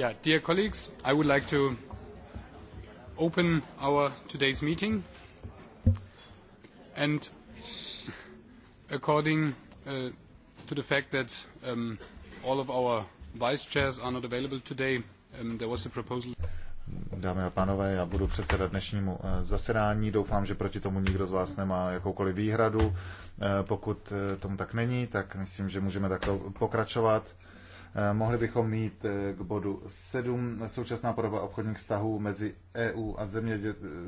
Yeah, dear colleagues, I would like to open our today's meeting. And according uh, to the fact that um, all of our vice chairs are not available today, um, there was a proposal. Dámy a pánové, já budu předsedat dnešnímu uh, zasedání. Doufám, že proti tomu nikdo z vás nemá jakoukoliv výhradu. Uh, pokud uh, tomu tak není, tak myslím, že můžeme takto pokračovat. Eh, mohli bychom mít eh, k bodu 7 současná podoba obchodních vztahů mezi EU a země,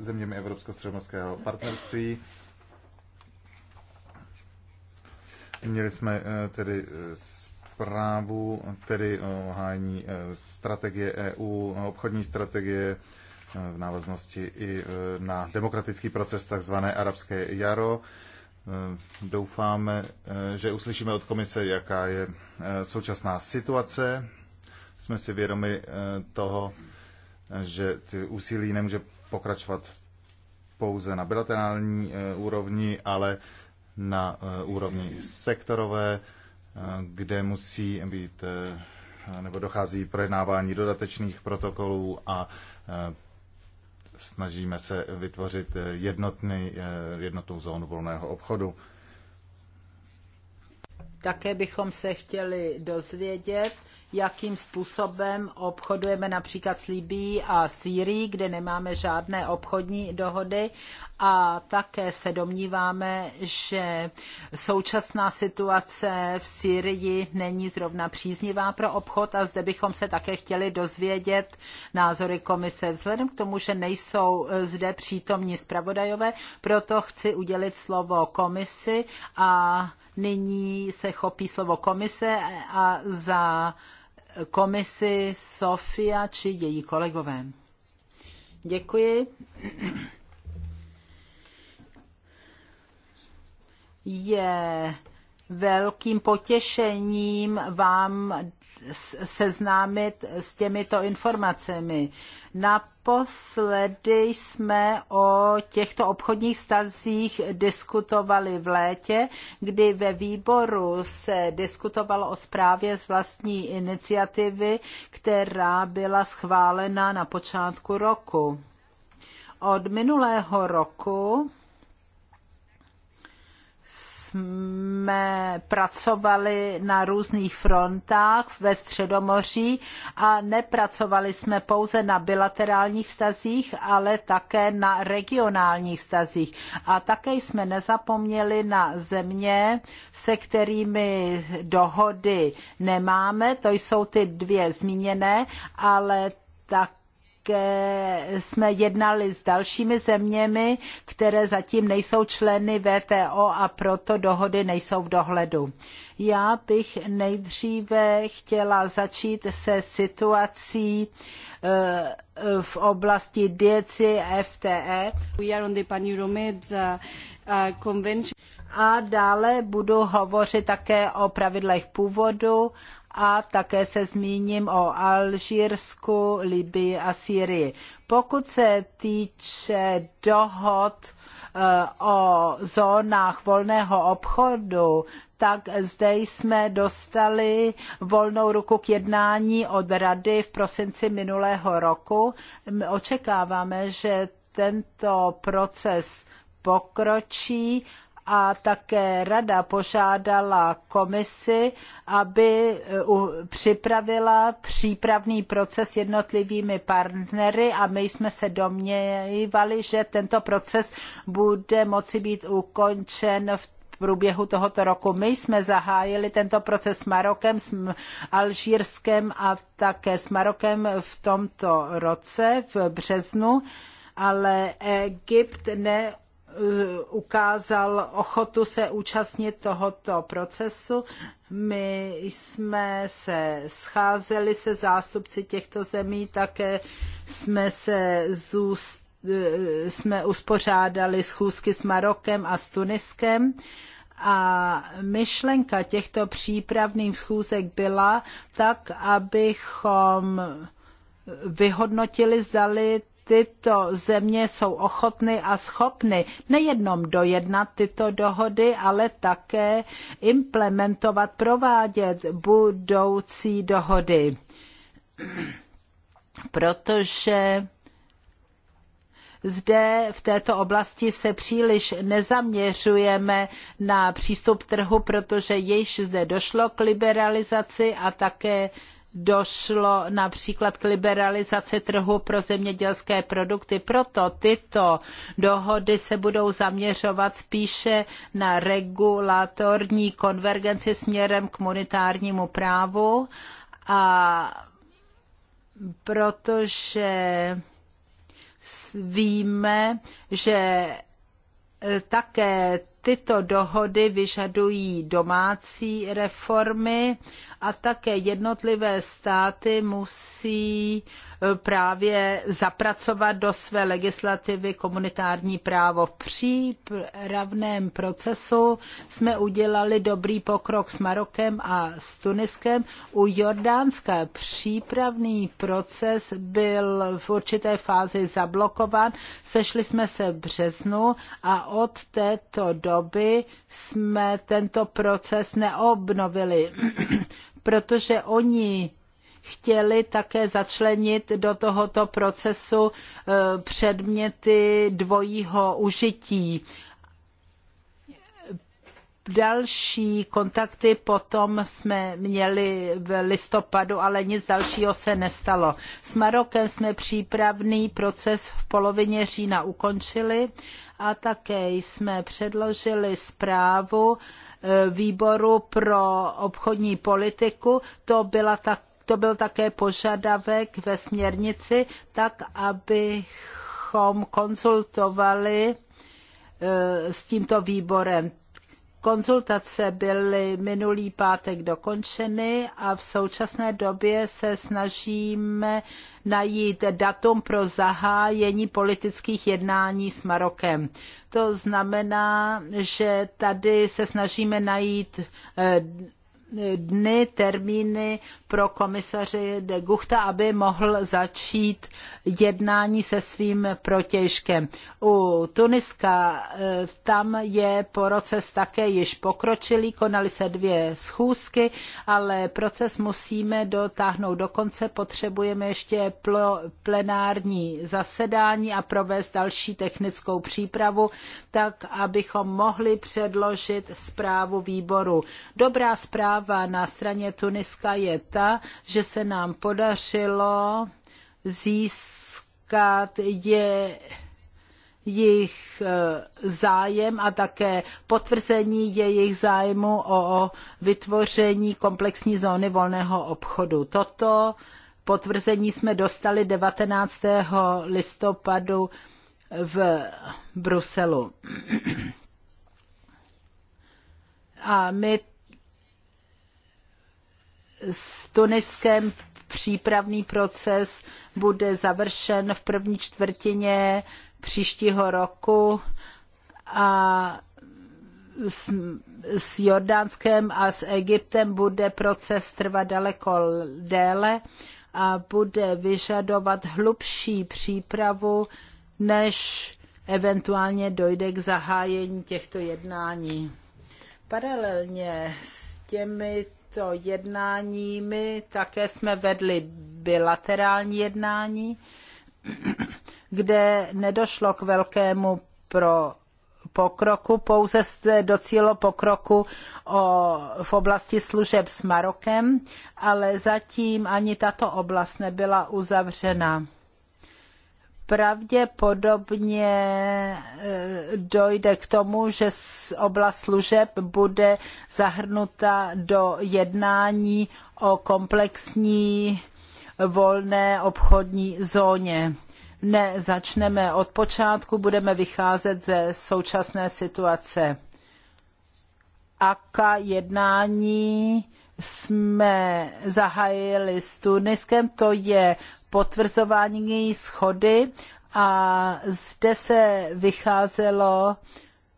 zeměmi Evropsko-středomorského partnerství. Měli jsme eh, tedy zprávu, tedy hájení strategie EU, obchodní strategie v návaznosti i na demokratický proces tzv. arabské jaro. Eh, doufáme, eh, že uslyšíme od komise, jaká je eh, současná situace. Jsme si vědomi toho, že ty úsilí nemůže pokračovat pouze na bilaterální úrovni, ale na úrovni sektorové, kde musí být nebo dochází projednávání dodatečných protokolů a snažíme se vytvořit jednotný, jednotnou zónu volného obchodu. Také bychom se chtěli dozvědět, jakým způsobem obchodujeme například s Libií a Sýrií, kde nemáme žádné obchodní dohody a také se domníváme, že současná situace v Sýrii není zrovna příznivá pro obchod a zde bychom se také chtěli dozvědět názory komise. Vzhledem k tomu, že nejsou zde přítomní zpravodajové, proto chci udělit slovo komisi a nyní se chopí slovo komise a za komisi Sofia či její kolegové. Děkuji. Je velkým potěšením vám seznámit s těmito informacemi. Na Naposledy jsme o těchto obchodních stazích diskutovali v létě, kdy ve výboru se diskutovalo o zprávě z vlastní iniciativy, která byla schválena na počátku roku. Od minulého roku jsme pracovali na různých frontách ve Středomoří a nepracovali jsme pouze na bilaterálních vztazích, ale také na regionálních vztazích. A také jsme nezapomněli na země, se kterými dohody nemáme, to jsou ty dvě zmíněné, ale tak jsme jednali s dalšími zeměmi, které zatím nejsou členy VTO a proto dohody nejsou v dohledu. Já bych nejdříve chtěla začít se situací eh, v oblasti dieci FTE. Eh, a dále budu hovořit také o pravidlech původu a také se zmíním o Alžírsku, Libii a Sýrii. Pokud se týče dohod eh, o zónách volného obchodu, tak zde jsme dostali volnou ruku k jednání od Rady v prosinci minulého roku. My očekáváme, že tento proces pokročí a také rada požádala komisi, aby eh, připravila přípravný proces s jednotlivými partnery a my jsme se domnívali, že tento proces bude moci být ukončen v průběhu tohoto roku. My jsme zahájili tento proces s Marokem, s Alžírskem a také s Marokem v tomto roce, v březnu, ale Egypt ne Eh, ukázal ochotu se účastnit tohoto procesu. My jsme se scházeli se zástupci těchto zemí, také jsme se zůst, eh, jsme uspořádali schůzky s Marokem a s Tuniskem a myšlenka těchto přípravných schůzek byla tak, abychom vyhodnotili, zdali tyto země jsou ochotny a schopny nejenom dojednat tyto dohody, ale také implementovat, provádět budoucí dohody. Protože zde v této oblasti se příliš nezaměřujeme na přístup trhu, protože již zde došlo k liberalizaci a také došlo například k liberalizaci trhu pro zemědělské produkty. Proto tyto dohody se budou zaměřovat spíše na regulatorní konvergenci směrem k monetárnímu právu a protože víme, že také tyto dohody vyžadují domácí reformy a také jednotlivé státy musí eh, právě zapracovat do své legislativy komunitární právo. V přípravném procesu jsme udělali dobrý pokrok s Marokem a s Tuniskem. U Jordánska přípravný proces byl v určité fázi zablokován. Sešli jsme se v březnu a od této doby doby jsme tento proces neobnovili, protože oni chtěli také začlenit do tohoto procesu eh, předměty dvojího užití Další kontakty potom jsme měli v listopadu, ale nic dalšího se nestalo. S Marokem jsme přípravný proces v polovině října ukončili a také jsme předložili zprávu eh, výboru pro obchodní politiku. To, byla tak, to byl také požadavek ve směrnici, tak abychom konzultovali eh, s tímto výborem. Konzultace byly minulý pátek dokončeny a v současné době se snažíme najít datum pro zahájení politických jednání s Marokem. To znamená, že tady se snažíme najít eh, dny, termíny pro komisaře de Guchta, aby mohl začít jednání se svým protěžkem. U Tuniska e, tam je proces také již pokročilý, konaly se dvě schůzky, ale proces musíme dotáhnout do konce, potřebujeme ještě plenární zasedání a provést další technickou přípravu, tak abychom mohli předložit zprávu výboru. Dobrá zpráva zpráva na straně Tuniska je ta, že se nám podařilo získat je, jejich eh, zájem a také potvrzení jejich zájmu o vytvoření komplexní zóny volného obchodu. Toto potvrzení jsme dostali 19. listopadu v Bruselu. A my s Tuniskem přípravný proces bude završen v první čtvrtině příštího roku a s, s Jordánskem a s Egyptem bude proces trvat daleko déle a bude vyžadovat hlubší přípravu, než eventuálně dojde k zahájení těchto jednání. Paralelně s těmi jednání my také jsme vedli bilaterální jednání, kde nedošlo k velkému pro pokroku, pouze se docílo pokroku o, v oblasti služeb s Marokem, ale zatím ani tato oblast nebyla uzavřena pravděpodobně e, dojde k tomu, že oblast služeb bude zahrnuta do jednání o komplexní volné obchodní zóně. Ne, začneme od počátku, budeme vycházet ze současné situace. Aka jednání jsme zahájili s Tuniskem, to je potvrzování schody a zde se vycházelo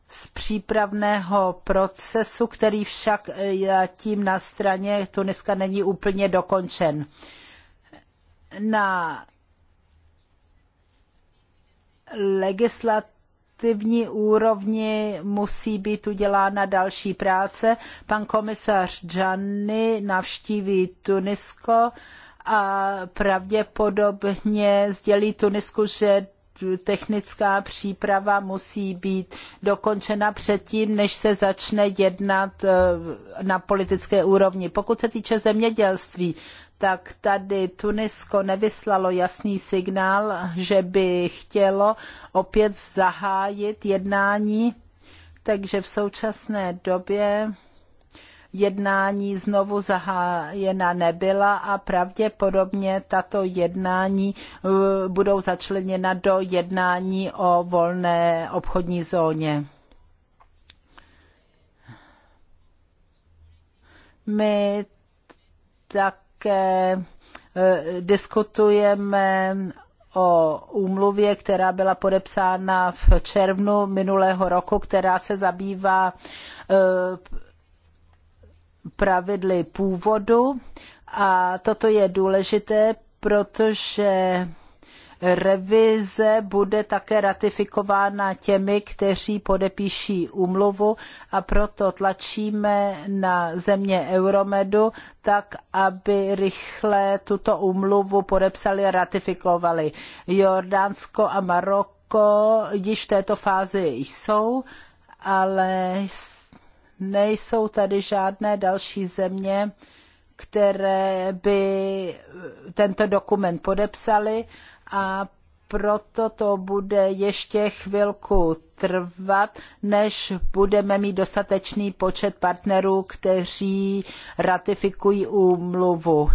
z přípravného procesu, který však eh, tím na straně Tuniska není úplně dokončen. Na legislativní úrovni musí být udělána další práce. Pan komisař Gianni navštíví Tunisko a pravděpodobně sdělí Tunisku, že technická příprava musí být dokončena předtím, než se začne jednat e, na politické úrovni. Pokud se týče zemědělství, tak tady Tunisko nevyslalo jasný signál, že by chtělo opět zahájit jednání, takže v současné době jednání znovu zahájena nebyla a pravděpodobně tato jednání uh, budou začleněna do jednání o volné obchodní zóně. My také uh, diskutujeme o úmluvě, která byla podepsána v červnu minulého roku, která se zabývá uh, pravidly původu a toto je důležité, protože revize bude také ratifikována těmi, kteří podepíší úmluvu a proto tlačíme na země Euromedu tak, aby rychle tuto úmluvu podepsali a ratifikovali. Jordánsko a Maroko již v této fázi jsou, ale nejsou tady žádné další země, které by tento dokument podepsali a proto to bude ještě chvilku trvat, než budeme mít dostatečný počet partnerů, kteří ratifikují úmluvu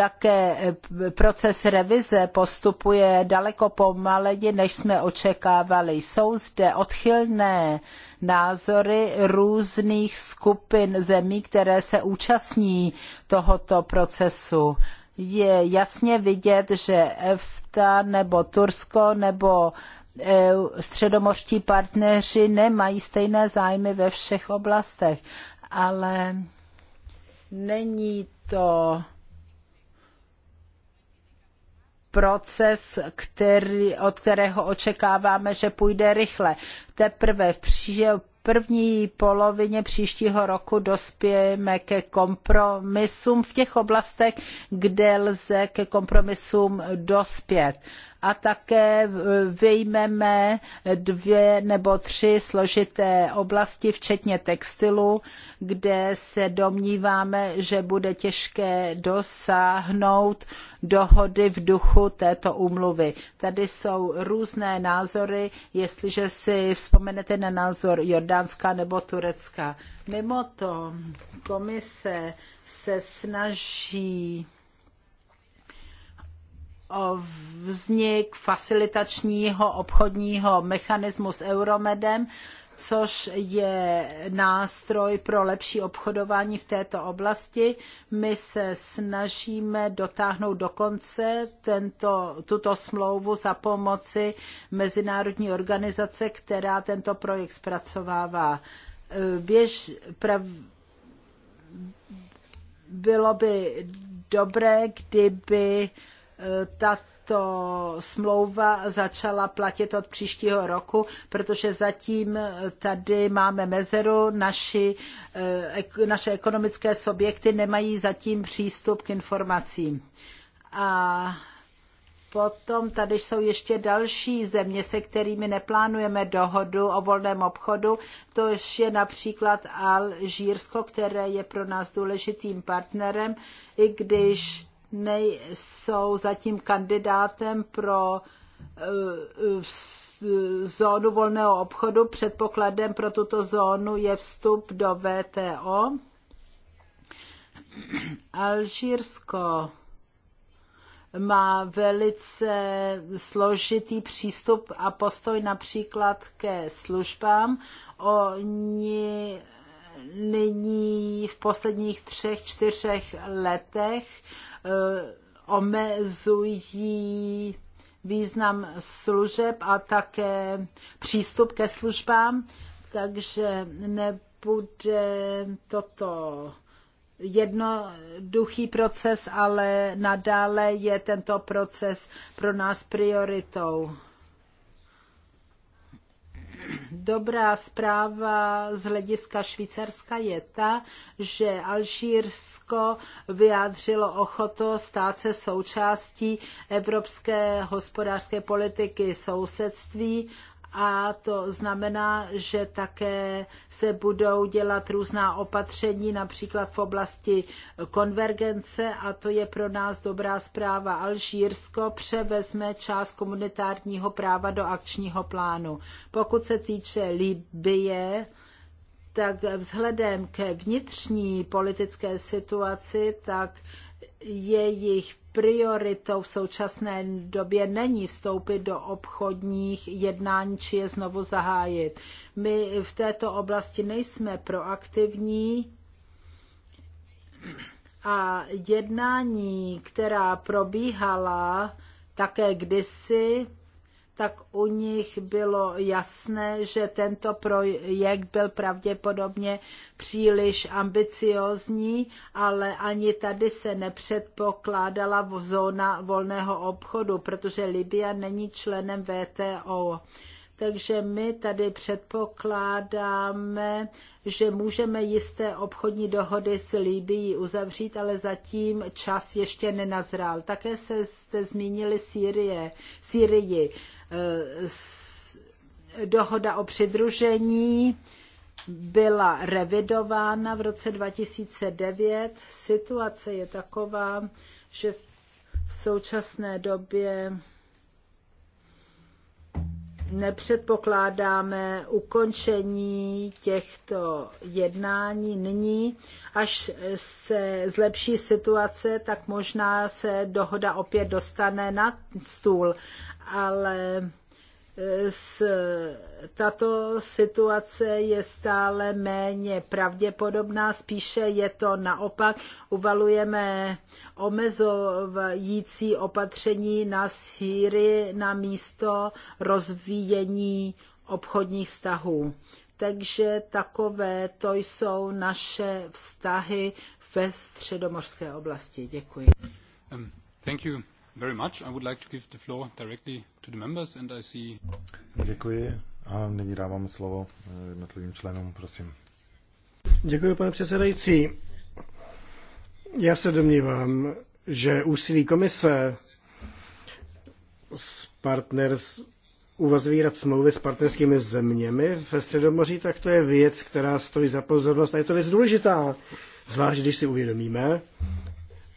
také eh, proces revize postupuje daleko pomaleji, než jsme očekávali. Jsou zde odchylné názory různých skupin zemí, které se účastní tohoto procesu. Je jasně vidět, že EFTA nebo Tursko nebo eh, středomořští partneři nemají stejné zájmy ve všech oblastech, ale není to proces, který, od kterého očekáváme, že půjde rychle. Teprve v první polovině příštího roku dospějeme ke kompromisům v těch oblastech, kde lze ke kompromisům dospět a také vyjmeme dvě nebo tři složité oblasti, včetně textilu, kde se domníváme, že bude těžké dosáhnout dohody v duchu této úmluvy. Tady jsou různé názory, jestliže si vzpomenete na názor Jordánska nebo Turecka. Mimo to komise se snaží vznik facilitačního obchodního mechanismu s Euromedem, což je nástroj pro lepší obchodování v této oblasti. My se snažíme dotáhnout do konce tento, tuto smlouvu za pomoci mezinárodní organizace, která tento projekt zpracovává. Běž, prav, bylo by dobré, kdyby tato smlouva začala platit od příštího roku, protože zatím tady máme mezeru, naši, eh, naše ekonomické subjekty nemají zatím přístup k informacím. A Potom tady jsou ještě další země, se kterými neplánujeme dohodu o volném obchodu. To je například Alžírsko, které je pro nás důležitým partnerem, i když nejsou zatím kandidátem pro eh, eh, zónu volného obchodu. Předpokladem pro tuto zónu je vstup do VTO. Alžírsko má velice složitý přístup a postoj například ke službám. Oni nyní v posledních třech, čtyřech letech Eh, omezují význam služeb a také přístup ke službám, takže nebude toto jednoduchý proces, ale nadále je tento proces pro nás prioritou. Dobrá zpráva z hlediska Švýcarska je ta, že Alžírsko vyjádřilo ochotu stát se součástí evropské hospodářské politiky sousedství a to znamená, že také se budou dělat různá opatření, například v oblasti konvergence a to je pro nás dobrá zpráva. Alžírsko převezme část komunitárního práva do akčního plánu. Pokud se týče Libie, tak vzhledem ke vnitřní politické situaci, tak jejich prioritou v současné době není vstoupit do obchodních jednání či je znovu zahájit. My v této oblasti nejsme proaktivní a jednání, která probíhala také kdysi, tak u nich bylo jasné, že tento projekt byl pravděpodobně příliš ambiciozní, ale ani tady se nepředpokládala zóna volného obchodu, protože Libye není členem VTO. Takže my tady předpokládáme, že můžeme jisté obchodní dohody s Líbií uzavřít, ale zatím čas ještě nenazrál. Také se zde zmínili Sýrie, Sýrii Eh, dohoda o přidružení byla revidována v roce 2009. Situace je taková, že v současné době nepředpokládáme ukončení těchto jednání nyní. Až se zlepší situace, tak možná se dohoda opět dostane na stůl ale e, s, tato situace je stále méně pravděpodobná, spíše je to naopak. Uvalujeme omezující opatření na Sýrii na místo rozvíjení obchodních vztahů. Takže takové to jsou naše vztahy ve středomorské oblasti. Děkuji. Um, thank you very much. I would like to give the floor directly to the members and I see... Děkuji a nyní dávám slovo eh, jednotlivým členům, prosím. Děkuji, pane předsedající. Já se domnívám, že úsilí komise s partners, uvazavírat smlouvy s partnerskými zeměmi ve Středomoří, tak to je věc, která stojí za pozornost a je to věc důležitá, zvlášť když si uvědomíme,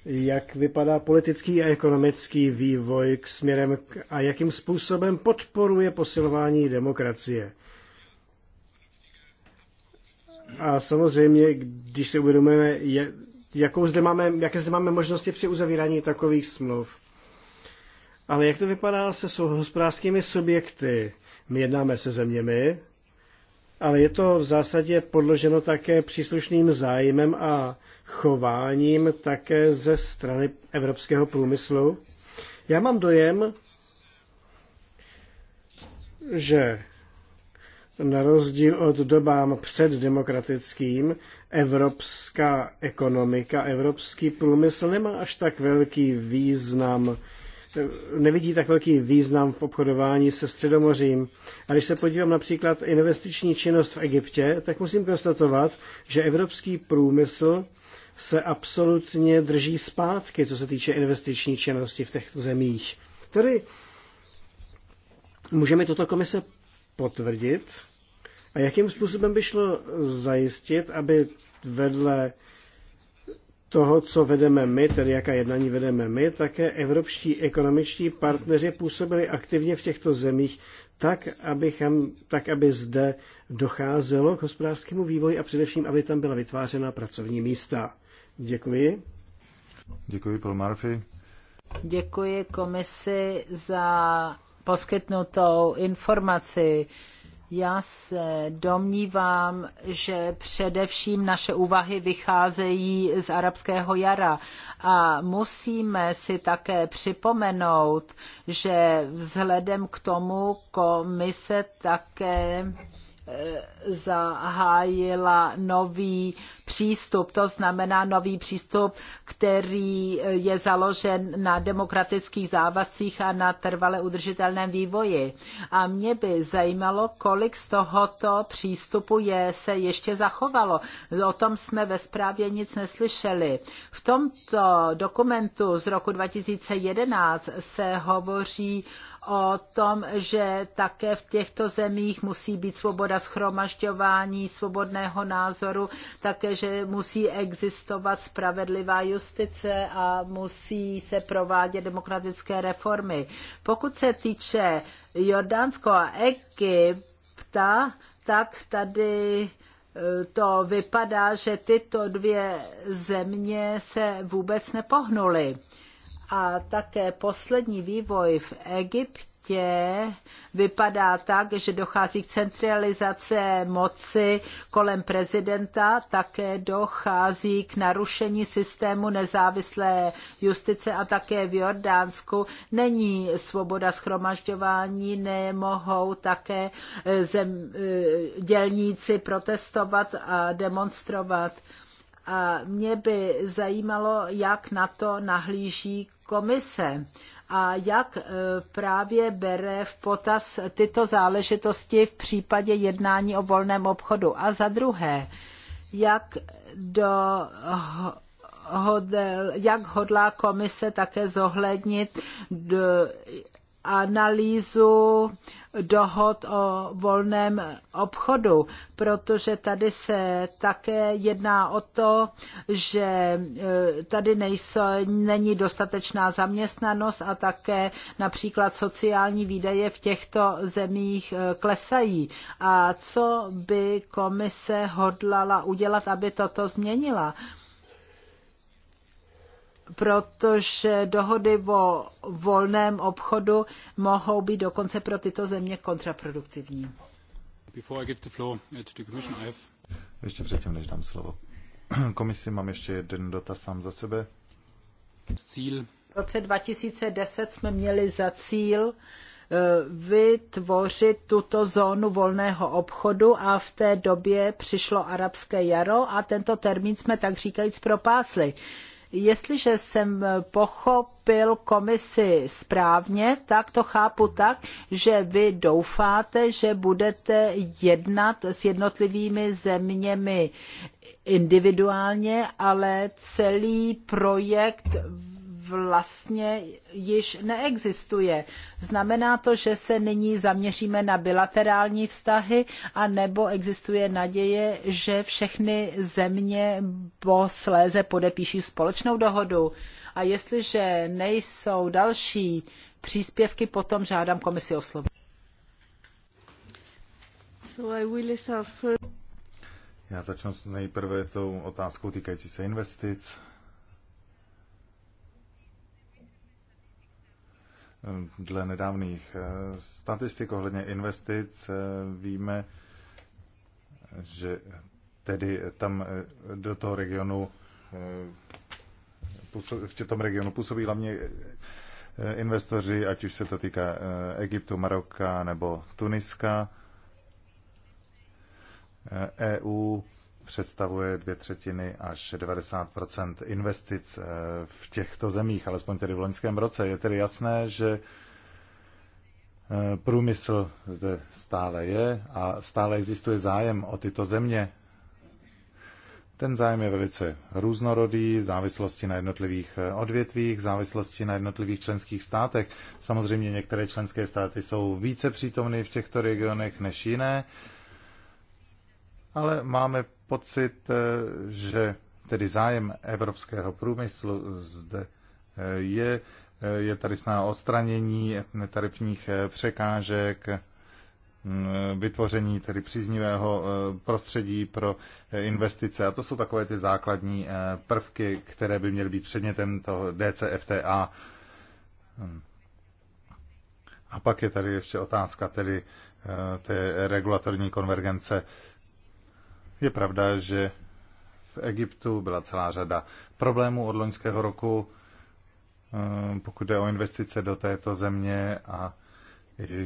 jak vypadá politický a ekonomický vývoj k směrem k, a jakým způsobem podporuje posilování demokracie. A samozřejmě, když si uvědomujeme, jakou zde máme, jaké zde máme možnosti při uzavírání takových smluv. Ale jak to vypadá se hospodářskými subjekty? My jednáme se zeměmi, ale je to v zásadě podloženo také příslušným zájmem a chováním také ze strany evropského průmyslu. Já mám dojem, že na rozdíl od dobám předdemokratickým, evropská ekonomika, evropský průmysl nemá až tak velký význam nevidí tak velký význam v obchodování se Středomořím. A když se podívám například investiční činnost v Egyptě, tak musím konstatovat, že evropský průmysl se absolutně drží zpátky, co se týče investiční činnosti v těchto zemích. Tedy můžeme toto komise potvrdit a jakým způsobem by šlo zajistit, aby vedle toho, co vedeme my, tedy jaká jednání vedeme my, také evropští ekonomičtí partneři působili aktivně v těchto zemích tak, abychom, tak aby zde docházelo k hospodářskému vývoji a především, aby tam byla vytvářena pracovní místa. Děkuji. Děkuji, Paul Murphy. Děkuji komisi za poskytnutou informaci. Já se domnívám, že především naše úvahy vycházejí z arabského jara a musíme si také připomenout, že vzhledem k tomu komise také Eh, zahájila nový přístup, to znamená nový přístup, který eh, je založen na demokratických závazcích a na trvale udržitelném vývoji. A mě by zajímalo, kolik z tohoto přístupu je, se ještě zachovalo. O tom jsme ve zprávě nic neslyšeli. V tomto dokumentu z roku 2011 se hovoří o tom, že také v těchto zemích musí být svoboda schromažďování, svobodného názoru, také, že musí existovat spravedlivá justice a musí se provádět demokratické reformy. Pokud se týče Jordánsko a Egypta, tak tady eh, to vypadá, že tyto dvě země se vůbec nepohnuly. A také poslední vývoj v Egyptě vypadá tak, že dochází k centralizaci moci kolem prezidenta, také dochází k narušení systému nezávislé justice a také v Jordánsku není svoboda schromažďování, nemohou také eh, zem, eh, dělníci protestovat a demonstrovat. A mě by zajímalo, jak na to nahlíží komise a jak e, právě bere v potaz tyto záležitosti v případě jednání o volném obchodu. A za druhé, jak do jak hodlá komise také zohlednit analýzu dohod o volném obchodu, protože tady se také jedná o to, že e, tady nejsou, není dostatečná zaměstnanost a také například sociální výdaje v těchto zemích e, klesají. A co by komise hodlala udělat, aby toto změnila? protože dohody o volném obchodu mohou být dokonce pro tyto země kontraproduktivní. Uh, ještě předtím, než dám slovo. Komisi mám ještě jeden dotaz sám za sebe. Cíl. V roce 2010 jsme měli za cíl uh, vytvořit tuto zónu volného obchodu a v té době přišlo arabské jaro a tento termín jsme tak říkajíc propásli Jestliže jsem pochopil komisi správně, tak to chápu tak, že vy doufáte, že budete jednat s jednotlivými zeměmi individuálně, ale celý projekt vlastně již neexistuje. Znamená to, že se nyní zaměříme na bilaterální vztahy a nebo existuje naděje, že všechny země posléze podepíší společnou dohodu. A jestliže nejsou další příspěvky, potom žádám komisi o slovo. Já začnu nejprve tou otázkou týkající se investic. Eh, dle nedávných eh, statistik ohledně investic eh, víme, že tedy tam do toho regionu v tom regionu působí hlavně investoři, ať už se to týká Egyptu, Maroka nebo Tuniska. EU e představuje dvě třetiny až 90 investic eh, v těchto zemích, alespoň tedy v loňském roce. Je tedy jasné, že eh, průmysl zde stále je a stále existuje zájem o tyto země. Ten zájem je velice různorodý, v závislosti na jednotlivých eh, odvětvích, v závislosti na jednotlivých členských státech. Samozřejmě některé členské státy jsou více přítomny v těchto regionech než jiné, ale máme pocit, eh, že tedy zájem evropského průmyslu zde eh, je, eh, je tady snaha odstranění netarifních překážek, mm, vytvoření tedy příznivého prostředí pro investice. A to jsou takové ty základní prvky, které by měly být předmětem toho DCFTA. Hmm. A pak je tady ještě otázka tedy té regulatorní konvergence je pravda, že v Egyptu byla celá řada problémů od loňského roku, eh, pokud jde o investice do této země a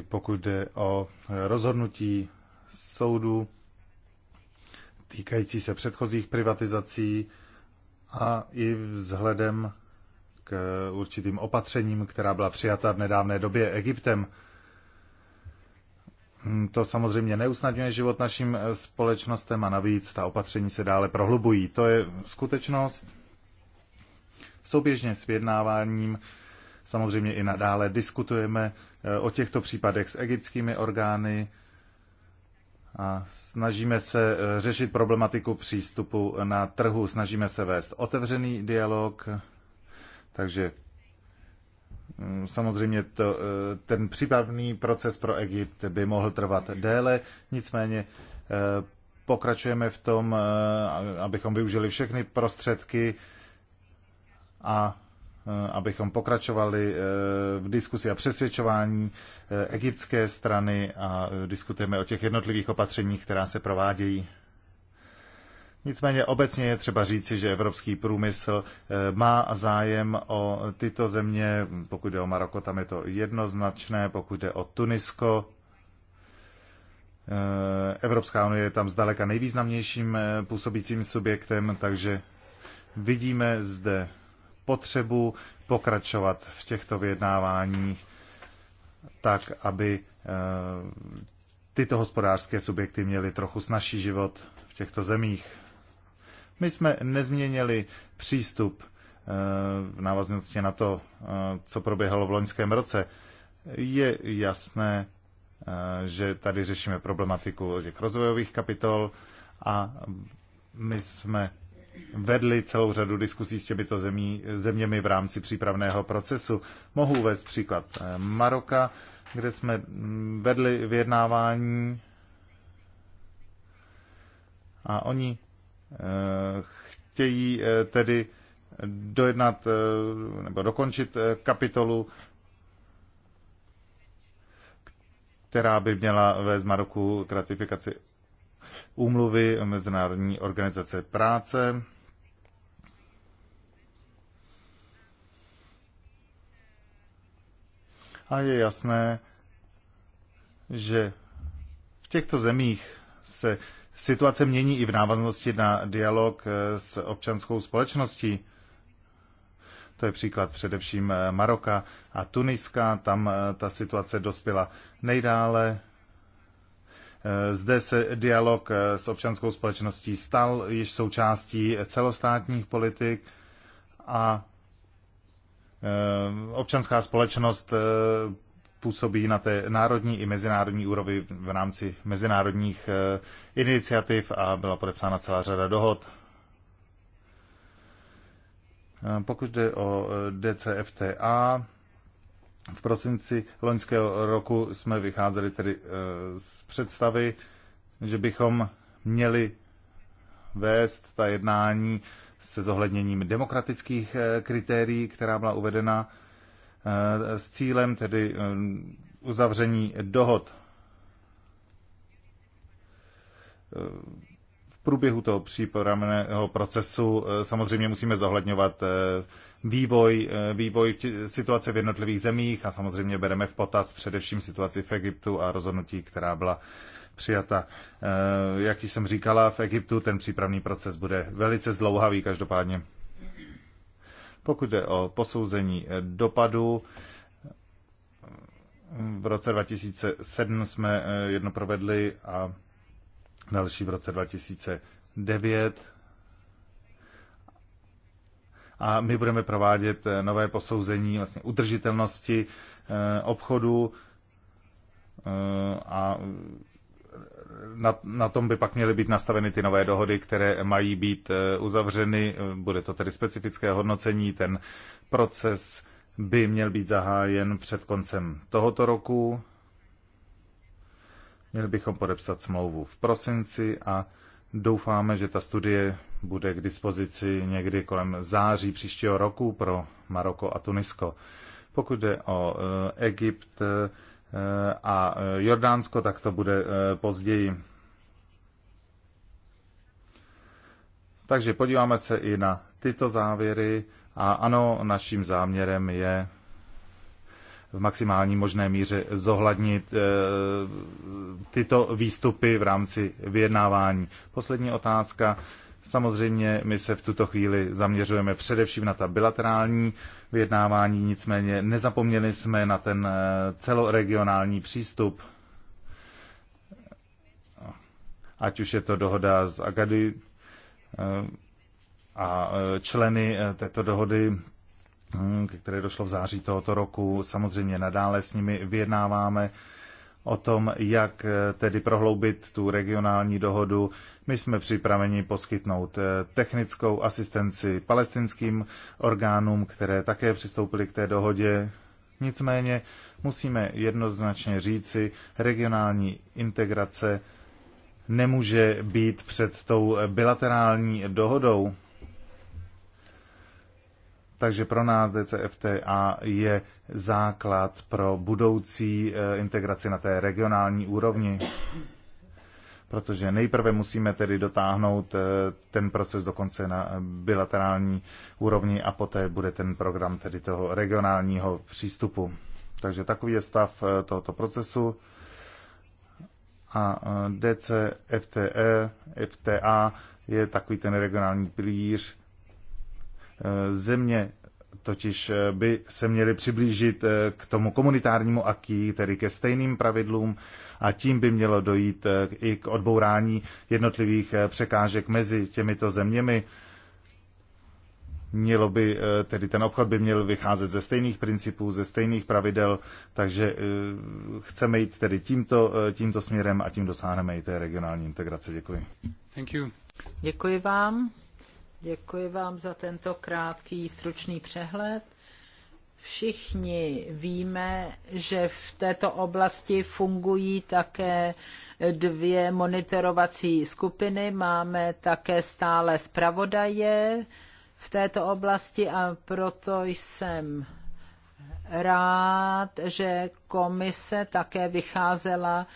pokud jde o rozhodnutí soudu týkající se předchozích privatizací a i vzhledem k určitým opatřením, která byla přijata v nedávné době Egyptem. Hm, to samozřejmě neusnadňuje život našim eh, společnostem a navíc ta opatření se dále prohlubují. To je skutečnost. Souběžně s vyjednáváním samozřejmě i nadále diskutujeme eh, o těchto případech s egyptskými orgány a snažíme se eh, řešit problematiku přístupu na trhu, snažíme se vést otevřený dialog, takže Mm, samozřejmě to, eh, ten přípravný proces pro Egypt by mohl trvat déle, nicméně eh, pokračujeme v tom, eh, abychom využili všechny prostředky a abychom pokračovali v diskusi a přesvědčování egyptské strany a diskutujeme o těch jednotlivých opatřeních, která se provádějí. Nicméně obecně je třeba říci, že evropský průmysl eh, má zájem o tyto země. Pokud jde o Maroko, tam je to jednoznačné. Pokud jde o Tunisko, eh, Evropská unie je tam zdaleka nejvýznamnějším eh, působícím subjektem, takže vidíme zde potřebu pokračovat v těchto vyjednáváních tak, aby tyto hospodářské subjekty měly trochu snažší život v těchto zemích. My jsme nezměnili přístup eh, v návaznosti na to, eh, co proběhlo v loňském roce. Je jasné, eh, že tady řešíme problematiku těch rozvojových kapitol a my jsme vedli celou řadu diskusí s těmito zemí, zeměmi v rámci přípravného procesu. Mohu uvést příklad Maroka, kde jsme mm, vedli vyjednávání a oni Eh, chtějí eh, tedy dojednat eh, nebo dokončit kapitolu, která by měla vést Maroku k ratifikaci úmluvy Mezinárodní organizace práce. A je jasné, že v těchto zemích se situace mění i v návaznosti na dialog eh, s občanskou společností. To je příklad především eh, Maroka a Tuniska, tam eh, ta situace dospěla nejdále. Zde se dialog s občanskou společností stal již součástí celostátních politik a občanská společnost působí na té národní i mezinárodní úrovni v rámci mezinárodních eh, iniciativ a byla podepsána celá řada dohod. Eh, pokud jde o eh, DCFTA, v prosinci loňského roku jsme vycházeli tedy z představy, že bychom měli vést ta jednání se zohledněním demokratických kritérií, která byla uvedena Eh, s cílem tedy eh, uzavření dohod. Eh, v průběhu toho přípravného procesu samozřejmě musíme zohledňovat vývoj, vývoj situace v jednotlivých zemích a samozřejmě bereme v potaz především situaci v Egyptu a rozhodnutí, která byla přijata. Jak jsem říkala, v Egyptu ten přípravný proces bude velice zdlouhavý každopádně. Pokud je o posouzení eh, dopadu, eh, v roce 2007 jsme eh, jedno provedli a další v roce 2009. A my budeme provádět nové posouzení vlastně udržitelnosti obchodu a na, na tom by pak měly být nastaveny ty nové dohody, které mají být eh, uzavřeny. Eh, bude to tedy specifické hodnocení. Ten proces by měl být zahájen před koncem tohoto roku. Měli bychom podepsat smlouvu v prosinci a doufáme, že ta studie bude k dispozici někdy kolem září příštího roku pro Maroko a Tunisko. Pokud jde o eh, Egypt, a Jordánsko, tak to bude eh, později. Takže podíváme se i na tyto závěry a ano, naším záměrem je v maximální možné míře e, tyto výstupy v rámci vyjednávání. Poslední otázka. Samozřejmě my se v tuto chvíli zaměřujeme především na ta bilaterální vyjednávání, nicméně nezapomněli jsme na ten eh, celoregionální přístup, ať už je to dohoda z Agady eh, a eh, členy této dohody, hm, které došlo v září tohoto roku. Samozřejmě nadále s nimi vyjednáváme o tom, jak eh, tedy prohloubit tu regionální dohodu. My jsme připraveni poskytnout eh, technickou asistenci palestinským orgánům, které také přistoupily k té dohodě. Nicméně musíme jednoznačně říci, regionální integrace nemůže být před tou bilaterální dohodou. Takže pro nás DCFTA je základ pro budoucí eh, integraci na té regionální úrovni. Protože nejprve musíme tedy dotáhnout eh, ten proces dokonce na bilaterální úrovni a poté bude ten program tedy toho regionálního přístupu. Takže takový je stav eh, tohoto procesu. A DCFTA e, je takový ten regionální pilíř, Eh, země totiž eh, by se měly přiblížit eh, k tomu komunitárnímu aký, tedy ke stejným pravidlům a tím by mělo dojít i k odbourání jednotlivých překážek mezi těmito zeměmi. Mělo by, tedy ten obchod by měl vycházet ze stejných principů, ze stejných pravidel, takže chceme jít tedy tímto, tímto směrem a tím dosáhneme i té regionální integrace. Děkuji. Thank you. Děkuji vám. Děkuji vám za tento krátký stručný přehled. Všichni víme, že v této oblasti fungují také dvě monitorovací skupiny. Máme také stále zpravodaje v této oblasti a proto jsem rád, že komise také vycházela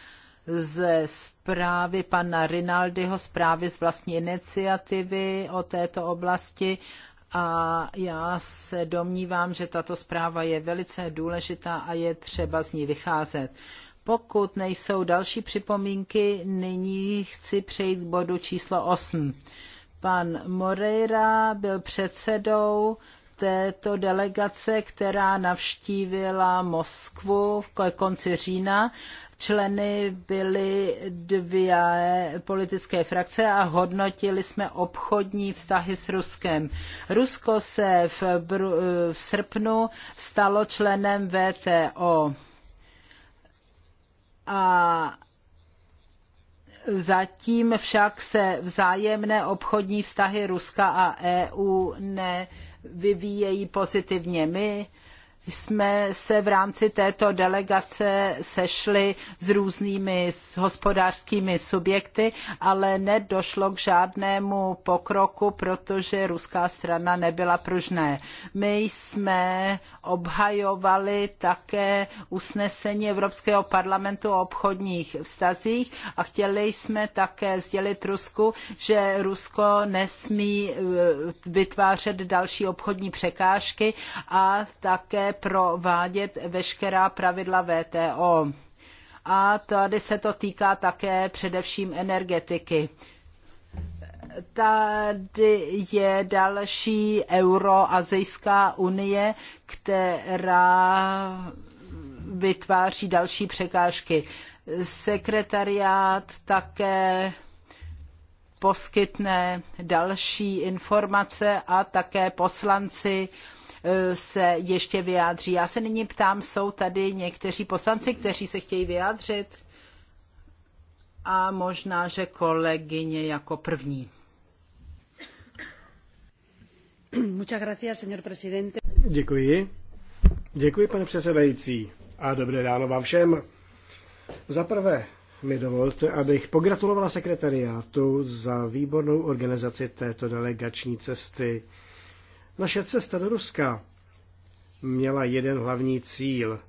ze zprávy pana Rinaldiho, zprávy z vlastní iniciativy o této oblasti a já se domnívám, že tato zpráva je velice důležitá a je třeba z ní vycházet. Pokud nejsou další připomínky, nyní chci přejít k bodu číslo 8. Pan Moreira byl předsedou této delegace, která navštívila Moskvu v konci října Členy byly dvě politické frakce a hodnotili jsme obchodní vztahy s Ruskem. Rusko se v, v srpnu stalo členem VTO. A Zatím však se vzájemné obchodní vztahy Ruska a EU nevyvíjejí pozitivně. My jsme se v rámci této delegace sešli s různými hospodářskými subjekty, ale nedošlo k žádnému pokroku, protože ruská strana nebyla pružná. My jsme obhajovali také usnesení Evropského parlamentu o obchodních vztazích a chtěli jsme také sdělit Rusku, že Rusko nesmí eh, vytvářet další obchodní překážky a také provádět veškerá pravidla VTO. A tady se to týká také především energetiky. Tady je další Euroazijská unie, která vytváří další překážky. Sekretariát také poskytne další informace a také poslanci uh, Eh, se ještě vyjádří. Já se nyní ptám, jsou tady někteří poslanci, kteří se chtějí vyjádřit? A možná, že kolegyně jako první. Děkuji. Děkuji, pane předsedající. A dobré ráno vám všem. Za prvé mi dovolte, abych pogratulovala sekretariátu za výbornou organizaci této delegační cesty naše cesta do Ruska měla jeden hlavní cíl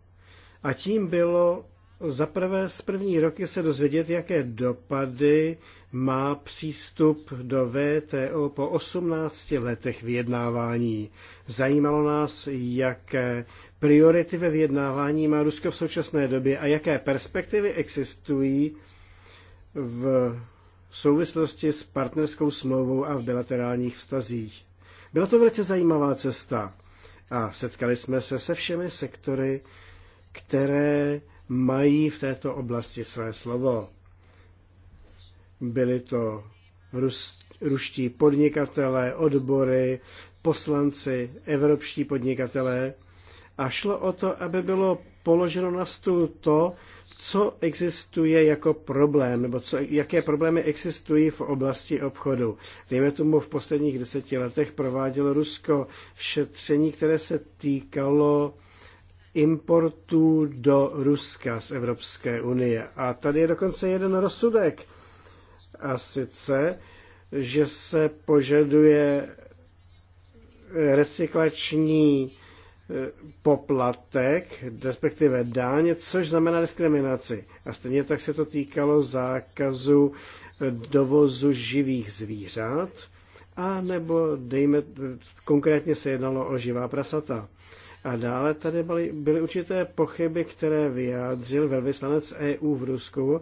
a tím bylo za prvé z první roky se dozvědět, jaké dopady má přístup do VTO po 18 letech vyjednávání. Zajímalo nás, jaké priority ve vyjednávání má Rusko v současné době a jaké perspektivy existují v souvislosti s partnerskou smlouvou a v bilaterálních vztazích. Byla to velice zajímavá cesta a setkali jsme se se všemi sektory, které mají v této oblasti své slovo. Byli to rus, ruští podnikatelé, odbory, poslanci, evropští podnikatelé. A šlo o to, aby bylo položeno na stůl to, co existuje jako problém, nebo co, jaké problémy existují v oblasti obchodu. Dejme tomu, v posledních deseti letech provádělo Rusko šetření, které se týkalo importů do Ruska z Evropské unie. A tady je dokonce jeden rozsudek. A sice, že se požaduje recyklační poplatek, respektive dáň, což znamená diskriminaci. A stejně tak se to týkalo zákazu dovozu živých zvířat, a nebo dejme, konkrétně se jednalo o živá prasata. A dále tady byly, byly určité pochyby, které vyjádřil velvyslanec EU v Rusku,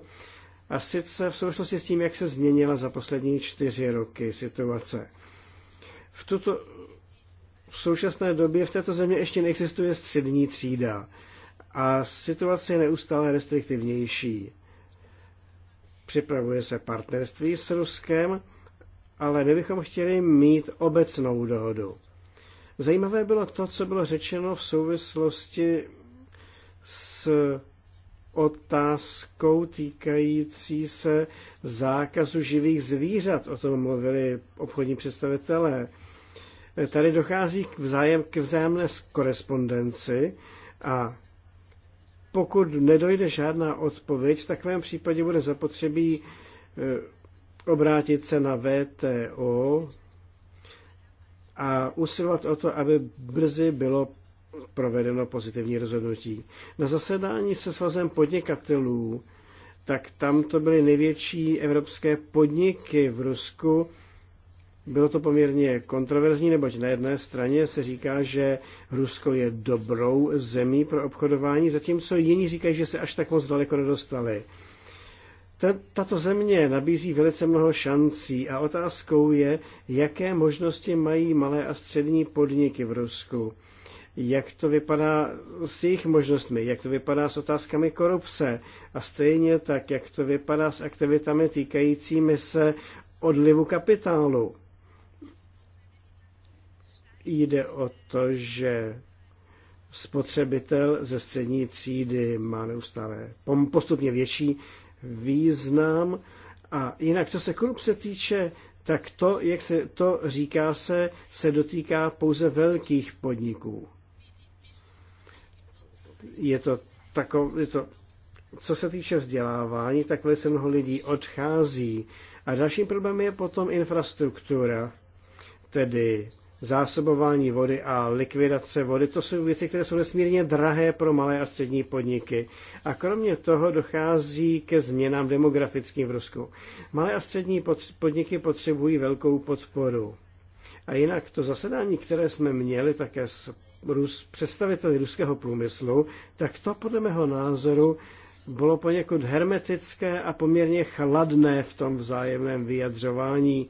a sice v souvislosti s tím, jak se změnila za poslední čtyři roky situace. V tuto, v současné době v této zemi ještě neexistuje střední třída a situace je neustále restriktivnější. Připravuje se partnerství s Ruskem, ale my bychom chtěli mít obecnou dohodu. Zajímavé bylo to, co bylo řečeno v souvislosti s otázkou týkající se zákazu živých zvířat. O tom mluvili obchodní představitelé. Tady dochází k, vzájem, k vzájemné korespondenci a pokud nedojde žádná odpověď, v takovém případě bude zapotřebí e, obrátit se na VTO a usilovat o to, aby brzy bylo provedeno pozitivní rozhodnutí. Na zasedání se svazem podnikatelů, tak tam to byly největší evropské podniky v Rusku, bylo to poměrně kontroverzní, neboť na jedné straně se říká, že Rusko je dobrou zemí pro obchodování, zatímco jiní říkají, že se až tak moc daleko nedostali. Tato země nabízí velice mnoho šancí a otázkou je, jaké možnosti mají malé a střední podniky v Rusku. Jak to vypadá s jejich možnostmi, jak to vypadá s otázkami korupce a stejně tak, jak to vypadá s aktivitami týkajícími se odlivu kapitálu jde o to, že spotřebitel ze střední třídy má neustále postupně větší význam. A jinak, co se korupce týče, tak to, jak se to říká se, se dotýká pouze velkých podniků. Je to takové to, co se týče vzdělávání, tak velice mnoho lidí odchází. A dalším problémem je potom infrastruktura, tedy zásobování vody a likvidace vody, to jsou věci, které jsou nesmírně drahé pro malé a střední podniky. A kromě toho dochází ke změnám demografickým v Rusku. Malé a střední podniky potřebují velkou podporu. A jinak to zasedání, které jsme měli také s Rus, představiteli ruského průmyslu, tak to podle mého názoru bylo poněkud hermetické a poměrně chladné v tom vzájemném vyjadřování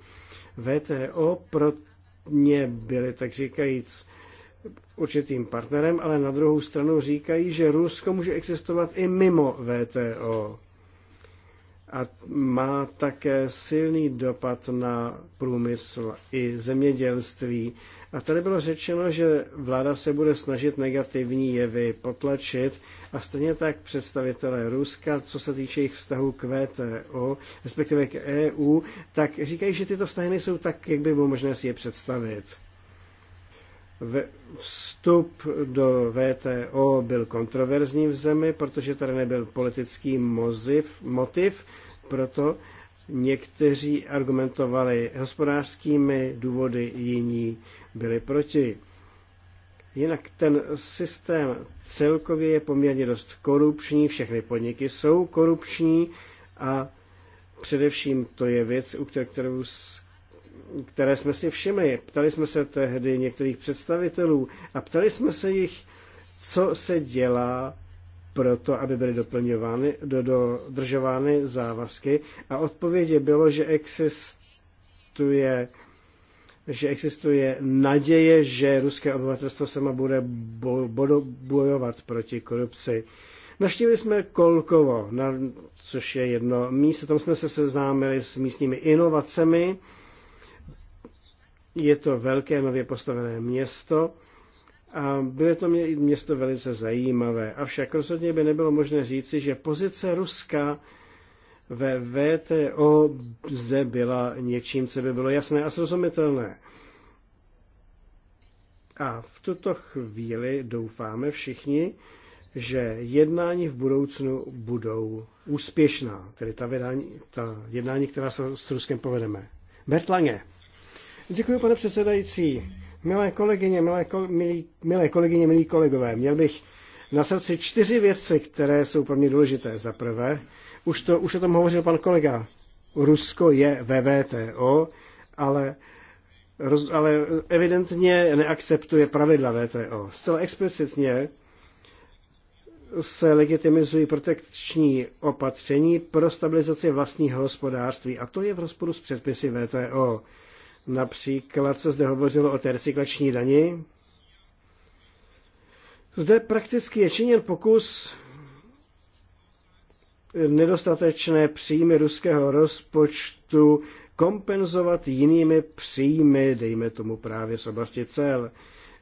VTO, proto mě byli, tak říkajíc, určitým partnerem, ale na druhou stranu říkají, že Rusko může existovat i mimo VTO. A má také silný dopad na průmysl i zemědělství a tady bylo řečeno, že vláda se bude snažit negativní jevy potlačit a stejně tak představitelé Ruska, co se týče jejich vztahu k VTO, respektive k EU, tak říkají, že tyto vztahy nejsou tak, jak by bylo možné si je představit. Vstup do VTO byl kontroverzní v zemi, protože tady nebyl politický moziv, motiv, proto Někteří argumentovali hospodářskými důvody, jiní byli proti. Jinak ten systém celkově je poměrně dost korupční, všechny podniky jsou korupční a především to je věc, u kterou, které jsme si všimli. Ptali jsme se tehdy některých představitelů a ptali jsme se jich, co se dělá proto, aby byly doplňovány, do, závazky. A odpověď bylo, že existuje že existuje naděje, že ruské obyvatelstvo sama bude bojovat proti korupci. Naštívili jsme Kolkovo, na, což je jedno místo, tam jsme se seznámili s místními inovacemi. Je to velké nově postavené město a bylo to mě, město velice zajímavé. Avšak rozhodně by nebylo možné říci, že pozice Ruska ve VTO zde byla něčím, co by bylo jasné a srozumitelné. A v tuto chvíli doufáme všichni, že jednání v budoucnu budou úspěšná, tedy ta, vydání, ta jednání, která se s Ruskem povedeme. Bertlange. Lange. Děkuji, pane předsedající. Milé kolegyně, milé, ko, milí, milé kolegyně, milí kolegové, měl bych na srdci čtyři věci, které jsou pro mě důležité. Za prvé, už, to, už o tom hovořil pan kolega, Rusko je VVTO, ale, roz, ale evidentně neakceptuje pravidla VTO. Zcela explicitně se legitimizují protekční opatření pro stabilizaci vlastního hospodářství a to je v rozporu s předpisy VTO. Například se zde hovořilo o té recyklační dani. Zde prakticky je činěn pokus nedostatečné příjmy ruského rozpočtu kompenzovat jinými příjmy, dejme tomu právě z oblasti cel.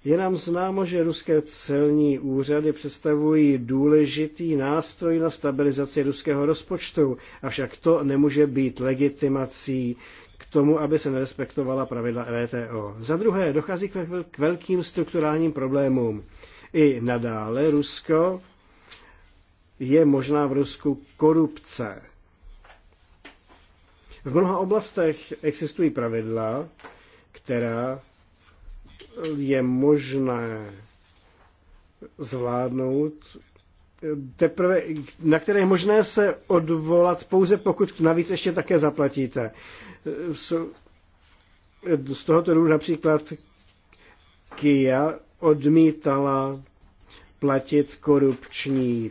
Je nám známo, že ruské celní úřady představují důležitý nástroj na stabilizaci ruského rozpočtu, avšak to nemůže být legitimací k tomu, aby se nerespektovala pravidla VTO. E Za druhé, dochází k velkým strukturálním problémům. I nadále Rusko je možná v Rusku korupce. V mnoha oblastech existují pravidla, která je možné zvládnout, teprve, na které je možné se odvolat pouze pokud navíc ještě také zaplatíte. Eh, eh, z tohoto důvodu například Kia odmítala platit korupční.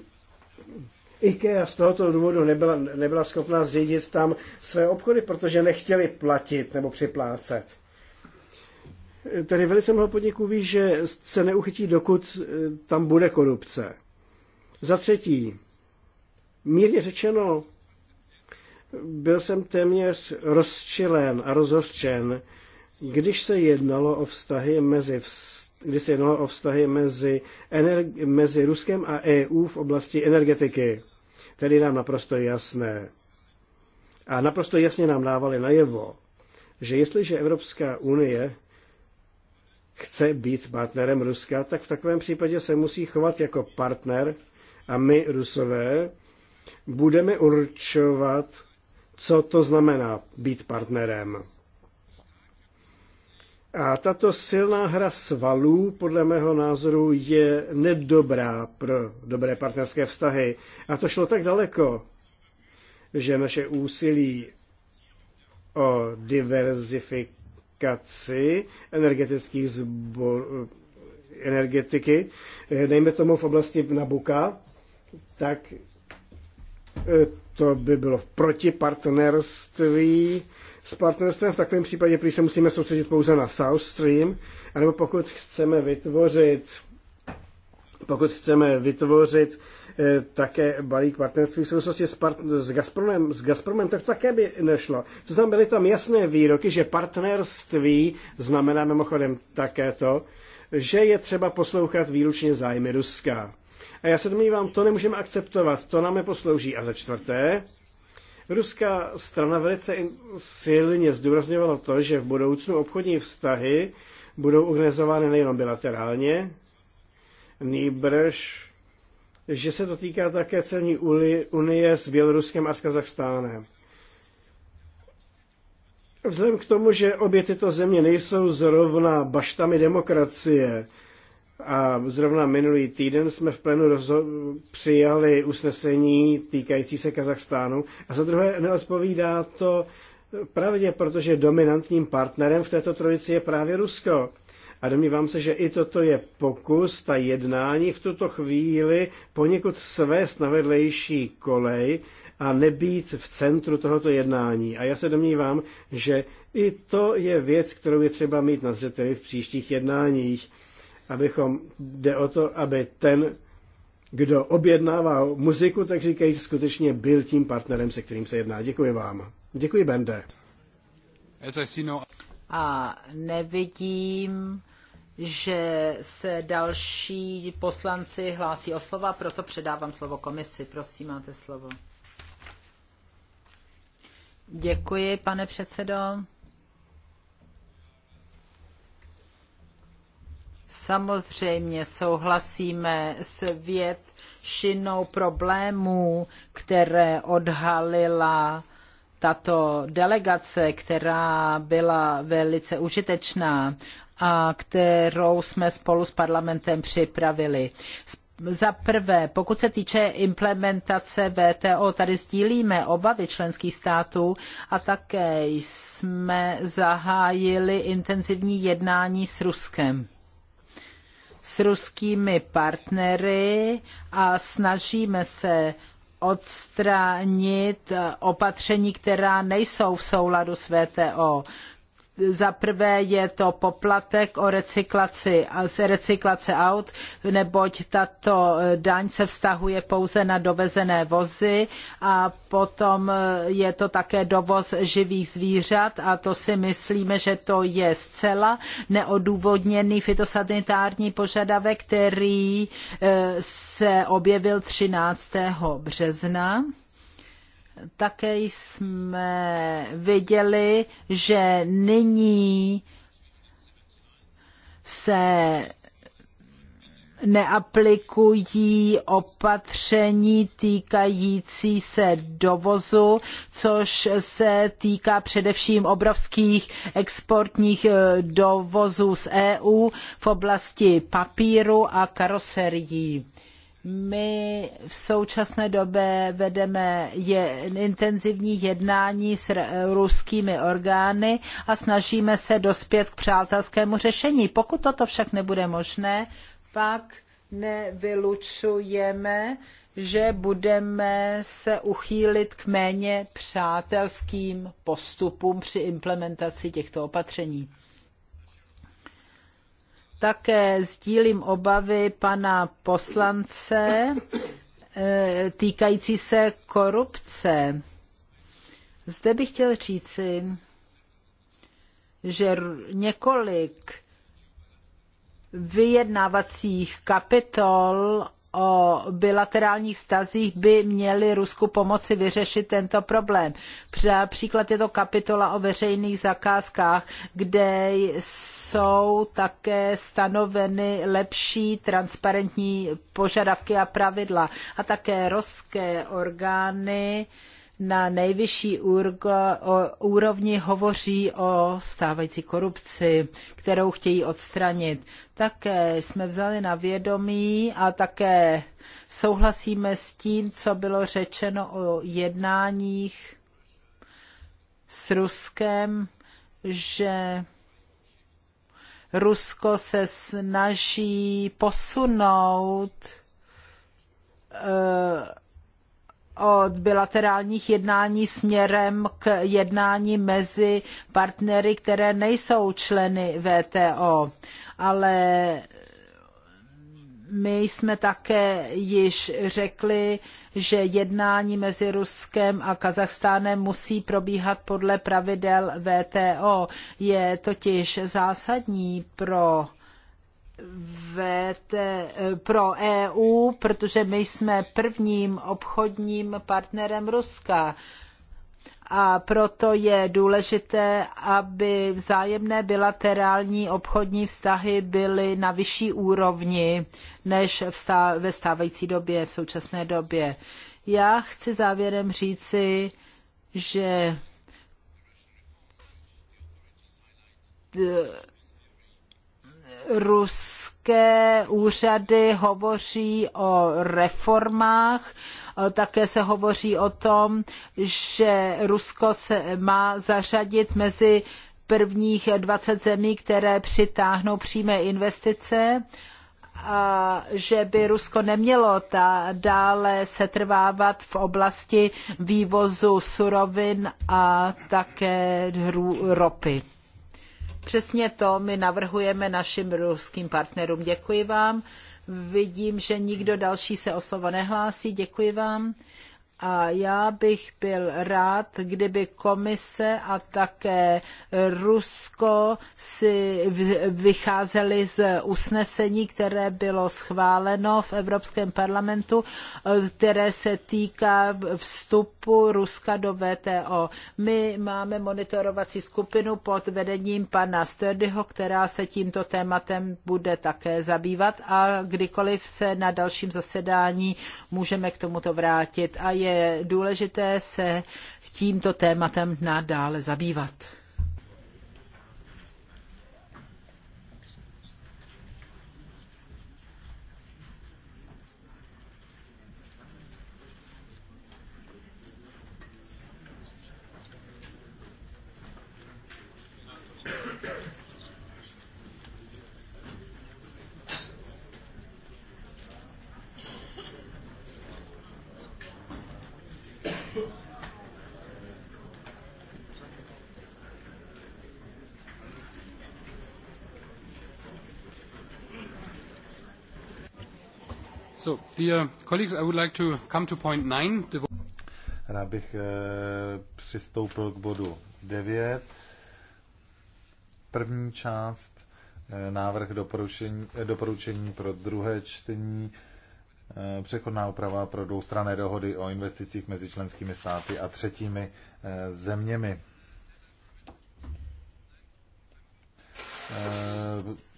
IKEA z tohoto důvodu nebyla, nebyla schopná zřídit tam své obchody, protože nechtěli platit nebo připlácet. Eh, tedy velice mnoho podniků ví, že se neuchytí, dokud tam bude korupce. Za třetí, mírně řečeno, byl jsem téměř rozčilen a rozhořčen, když se jednalo o vztahy mezi když se jednalo o vztahy mezi, energi- mezi Ruskem a EU v oblasti energetiky. Tedy nám naprosto jasné. A naprosto jasně nám dávali najevo, že jestliže Evropská unie chce být partnerem Ruska, tak v takovém případě se musí chovat jako partner a my, Rusové, budeme určovat co to znamená být partnerem. A tato silná hra svalů, podle mého názoru, je nedobrá pro dobré partnerské vztahy. A to šlo tak daleko, že naše úsilí o diverzifikaci energetických zbor, energetiky, dejme tomu v oblasti Nabuka, tak to by bylo v protipartnerství s partnerstvem. V takovém případě prý se musíme soustředit pouze na South Stream, anebo pokud chceme vytvořit pokud chceme vytvořit eh, také balík partnerství v souvislosti s, part- s, Gazpromem, s Gazpromem, tak také by nešlo. To znamená, byly tam jasné výroky, že partnerství znamená mimochodem také to, že je třeba poslouchat výlučně zájmy Ruska. A já se domnívám, to nemůžeme akceptovat, to nám neposlouží. A za čtvrté, ruská strana velice silně zdůrazňovala to, že v budoucnu obchodní vztahy budou organizovány nejenom bilaterálně, nýbrž, že se to týká také celní unie s Běloruskem a s Kazachstánem. Vzhledem k tomu, že obě tyto země nejsou zrovna baštami demokracie, a zrovna minulý týden jsme v plenu přijali usnesení týkající se Kazachstánu. A za druhé neodpovídá to pravdě, protože dominantním partnerem v této trojici je právě Rusko. A domnívám se, že i toto je pokus, ta jednání v tuto chvíli poněkud svést na vedlejší kolej a nebýt v centru tohoto jednání. A já se domnívám, že i to je věc, kterou je třeba mít na zřeteli v příštích jednáních abychom, jde o to, aby ten, kdo objednává muziku, tak říkají, skutečně byl tím partnerem, se kterým se jedná. Děkuji vám. Děkuji, Bende. A nevidím, že se další poslanci hlásí o slova, proto předávám slovo komisi. Prosím, máte slovo. Děkuji, pane předsedo. Samozřejmě souhlasíme s většinou problémů, které odhalila tato delegace, která byla velice užitečná a kterou jsme spolu s parlamentem připravili. Za prvé, pokud se týče implementace VTO, tady sdílíme obavy členských států a také jsme zahájili intenzivní jednání s Ruskem s ruskými partnery a snažíme se odstranit opatření, která nejsou v souladu s WTO za prvé je to poplatek o recyklaci, z recyklace aut, neboť tato eh, daň se vztahuje pouze na dovezené vozy a potom eh, je to také dovoz živých zvířat a to si myslíme, že to je zcela neodůvodněný fitosanitární požadavek, který eh, se objevil 13. března. Také jsme viděli, že nyní se neaplikují opatření týkající se dovozu, což se týká především obrovských exportních eh, dovozů z EU v oblasti papíru a karoserií. My v současné době vedeme je, intenzivní jednání s ruskými orgány a snažíme se dospět k přátelskému řešení. Pokud toto však nebude možné, pak nevylučujeme, že budeme se uchýlit k méně přátelským postupům při implementaci těchto opatření. Také sdílím obavy pana poslance eh, týkající se korupce. Zde bych chtěl říci, že několik vyjednávacích kapitol o bilaterálních vztazích by měly Rusku pomoci vyřešit tento problém. Například je to kapitola o veřejných zakázkách, kde jsou také stanoveny lepší transparentní požadavky a pravidla a také ruské orgány uh, na nejvyšší úrovni hovoří o stávající korupci, kterou chtějí odstranit. Také jsme vzali na vědomí a také souhlasíme s tím, co bylo řečeno o jednáních s Ruskem, že Rusko se snaží posunout uh, od bilaterálních jednání směrem k jednání mezi partnery, které nejsou členy VTO. Ale my jsme také již řekli, že jednání mezi Ruskem a Kazachstánem musí probíhat podle pravidel VTO. Je totiž zásadní pro VT, pro EU, protože my jsme prvním obchodním partnerem Ruska. A proto je důležité, aby vzájemné bilaterální obchodní vztahy byly na vyšší úrovni než ve stávající době, v současné době. Já chci závěrem říci, že ruské úřady hovoří o reformách, také se hovoří o tom, že Rusko se má zařadit mezi prvních 20 zemí, které přitáhnou přímé investice a že by Rusko nemělo ta dále setrvávat v oblasti vývozu surovin a také ropy. Přesně to my navrhujeme našim ruským partnerům. Děkuji vám. Vidím, že nikdo další se o slovo nehlásí. Děkuji vám. A já bych byl rád, kdyby komise a také Rusko si vycházeli z usnesení, které bylo schváleno v Evropském parlamentu, eh, které se týká vstupu Ruska do VTO. My máme monitorovací skupinu pod vedením pana Sturdyho, která se tímto tématem bude také zabývat a kdykoliv se na dalším zasedání můžeme k tomuto vrátit. A je je důležité se tímto tématem nadále zabývat. So, dear colleagues, I would like to come to point nine. Rád bych eh, přistoupil k bodu 9. První část, eh, návrh doporučení, eh, doporučení pro druhé čtení, přechodná úprava pro dvoustranné dohody o investicích mezi členskými státy a třetími zeměmi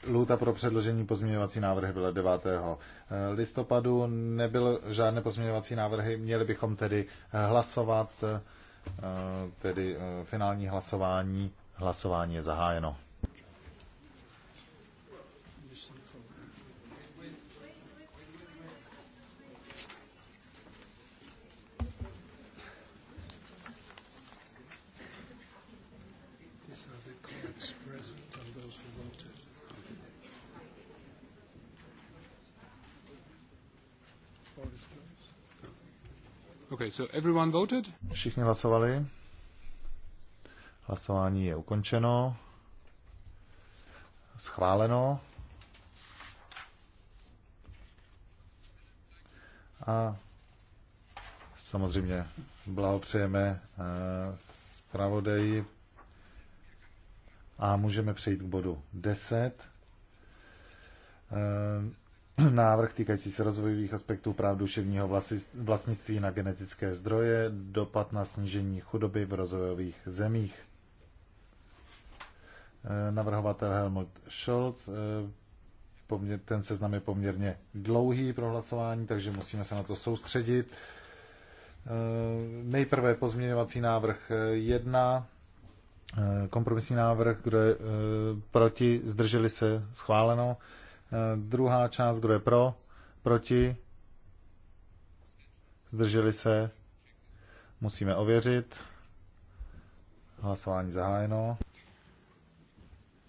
Lůta pro předložení pozměňovací návrhy byla 9. Eh, listopadu. Nebyl žádné pozměňovací návrhy, měli bychom tedy eh, hlasovat, eh, tedy finální hlasování. Hlasování je zahájeno. So everyone voted? Všichni hlasovali. Hlasování je ukončeno. Schváleno. A samozřejmě blahopřejeme eh, zpravodeji a můžeme přejít k bodu 10 návrh týkající se rozvojových aspektů práv duševního vlastnictví na genetické zdroje, dopad na snížení chudoby v rozvojových zemích. Eh, navrhovatel Helmut Scholz, eh, ten seznam je poměrně dlouhý pro hlasování, takže musíme se na to soustředit. Eh, nejprve pozměňovací návrh 1, kompromisní návrh, kdo je proti, zdrželi se, schváleno. Eh, druhá část, kdo je pro, proti, zdrželi se, musíme ověřit. Hlasování zahájeno.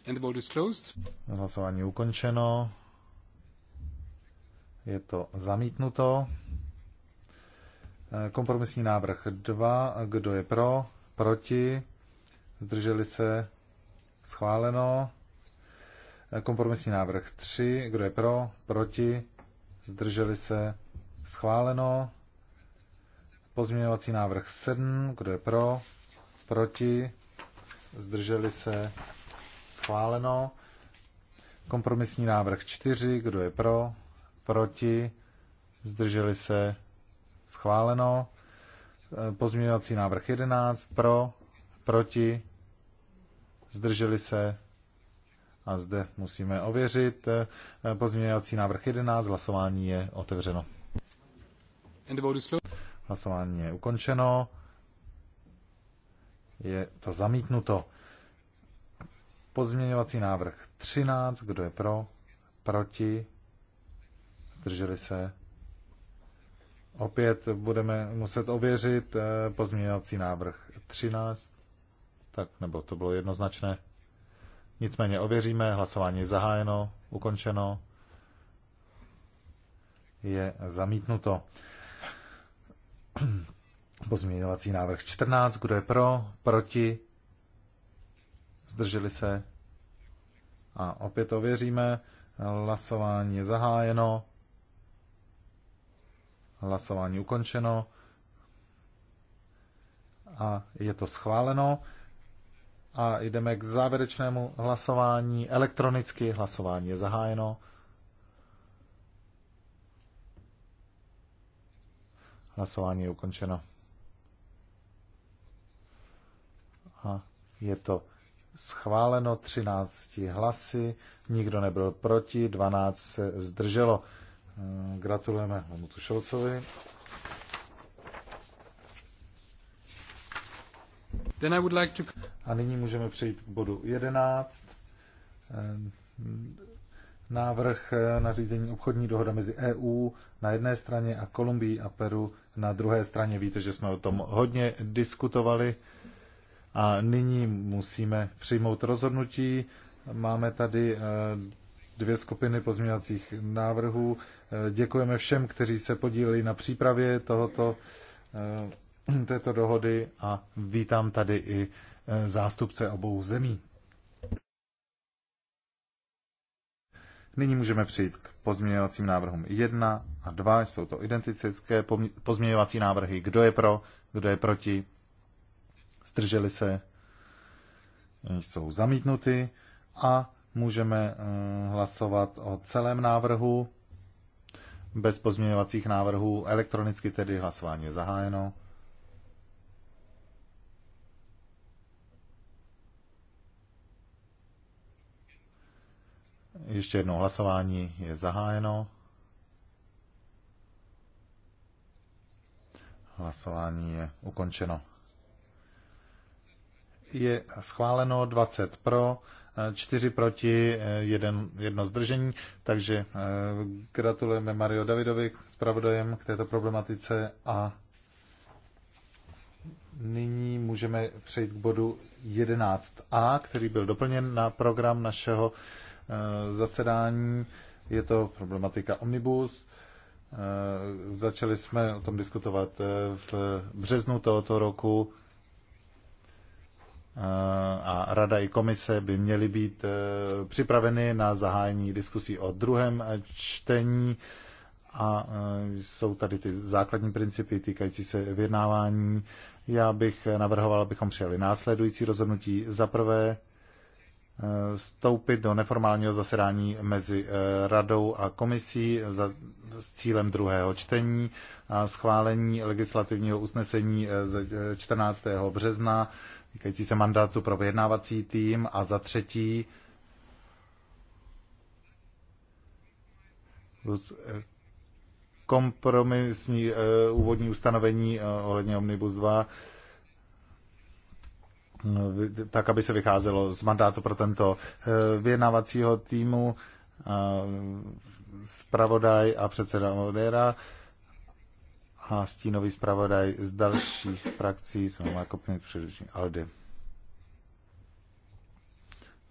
And the vote is closed. Hlasování ukončeno. Je to zamítnuto. Eh, kompromisní návrh 2. Kdo je pro? Proti? Zdrželi se? Schváleno. Kompromisní návrh 3. Kdo je pro? Proti? Zdrželi se? Schváleno. Pozměňovací návrh 7. Kdo je pro? Proti? Zdrželi se? Schváleno. Kompromisní návrh 4. Kdo je pro? Proti? Zdrželi se? Schváleno. Pozměňovací návrh 11. Pro? Proti? Zdrželi se? a zde musíme ověřit eh, pozměňovací návrh 11. Hlasování je otevřeno. Hlasování je ukončeno. Je to zamítnuto. Pozměňovací návrh 13. Kdo je pro? Proti? Zdrželi se? Opět budeme muset ověřit eh, pozměňovací návrh 13. Tak, nebo to bylo jednoznačné. Nicméně ověříme, hlasování je zahájeno, ukončeno, je zamítnuto. Pozměňovací návrh 14, kdo je pro, proti, zdrželi se a opět ověříme, hlasování je zahájeno, hlasování ukončeno a je to schváleno a jdeme k závěrečnému hlasování. Elektronicky hlasování je zahájeno. Hlasování je ukončeno. A je to schváleno 13 hlasy, nikdo nebyl proti, 12 se zdrželo. Gratulujeme Hamutu Šolcovi. Then I would like to... A nyní můžeme přejít k bodu 11. Eh, návrh eh, na řízení obchodní dohoda mezi EU na jedné straně a Kolumbií a Peru na druhé straně. Víte, že jsme o tom hodně diskutovali a nyní musíme přijmout rozhodnutí. Máme tady eh, dvě skupiny pozměňovacích návrhů. Děkujeme všem, kteří se podíleli na přípravě tohoto této dohody a vítám tady i e, zástupce obou zemí. Nyní můžeme přijít k pozměňovacím návrhům 1 a 2. Jsou to identické pozměňovací návrhy. Kdo je pro, kdo je proti? Zdrželi se? E, jsou zamítnuty a můžeme e, hlasovat o celém návrhu bez pozměňovacích návrhů. Elektronicky tedy hlasování je zahájeno. Ještě jednou hlasování je zahájeno. Hlasování je ukončeno. Je schváleno 20 pro, 4 proti, 1, 1 zdržení, takže eh, gratulujeme Mario Davidovi s pravodajem k této problematice a nyní můžeme přejít k bodu 11a, který byl doplněn na program našeho Eh, zasedání. Je to problematika Omnibus. Eh, začali jsme o tom diskutovat eh, v březnu tohoto roku a rada i komise by měly být připraveny na zahájení diskusí o druhém čtení a jsou tady ty základní principy týkající se vyjednávání. Já bych navrhoval, abychom přijali následující rozhodnutí. Za prvé, stoupit do neformálního zasedání mezi eh, radou a komisí za, s cílem druhého čtení a schválení legislativního usnesení 14. Eh, eh, března týkající se mandátu pro vyjednávací tým a za třetí plus kompromisní úvodní ustanovení ohledně Omnibus 2 No, tak, aby se vycházelo z mandátu pro tento eh, vyjednávacího týmu, zpravodaj a předseda Odera a stínový zpravodaj z dalších frakcí, co má kopnit především Aldy.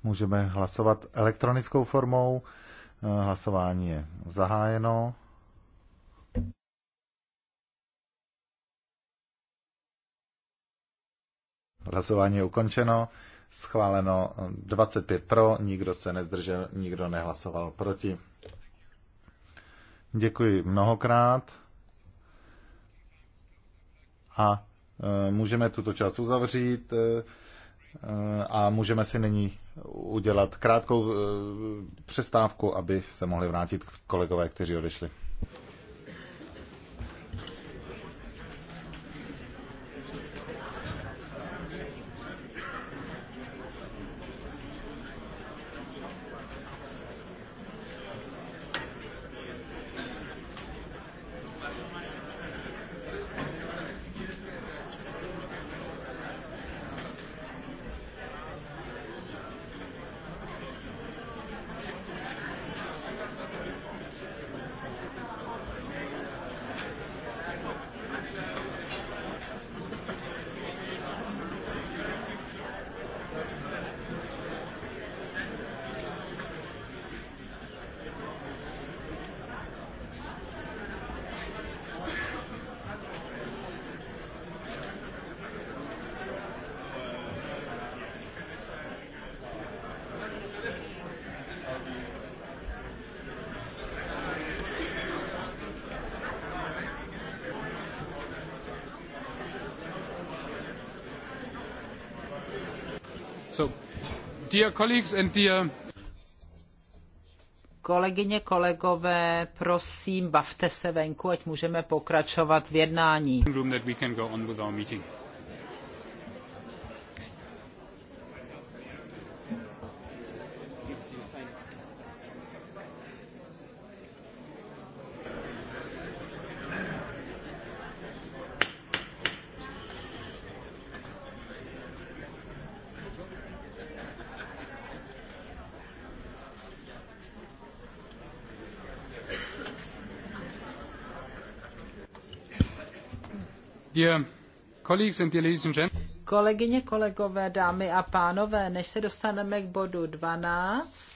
Můžeme hlasovat elektronickou formou. Eh, hlasování je zahájeno. Hlasování je ukončeno. Schváleno 25 pro, nikdo se nezdržel, nikdo nehlasoval proti. Děkuji mnohokrát. A e, můžeme tuto čas uzavřít e, e, a můžeme si nyní udělat krátkou přestávku, aby se mohli vrátit kolegové, kteří odešli. Kolegyně, kolegové, prosím, bavte se venku, ať můžeme pokračovat v jednání. Kolegyně, kolegové, dámy a pánové, než se dostaneme k bodu 12,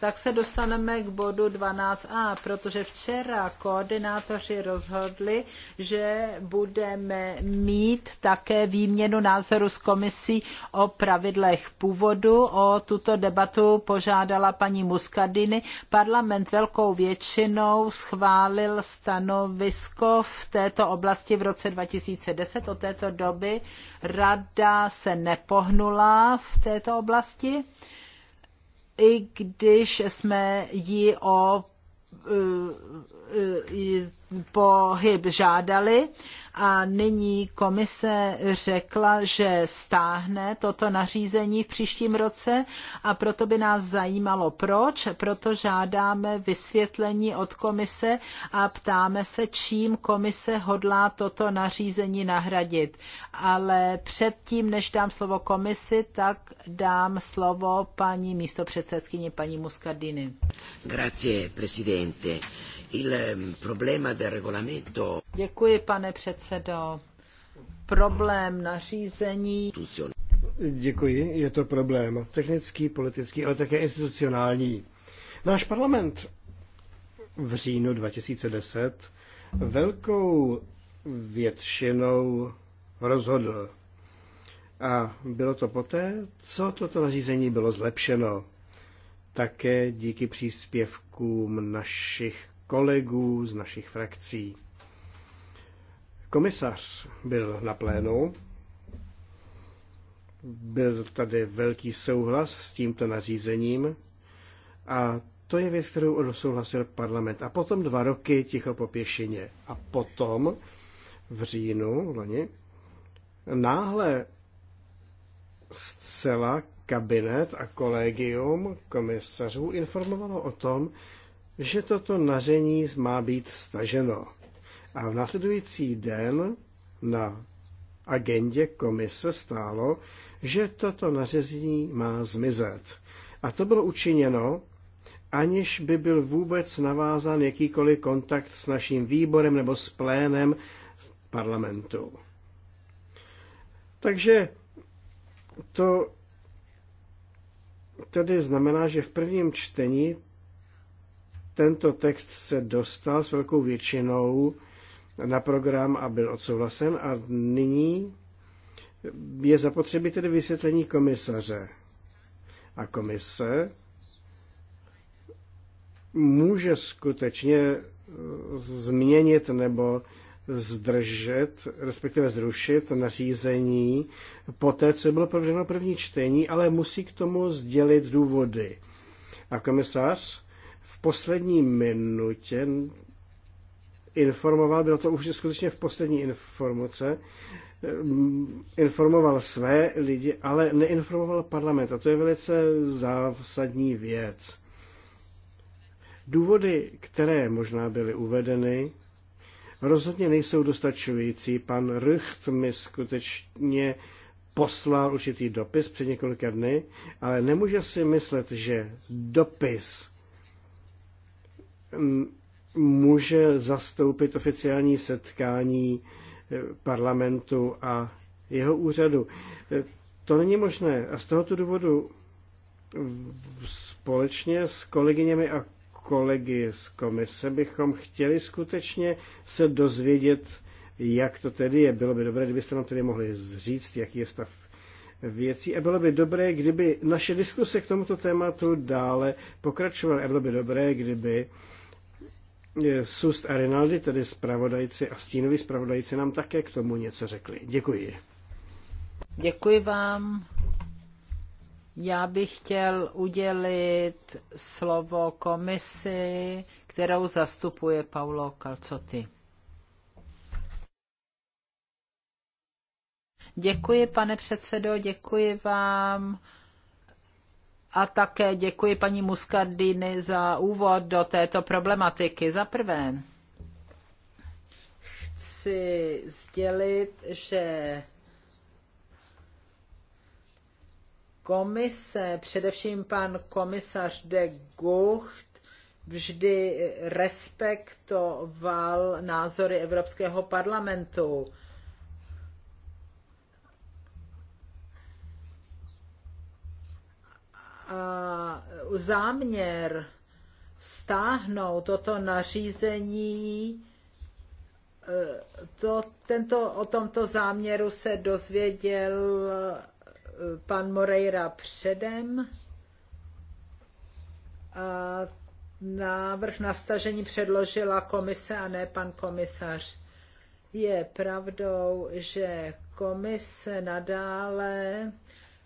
tak se dostaneme k bodu 12a, protože včera koordinátoři rozhodli, že budeme mít také výměnu názoru s komisí o pravidlech původu. O tuto debatu požádala paní Muscadini. Parlament velkou většinou schválil stanovisko v této oblasti v roce 2010. Od této doby rada se nepohnula v této oblasti i když jsme ji o eh, eh, pohyb žádali a nyní komise řekla, že stáhne toto nařízení v příštím roce a proto by nás zajímalo proč, proto žádáme vysvětlení od komise a ptáme se, čím komise hodlá toto nařízení nahradit. Ale předtím, než dám slovo komisi, tak dám slovo paní místopředsedkyni, paní Muscardini. Grazie, presidente. Il ehm, problema del regolamento. Děkuji, pane předsedo. Problém nařízení. Děkuji, je to problém technický, politický, ale také institucionální. Náš parlament v říjnu 2010 velkou většinou rozhodl. A bylo to poté, co toto nařízení bylo zlepšeno. Také díky příspěvkům našich kolegů z našich frakcí. Komisař byl na plénu, byl tady velký souhlas s tímto nařízením a to je věc, kterou odsouhlasil parlament. A potom dva roky ticho po pěšině. A potom v říjnu loni náhle zcela kabinet a kolegium komisařů informovalo o tom, že toto naření má být staženo. A v následující den na agendě komise stálo, že toto nařezení má zmizet. A to bylo učiněno, aniž by byl vůbec navázán jakýkoliv kontakt s naším výborem nebo s plénem parlamentu. Takže to tedy znamená, že v prvním čtení tento text se dostal s velkou většinou na program a byl odsouhlasen a nyní je zapotřebí tedy vysvětlení komisaře. A komise může skutečně eh, změnit nebo zdržet, respektive zrušit nařízení po té, co bylo provedeno první čtení, ale musí k tomu sdělit důvody. A komisař v poslední minutě informoval, bylo to už skutečně v poslední informace, eh, informoval své lidi, ale neinformoval parlament. A to je velice zásadní věc. Důvody, které možná byly uvedeny, rozhodně nejsou dostačující. Pan Rucht mi skutečně poslal určitý dopis před několika dny, ale nemůže si myslet, že dopis může zastoupit oficiální setkání e, parlamentu a jeho úřadu. E, to není možné a z tohoto důvodu společně s kolegyněmi a kolegy z komise bychom chtěli skutečně se dozvědět, jak to tedy je. Bylo by dobré, kdybyste nám tedy mohli říct, jaký je stav věcí a bylo by dobré, kdyby naše diskuse k tomuto tématu dále pokračovala. a bylo by dobré, kdyby eh, Sust a Rinaldi, tedy spravodajci a stínoví spravodajci, nám také k tomu něco řekli. Děkuji. Děkuji vám. Já bych chtěl udělit slovo komisi, kterou zastupuje Paulo Calcotti. Děkuji, pane předsedo, děkuji vám. A také děkuji paní Muscardini za úvod do této problematiky. Za prvé, chci sdělit, že komise, především pan komisař de Gucht, vždy respektoval názory Evropského parlamentu a záměr stáhnout toto nařízení, eh, to, tento, o tomto záměru se dozvěděl eh, pan Moreira předem. A návrh na stažení předložila komise a ne pan komisař. Je pravdou, že komise nadále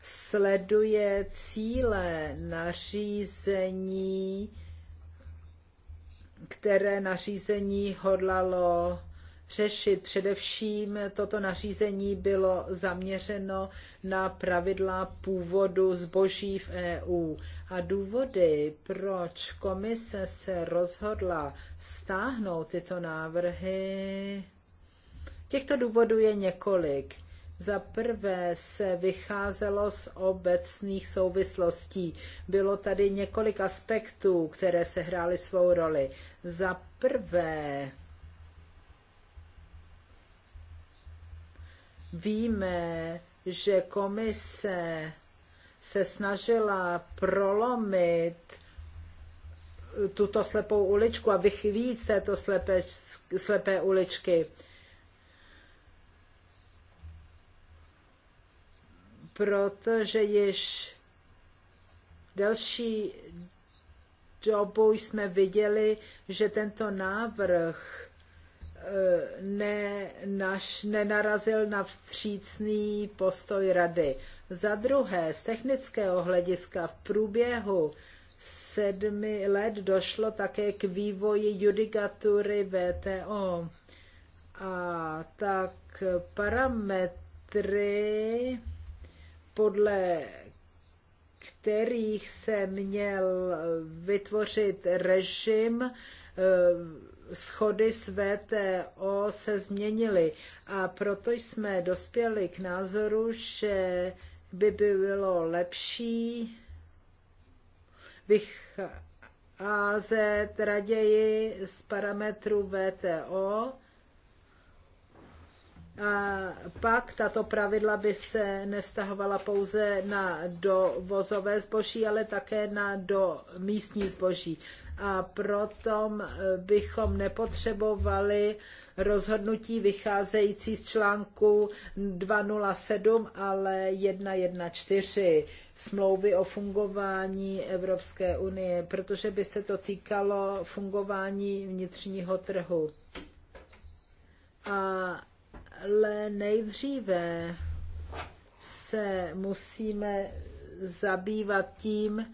sleduje cíle nařízení, které nařízení hodlalo řešit. Především toto nařízení bylo zaměřeno na pravidla původu zboží v EU. A důvody, proč komise se rozhodla stáhnout tyto návrhy, těchto důvodů je několik. Za prvé se vycházelo z obecných souvislostí. Bylo tady několik aspektů, které se hrály svou roli. Za prvé víme, že komise se snažila prolomit tuto slepou uličku a vychvít této slepé, slepé uličky protože již delší dobu jsme viděli, že tento návrh eh, ne, naš, nenarazil na vstřícný postoj rady. Za druhé, z technického hlediska v průběhu sedmi let došlo také k vývoji judikatury VTO. A tak parametry podle kterých se měl vytvořit režim, eh, schody s VTO se změnily a proto jsme dospěli k názoru, že by bylo lepší vycházet raději z parametrů VTO, a pak tato pravidla by se nevztahovala pouze na dovozové zboží, ale také na do místní zboží. A proto e, bychom nepotřebovali rozhodnutí vycházející z článku 207, ale 114 smlouvy o fungování Evropské unie, protože by se to týkalo fungování vnitřního trhu. A ale nejdříve se musíme zabývat tím,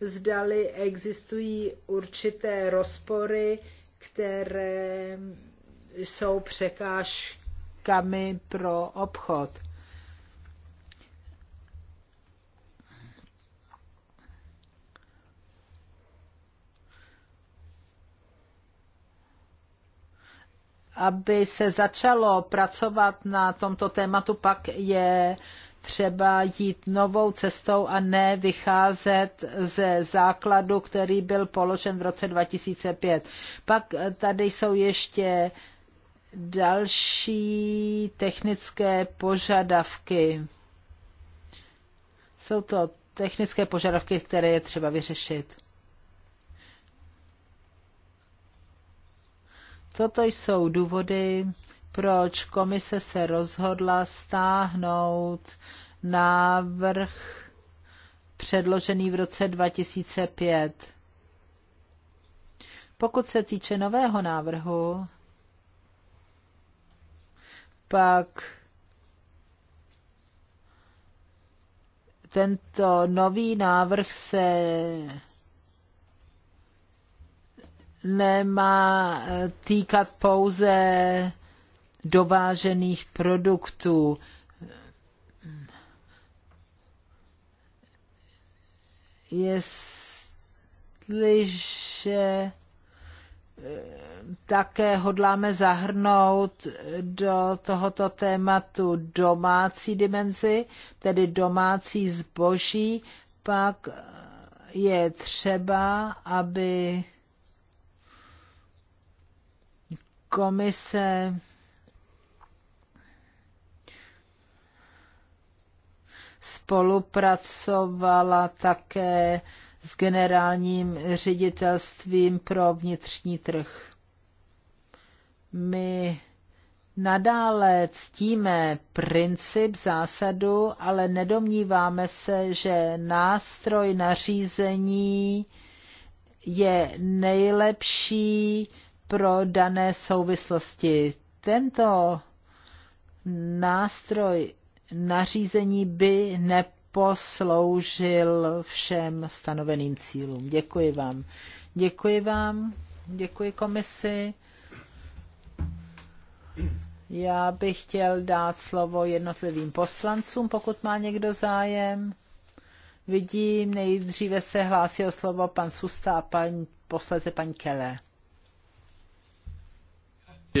zdali existují určité rozpory, které jsou překážkami pro obchod. aby se začalo pracovat na tomto tématu, pak je třeba jít novou cestou a ne vycházet ze základu, který byl položen v roce 2005. Pak tady jsou ještě další technické požadavky. Jsou to technické požadavky, které je třeba vyřešit. Toto jsou důvody, proč komise se rozhodla stáhnout návrh předložený v roce 2005. Pokud se týče nového návrhu, pak tento nový návrh se nemá eh, týkat pouze dovážených produktů. Jestliže eh, také hodláme zahrnout do tohoto tématu domácí dimenzi, tedy domácí zboží, pak je třeba, aby komise spolupracovala také s generálním ředitelstvím pro vnitřní trh. My nadále ctíme princip, zásadu, ale nedomníváme se, že nástroj nařízení je nejlepší pro dané souvislosti. Tento nástroj nařízení by neposloužil všem stanoveným cílům. Děkuji vám. Děkuji vám, děkuji komisi. Já bych chtěl dát slovo jednotlivým poslancům, pokud má někdo zájem. Vidím, nejdříve se hlásí o slovo pan Susta a paní, posledce paní Keller. Eh,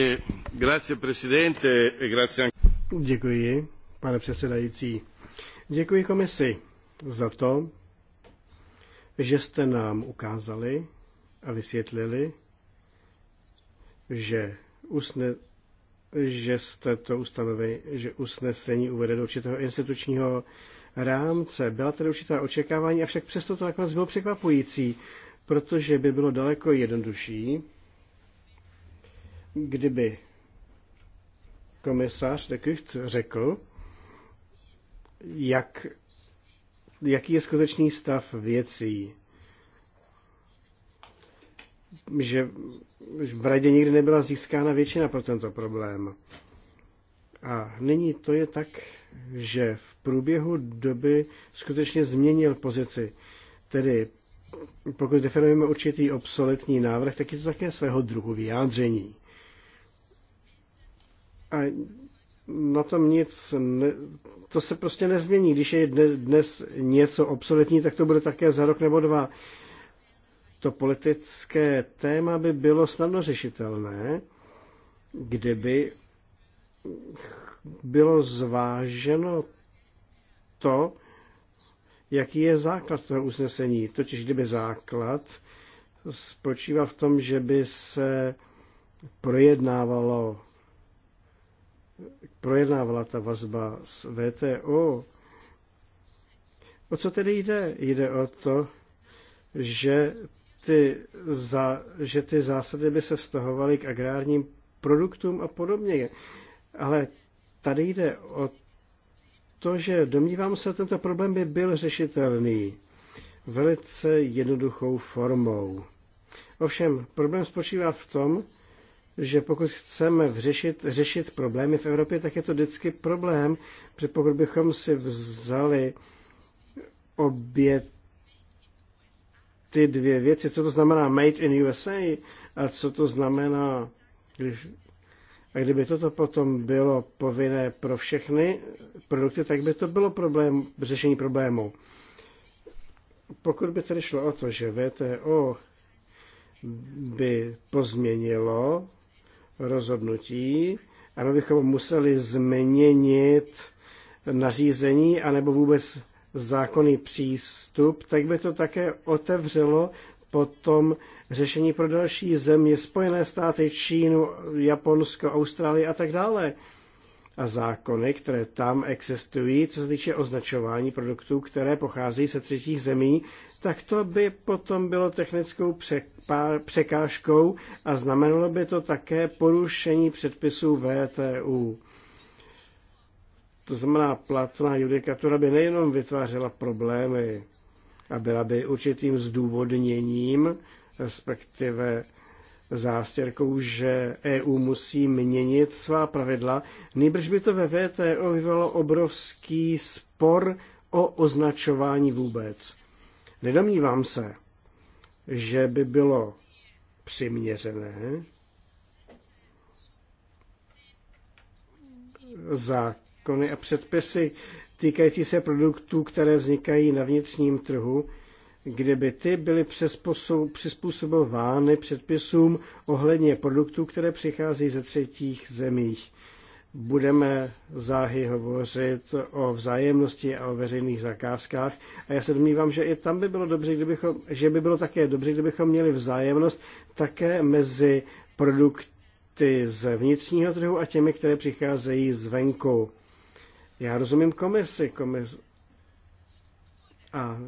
e Děkuji, pane předsedající. Děkuji komisi za to, že jste nám ukázali a vysvětlili, že, usne, že jste to ustanovili, že usnesení uvede do určitého institučního rámce. Byla tedy určitá očekávání, avšak přesto to nakonec bylo překvapující, protože by bylo daleko jednodušší kdyby komisař de Kucht řekl, jak, jaký je skutečný stav věcí. Že v radě nikdy nebyla získána většina pro tento problém. A nyní to je tak, že v průběhu doby skutečně změnil pozici. Tedy pokud definujeme určitý obsoletní návrh, tak je to také svého druhu vyjádření. A na tom nic, ne, to se prostě nezmění. Když je dnes něco obsoletní, tak to bude také za rok nebo dva. To politické téma by bylo snadno řešitelné, kdyby bylo zváženo to, jaký je základ toho usnesení. Totiž kdyby základ spočíval v tom, že by se projednávalo projednávala ta vazba s VTO. O co tedy jde? Jde o to, že ty, za, že ty zásady by se vztahovaly k agrárním produktům a podobně. Ale tady jde o to, že domnívám se, tento problém by byl řešitelný velice jednoduchou formou. Ovšem, problém spočívá v tom, že pokud chceme vřešit, řešit problémy v Evropě, tak je to vždycky problém, protože pokud bychom si vzali obě ty dvě věci, co to znamená made in USA a co to znamená, když, a kdyby toto potom bylo povinné pro všechny produkty, tak by to bylo problém, řešení problému. Pokud by tedy šlo o to, že VTO by pozměnilo rozhodnutí a my bychom museli změnit nařízení anebo vůbec zákonný přístup, tak by to také otevřelo potom řešení pro další země, Spojené státy, Čínu, Japonsko, Austrálii a tak dále. A zákony, které tam existují, co se týče označování produktů, které pocházejí ze třetích zemí, tak to by potom bylo technickou překážkou a znamenalo by to také porušení předpisů VTU. To znamená, platná judikatura by nejenom vytvářela problémy a byla by určitým zdůvodněním, respektive zástěrkou, že EU musí měnit svá pravidla, nejbrž by to ve VTO vyvolalo obrovský spor o označování vůbec. Nedomnívám se, že by bylo přiměřené zákony a předpisy týkající se produktů, které vznikají na vnitřním trhu, kdyby ty byly přizpůsobovány předpisům ohledně produktů, které přichází ze třetích zemích budeme záhy hovořit o vzájemnosti a o veřejných zakázkách. A já se domnívám, že i tam by bylo dobře, kdybychom, že by bylo také dobře, kdybychom měli vzájemnost také mezi produkty z vnitřního trhu a těmi, které přicházejí zvenku. Já rozumím komisi, komis... a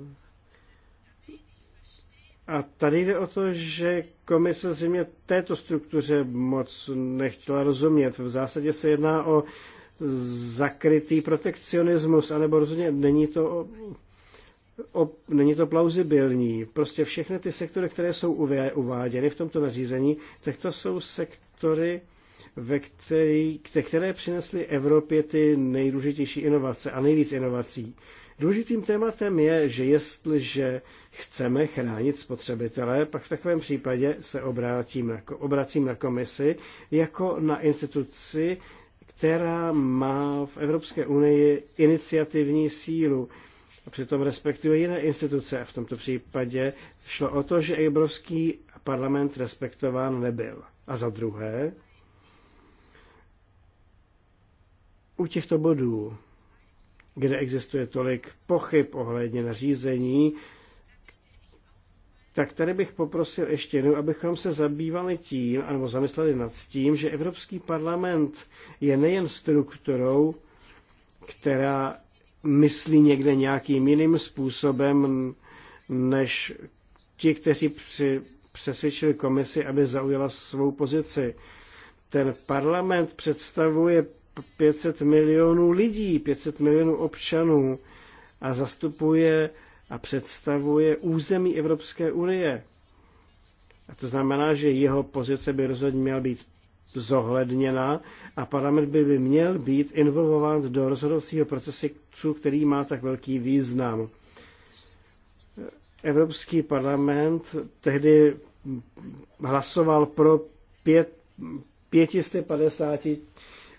a tady jde o to, že komise zřejmě této struktuře moc nechtěla rozumět. V zásadě se jedná o zakrytý protekcionismus, anebo rozhodně není to o, o, není to plauzibilní. Prostě všechny ty sektory, které jsou uváděny v tomto nařízení, tak to jsou sektory, ve který, které přinesly Evropě ty nejdůležitější inovace a nejvíc inovací. Důležitým tématem je, že jestliže chceme chránit spotřebitele, pak v takovém případě se obrátím na, obracím na komisi jako na instituci, která má v Evropské unii iniciativní sílu a přitom respektuje jiné instituce. A v tomto případě šlo o to, že Evropský parlament respektován nebyl. A za druhé, u těchto bodů kde existuje tolik pochyb ohledně nařízení, tak tady bych poprosil ještě jednou, abychom se zabývali tím, anebo zamysleli nad tím, že Evropský parlament je nejen strukturou, která myslí někde nějakým jiným způsobem, než ti, kteří při, přesvědčili komisi, aby zaujala svou pozici. Ten parlament představuje 500 milionů lidí, 500 milionů občanů a zastupuje a představuje území Evropské unie. A to znamená, že jeho pozice by rozhodně měla být zohledněna a parlament by, by měl být involvován do rozhodovacího procesu, který má tak velký význam. Evropský parlament tehdy hlasoval pro pět, 550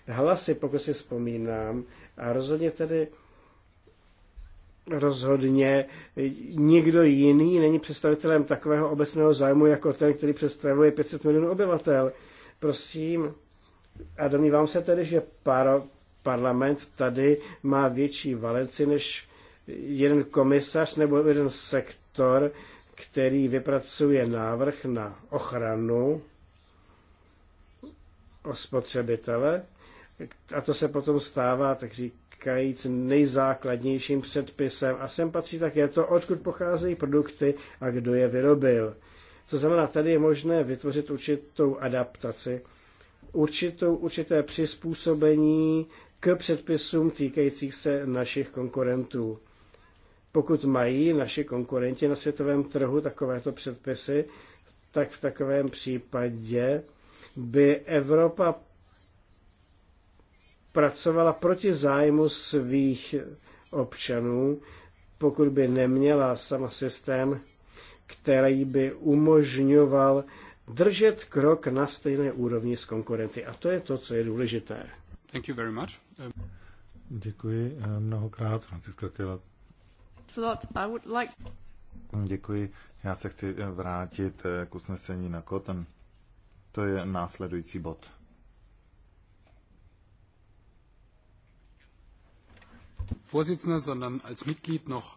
hlasy, pokud si vzpomínám. A rozhodně tedy rozhodně nikdo jiný není představitelem takového obecného zájmu jako ten, který představuje 500 milionů obyvatel. Prosím, a domnívám se tedy, že par, parlament tady má větší valenci než jeden komisař nebo jeden sektor, který vypracuje návrh na ochranu o spotřebitele a to se potom stává, tak říkajíc, nejzákladnějším předpisem. A sem patří také to, odkud pocházejí produkty a kdo je vyrobil. To znamená, tady je možné vytvořit určitou adaptaci, určitou, určité přizpůsobení k předpisům týkajících se našich konkurentů. Pokud mají naši konkurenti na světovém trhu takovéto předpisy, tak v takovém případě by Evropa pracovala proti zájmu svých občanů, pokud by neměla sama systém, který by umožňoval držet krok na stejné úrovni s konkurenty. A to je to, co je důležité. Thank you very much. Děkuji eh, mnohokrát, Francisco Kela. Like... Děkuji. Já se chci vrátit eh, k usnesení na Koten. To je následující bod.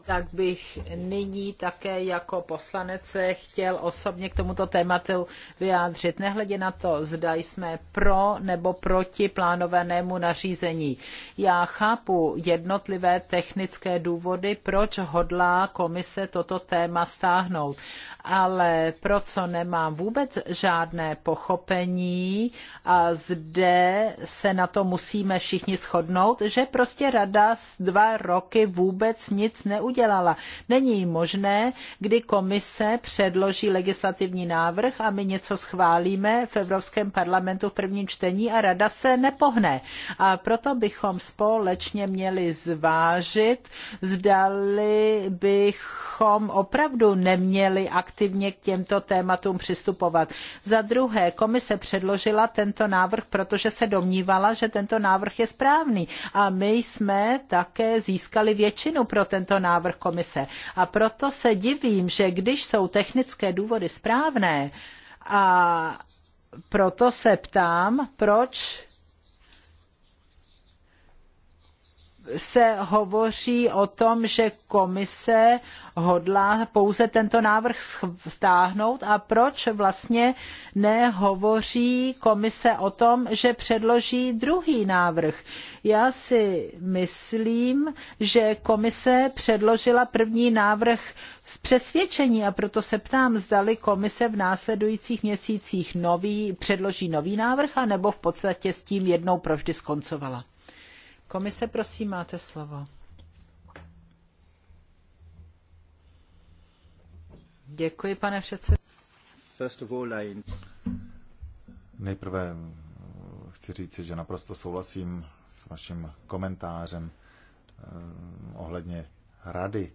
Tak bych nyní také jako poslanec se chtěl osobně k tomuto tématu vyjádřit. Nehledě na to, zda jsme pro nebo proti plánovanému nařízení. Já chápu jednotlivé technické důvody, proč hodlá komise toto téma stáhnout, ale pro co nemám vůbec žádné pochopení a zde se na to musíme všichni shodnout, že prostě rada dva roky vůbec nic neudělala. Není možné, kdy komise předloží legislativní návrh a my něco schválíme v Evropském parlamentu v prvním čtení a rada se nepohne. A proto bychom společně měli zvážit, zdali bychom opravdu neměli aktivně k těmto tématům přistupovat. Za druhé, komise předložila tento návrh, protože se domnívala, že tento návrh je správný. A my jsme tak také získali většinu pro tento návrh komise. A proto se divím, že když jsou technické důvody správné, a proto se ptám, proč se hovoří o tom, že komise hodlá pouze tento návrh stáhnout a proč vlastně nehovoří komise o tom, že předloží druhý návrh. Já si myslím, že komise předložila první návrh z přesvědčení a proto se ptám, zdali komise v následujících měsících nový, předloží nový návrh, anebo v podstatě s tím jednou provždy skoncovala. Komise, prosím, máte slovo. Děkuji, pane Nejprve chci říci, že naprosto souhlasím s vaším komentářem eh, ohledně rady.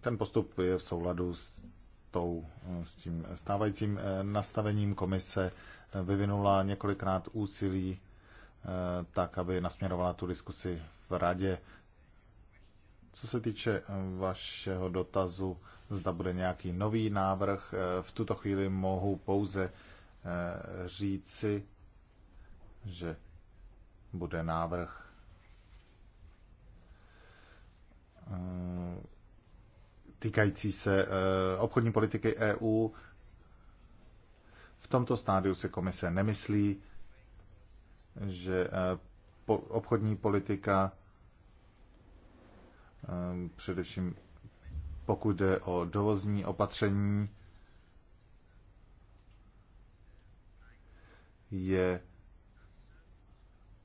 Ten postup je v souladu s, tou, s tím stávajícím eh, nastavením komise. Eh, vyvinula několikrát úsilí tak, aby nasměrovala tu diskusi v radě. Co se týče eh, vašeho dotazu, zda bude nějaký nový návrh, eh, v tuto chvíli mohu pouze eh, říci, že bude návrh týkající se obchodní politiky EU. V tomto stádiu se komise nemyslí, že eh, obchodní politika, eh, především pokud jde o dovozní opatření, je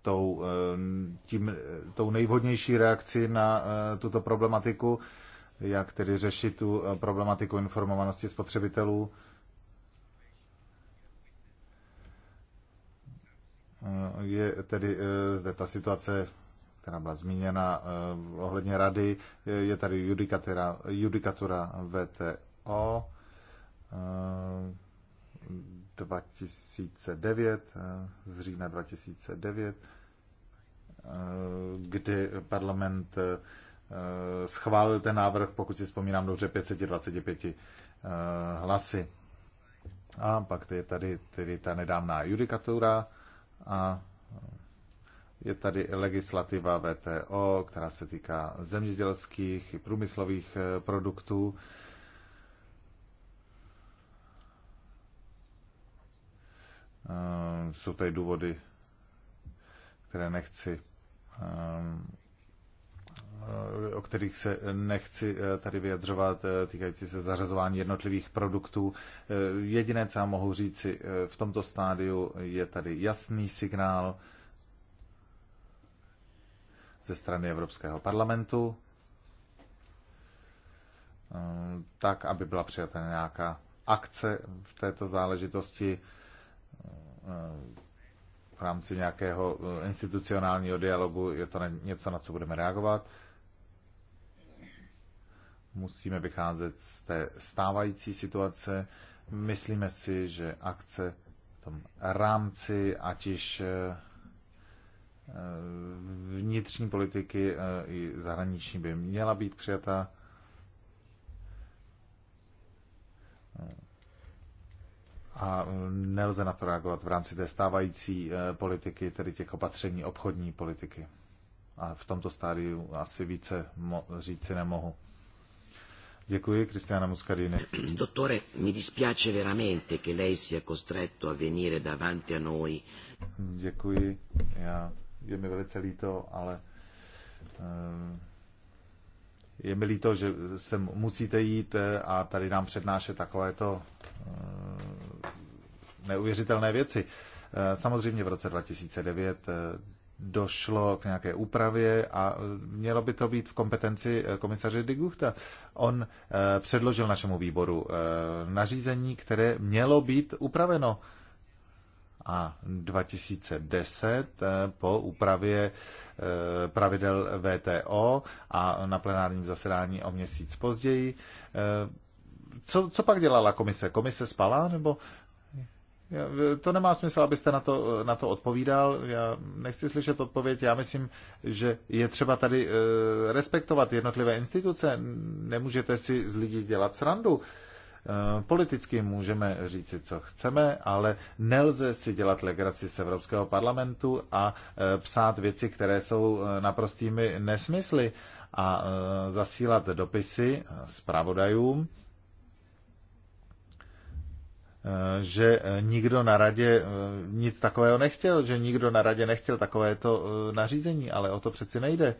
tou, eh, tím, tou nejvhodnější reakci na tuto problematiku, jak tedy řešit tu problematiku informovanosti spotřebitelů je tedy eh, zde ta situace, která byla zmíněna eh, ohledně rady, eh, je tady judikatura, judikatura VTO 2009, z října 2009, kdy parlament schválil ten návrh, pokud si vzpomínám dobře, 525 hlasy. A pak je tady, tady ta nedávná judikatura, a je tady legislativa VTO, která se týká zemědělských i průmyslových eh, produktů. Eh, jsou tady důvody, které nechci ehm, Eh, o kterých se nechci eh, tady vyjadřovat, eh, týkající se zařazování jednotlivých produktů. Jediné, co já mohu říci v tomto stádiu, je tady jasný signál ze strany Evropského parlamentu, tak, aby byla přijata nějaká akce v této záležitosti v rámci nějakého institucionálního dialogu. Je to něco, na co budeme reagovat. Musíme vycházet z té stávající situace. Myslíme si, že akce v tom rámci, ať již eh, vnitřní politiky eh, i zahraniční by měla být přijata. A nelze na to reagovat v rámci té stávající eh, politiky, tedy těch opatření obchodní politiky. A v tomto stádiu asi více říci nemohu. Děkuji, Kristiana Muscardini. Dottore, mi dispiace veramente che lei sia costretto a venire davanti a noi. Děkuji, já, je mi velice líto, ale um, je mi líto, že sem musíte jít eh, a tady nám přednášet takovéto eh, neuvěřitelné věci. Samozřejmě v roce 2009 došlo k nějaké úpravě a mělo by to být v kompetenci eh, komisaře de On eh, předložil našemu výboru eh, nařízení, které mělo být upraveno. A 2010 po úpravě pravidel VTO a na plenárním zasedání o měsíc později. Co, co pak dělala komise? Komise spala nebo to nemá smysl, abyste na to, na to odpovídal. Já nechci slyšet odpověď. Já myslím, že je třeba tady eh, respektovat jednotlivé instituce. Nemůžete si z lidí dělat srandu. Eh, politicky můžeme říci, co chceme, ale nelze si dělat legraci z Evropského parlamentu a eh, psát věci, které jsou naprostými nesmysly a zasílat dopisy zpravodajům Eh, že eh, nikdo na radě eh, nic takového nechtěl, že nikdo na radě nechtěl takovéto nařízení, ale o to přeci nejde.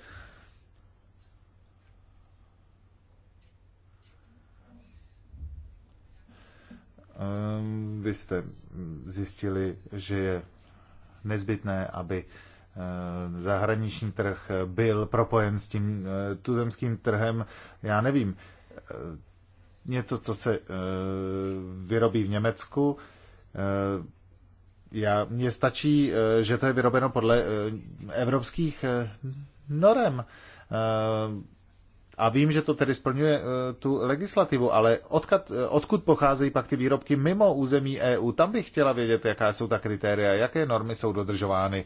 Ehm, vy jste zjistili, že je nezbytné, aby zahraniční trh byl propojen s tím tuzemským trhem. Já nevím, něco, co se eh, vyrobí v Německu. Eh, já, mně stačí, eh, že to je vyrobeno podle evropských norem. A vím, že to tedy splňuje tu legislativu, ale odkud, odkud pocházejí pak ty výrobky mimo území EU? Tam bych chtěla vědět, jaká jsou ta kritéria, jaké normy jsou dodržovány.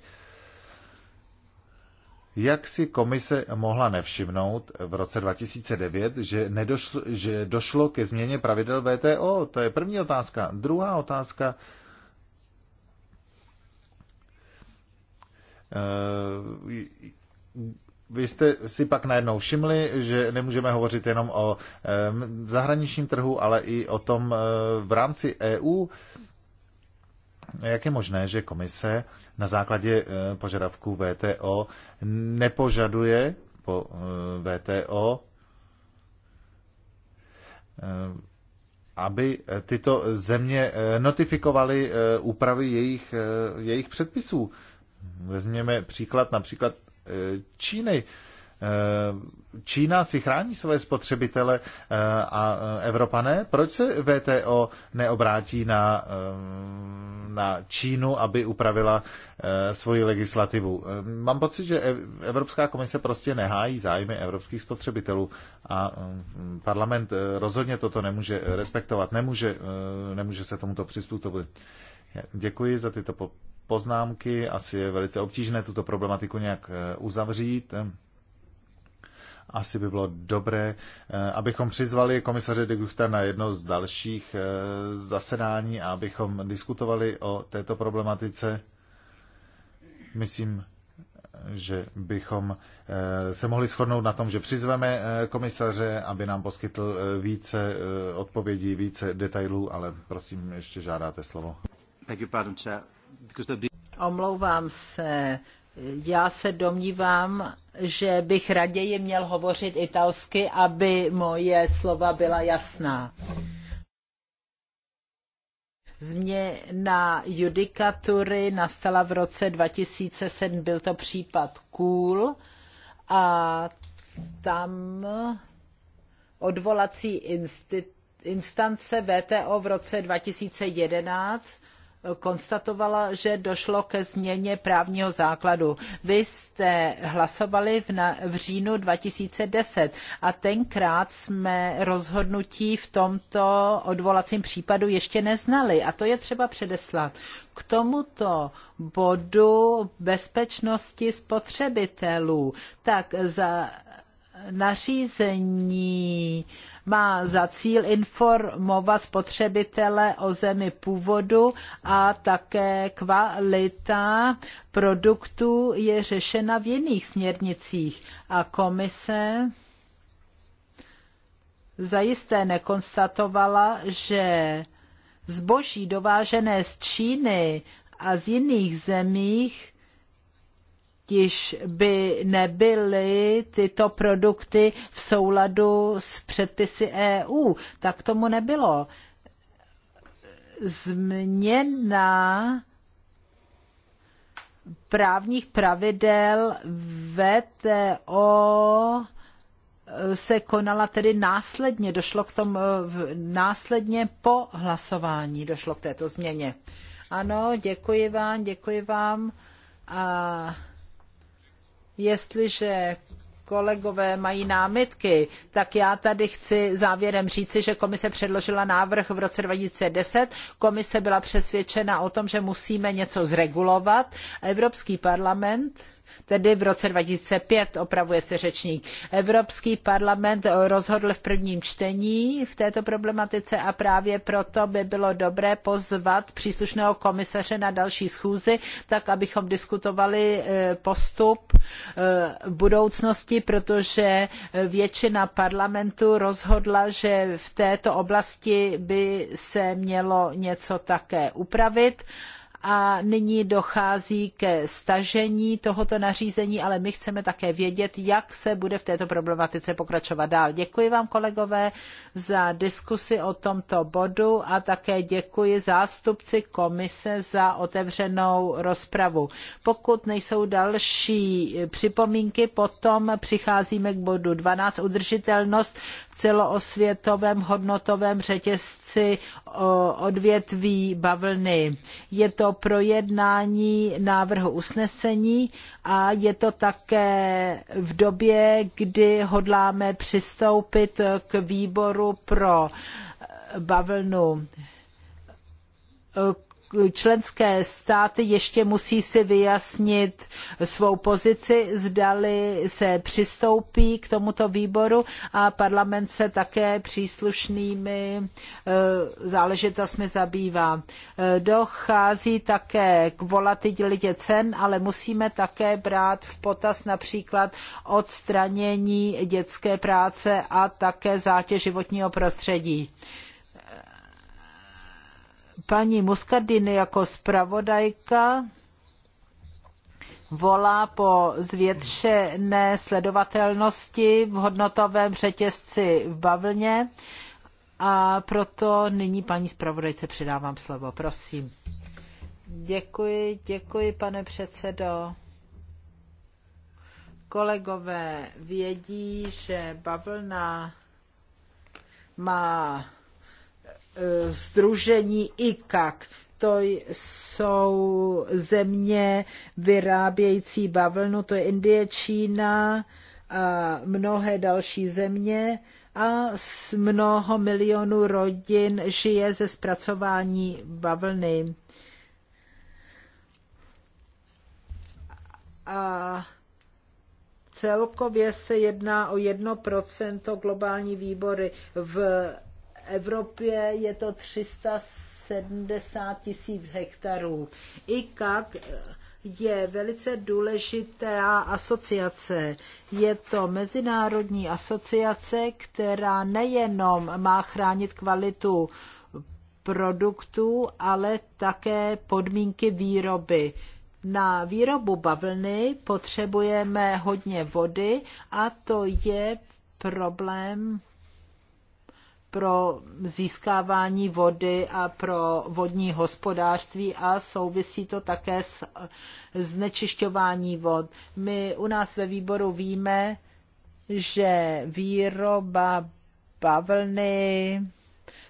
Jak si komise mohla nevšimnout v roce 2009, že, nedošlo, že došlo ke změně pravidel VTO? To je první otázka. Druhá otázka. Eh, vy jste si pak najednou všimli, že nemůžeme hovořit jenom o eh, zahraničním trhu, ale i o tom eh, v rámci EU jak je možné, že komise na základě eh, požadavků VTO nepožaduje po eh, VTO, eh, aby tyto země notifikovaly úpravy jejich, jejich předpisů. Vezměme příklad například Číny. Eh, Čína si chrání své spotřebitele eh, a eh, Evropané. Proč se VTO neobrátí na, na Čínu, aby upravila svoji legislativu? Mám pocit, že Evropská komise prostě nehájí zájmy evropských spotřebitelů a mm, parlament rozhodně toto nemůže respektovat, nemůže, nemůže se tomuto přistupovat. Děkuji za tyto poznámky. Asi je velice obtížné tuto problematiku nějak uzavřít asi by bylo dobré, eh, abychom přizvali komisaře de Guchta na jedno z dalších eh, zasedání a abychom diskutovali o této problematice. Myslím, že bychom eh, se mohli shodnout na tom, že přizveme komisaře, aby nám poskytl více odpovědí, více detailů, ale prosím, ještě žádáte slovo. Omlouvám se. Já se domnívám, že bych raději měl hovořit italsky, aby moje slova byla jasná. Změna judikatury nastala v roce 2007, byl to případ Kůl a tam odvolací instance VTO v roce 2011 konstatovala, že došlo ke změně právního základu. Vy jste hlasovali v, na, v říjnu 2010 a tenkrát jsme rozhodnutí v tomto odvolacím případu ještě neznali a to je třeba předeslat. K tomuto bodu bezpečnosti spotřebitelů, tak za nařízení má za cíl informovat spotřebitele o zemi původu a také kvalita produktů je řešena v jiných směrnicích a komise zajisté nekonstatovala, že zboží dovážené z Číny a z jiných zemích totiž by nebyly tyto produkty v souladu s předpisy EU. Tak tomu nebylo. Změna právních pravidel VTO se konala tedy následně, došlo k tomu následně po hlasování, došlo k této změně. Ano, děkuji vám, děkuji vám. A Jestliže kolegové mají námitky, tak já tady chci závěrem říci, že komise předložila návrh v roce 2010. Komise byla přesvědčena o tom, že musíme něco zregulovat. Evropský parlament tedy v roce 2005, opravuje se řečník. Evropský parlament rozhodl v prvním čtení v této problematice a právě proto by bylo dobré pozvat příslušného komisaře na další schůzi, tak abychom diskutovali eh, postup v eh, budoucnosti, protože většina parlamentu rozhodla, že v této oblasti by se mělo něco také upravit a nyní dochází ke stažení tohoto nařízení, ale my chceme také vědět, jak se bude v této problematice pokračovat dál. Děkuji vám, kolegové, za diskusi o tomto bodu a také děkuji zástupci komise za otevřenou rozpravu. Pokud nejsou další připomínky, potom přicházíme k bodu 12, udržitelnost celosvětovém hodnotovém řetězci odvětví bavlny. Je to projednání návrhu usnesení a je to také v době, kdy hodláme přistoupit k výboru pro bavlnu členské státy ještě musí si vyjasnit svou pozici, zdali se přistoupí k tomuto výboru a parlament se také příslušnými eh, záležitostmi zabývá. Eh, dochází také k volatilitě cen, ale musíme také brát v potaz například odstranění dětské práce a také zátěž životního prostředí paní Muscardini jako zpravodajka volá po zvětšené sledovatelnosti v hodnotovém řetězci v bavlně a proto nyní paní zpravodajce předávám slovo. Prosím. Děkuji, děkuji, pane předsedo. Kolegové vědí, že bavlna má Eh, združení ICAC. To jsou země vyrábějící bavlnu, to je Indie, Čína a mnohé další země a z mnoho milionů rodin žije ze zpracování bavlny. A celkově se jedná o 1% globální výbory v Evropě je to 370 tisíc hektarů. I ICAC je velice důležitá asociace. Je to mezinárodní asociace, která nejenom má chránit kvalitu produktů, ale také podmínky výroby. Na výrobu bavlny potřebujeme hodně vody a to je problém pro získávání vody a pro vodní hospodářství a souvisí to také s znečišťování vod. My u nás ve výboru víme, že výroba bavlny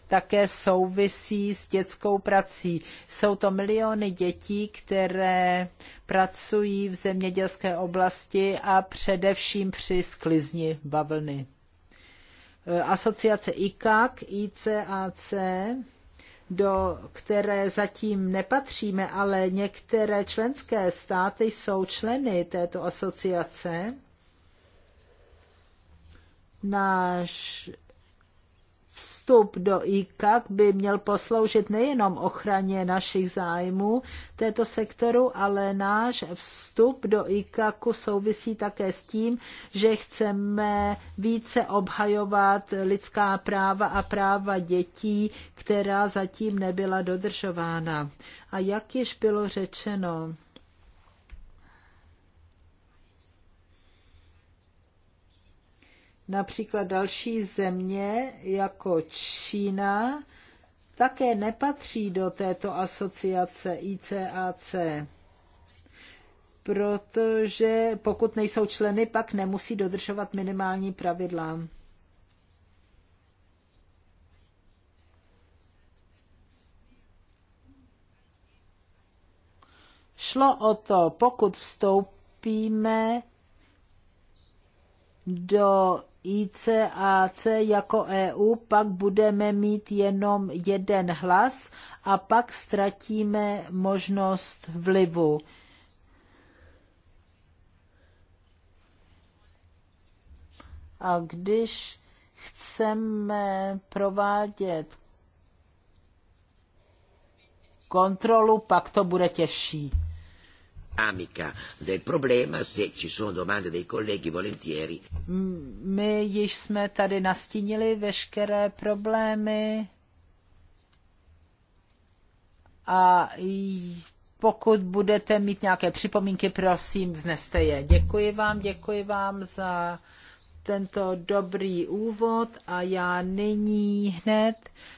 také souvisí s dětskou prací. Jsou to miliony dětí, které pracují v zemědělské oblasti a především při sklizni bavlny. Eh, asociace ICAC, ICAC, do které zatím nepatříme, ale některé členské státy jsou členy této asociace. Náš vstup do ICAC by měl posloužit nejenom ochraně našich zájmů této sektoru, ale náš vstup do ICACu souvisí také s tím, že chceme více obhajovat lidská práva a práva dětí, která zatím nebyla dodržována. A jak již bylo řečeno, Například další země jako Čína také nepatří do této asociace ICAC, protože pokud nejsou členy, pak nemusí dodržovat minimální pravidla. Šlo o to, pokud vstoupíme do ICAC jako EU, pak budeme mít jenom jeden hlas a pak ztratíme možnost vlivu. A když chceme provádět kontrolu, pak to bude těžší amica del problema, se ci sono domande dei colleghi volentieri. My již jsme tady nastínili veškeré problémy a pokud budete mít nějaké připomínky, prosím, vzneste je. Děkuji vám, děkuji vám za tento dobrý úvod a já nyní hned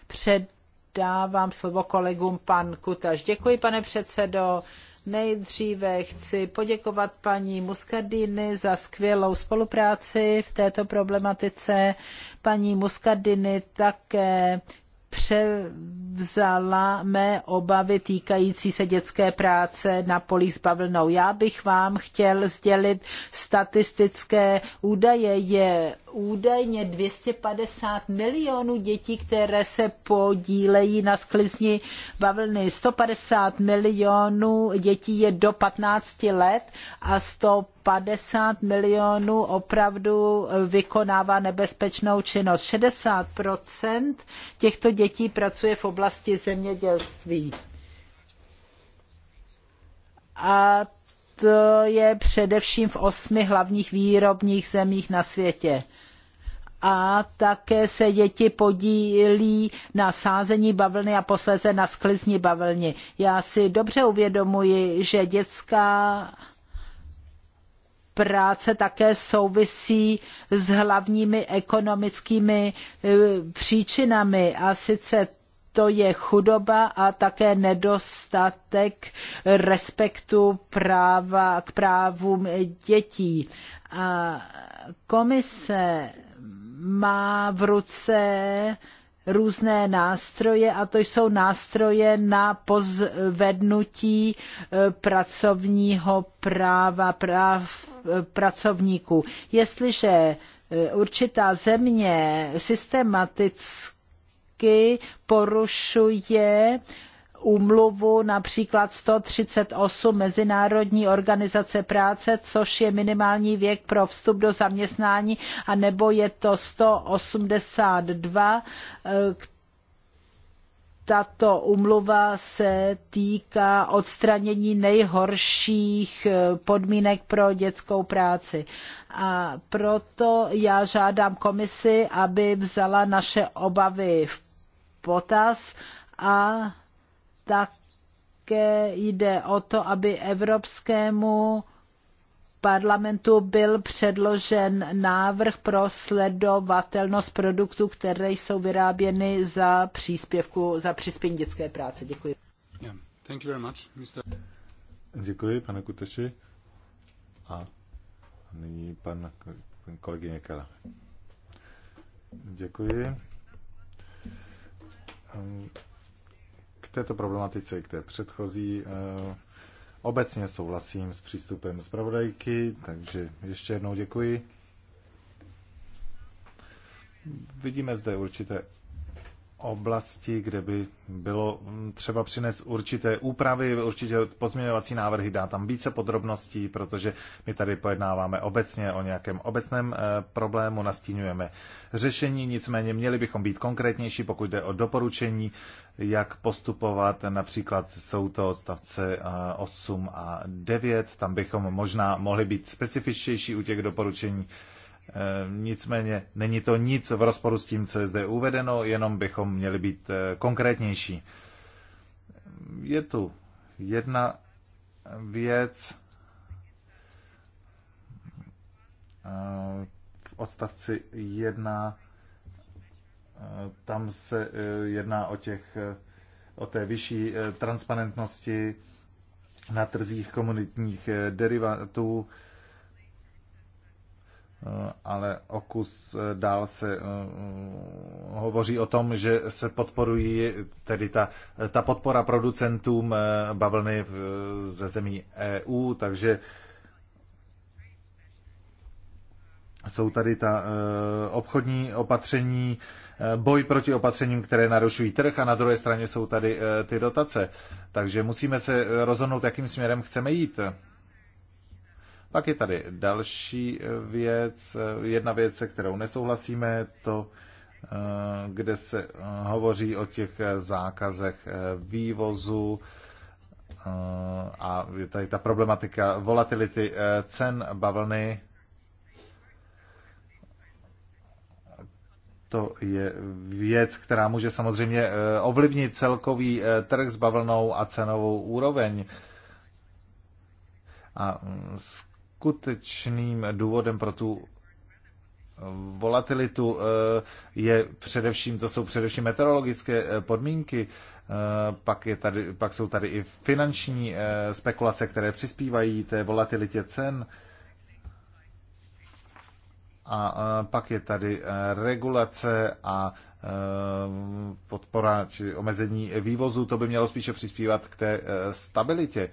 předávám slovo kolegům pan Kutaš. Děkuji, pane předsedo. Nejdříve chci poděkovat paní Muscardini za skvělou spolupráci v této problematice. Paní Muscardini také převzala mé obavy týkající se dětské práce na polích s bavlnou. Já bych vám chtěl sdělit statistické údaje. Je údajně 250 milionů dětí, které se podílejí na sklizni bavlny. 150 milionů dětí je do 15 let a 150 milionů opravdu vykonává nebezpečnou činnost. 60 těchto dětí pracuje v oblasti zemědělství. A Eh, je především v osmi hlavních výrobních zemích na světě. A také se děti podílí na sázení bavlny a posléze na sklizni bavlny. Já si dobře uvědomuji, že dětská práce také souvisí s hlavními ekonomickými eh, příčinami a sice to je chudoba a také nedostatek respektu práva k právům dětí. A komise má v ruce různé nástroje a to jsou nástroje na pozvednutí e, pracovního práva práv e, pracovníků. Jestliže e, určitá země systematicky roky porušuje úmluvu například 138 Mezinárodní organizace práce, což je minimální věk pro vstup do zaměstnání, a nebo je to 182, eh, tato umluva se týká odstranění nejhorších eh, podmínek pro dětskou práci. A proto já žádám komisi, aby vzala naše obavy v potaz a také jde o to, aby Evropskému parlamentu byl předložen návrh pro sledovatelnost produktů, které jsou vyráběny za příspěvku, za přispění dětské práce. Děkuji. Yeah. Thank you very much, Mr. Děkuji, pane Kuteši. A nyní pan, pan kolegyně Kela. Děkuji. K této problematice, k té předchozí, eh, obecně souhlasím s přístupem zpravodajky, takže ještě jednou děkuji. Vidíme zde určité oblasti, kde by bylo hm, třeba přinést určité úpravy, určitě pozměňovací návrhy, dá tam více podrobností, protože my tady pojednáváme obecně o nějakém obecném eh, problému, nastínujeme řešení, nicméně měli bychom být konkrétnější, pokud jde o doporučení, jak postupovat, například jsou to odstavce 8 eh, a 9, tam bychom možná mohli být specifičtější u těch doporučení, Eh, nicméně není to nic v rozporu s tím, co je zde uvedeno, jenom bychom měli být eh, konkrétnější. Je tu jedna věc eh, v odstavci 1. Tam se jedná o, těch, o té vyšší transparentnosti na trzích komunitních derivátů. Eh, ale o kus eh, dál se eh, hovoří o tom, že se podporují, tedy ta, ta podpora producentům bavlny ze zemí EU, takže jsou tady ta obchodní opatření, boj proti opatřením, které narušují trh a na druhé straně jsou tady ty dotace. Takže musíme se rozhodnout, jakým směrem chceme jít. Pak je tady další věc, jedna věc, se kterou nesouhlasíme, to, eh, kde se eh, hovoří o těch eh, zákazech vývozu a je tady ta problematika volatility cen bavlny. To je věc, která může samozřejmě ovlivnit celkový trh s bavlnou a cenovou úroveň. A mm, skutečným důvodem pro tu volatilitu eh, je především, to jsou především meteorologické eh, podmínky, eh, pak, je tady, pak jsou tady i finanční spekulace, které přispívají té volatilitě cen. A pak je tady regulace a podpora či omezení vývozu, to by mělo spíše přispívat k té stabilitě.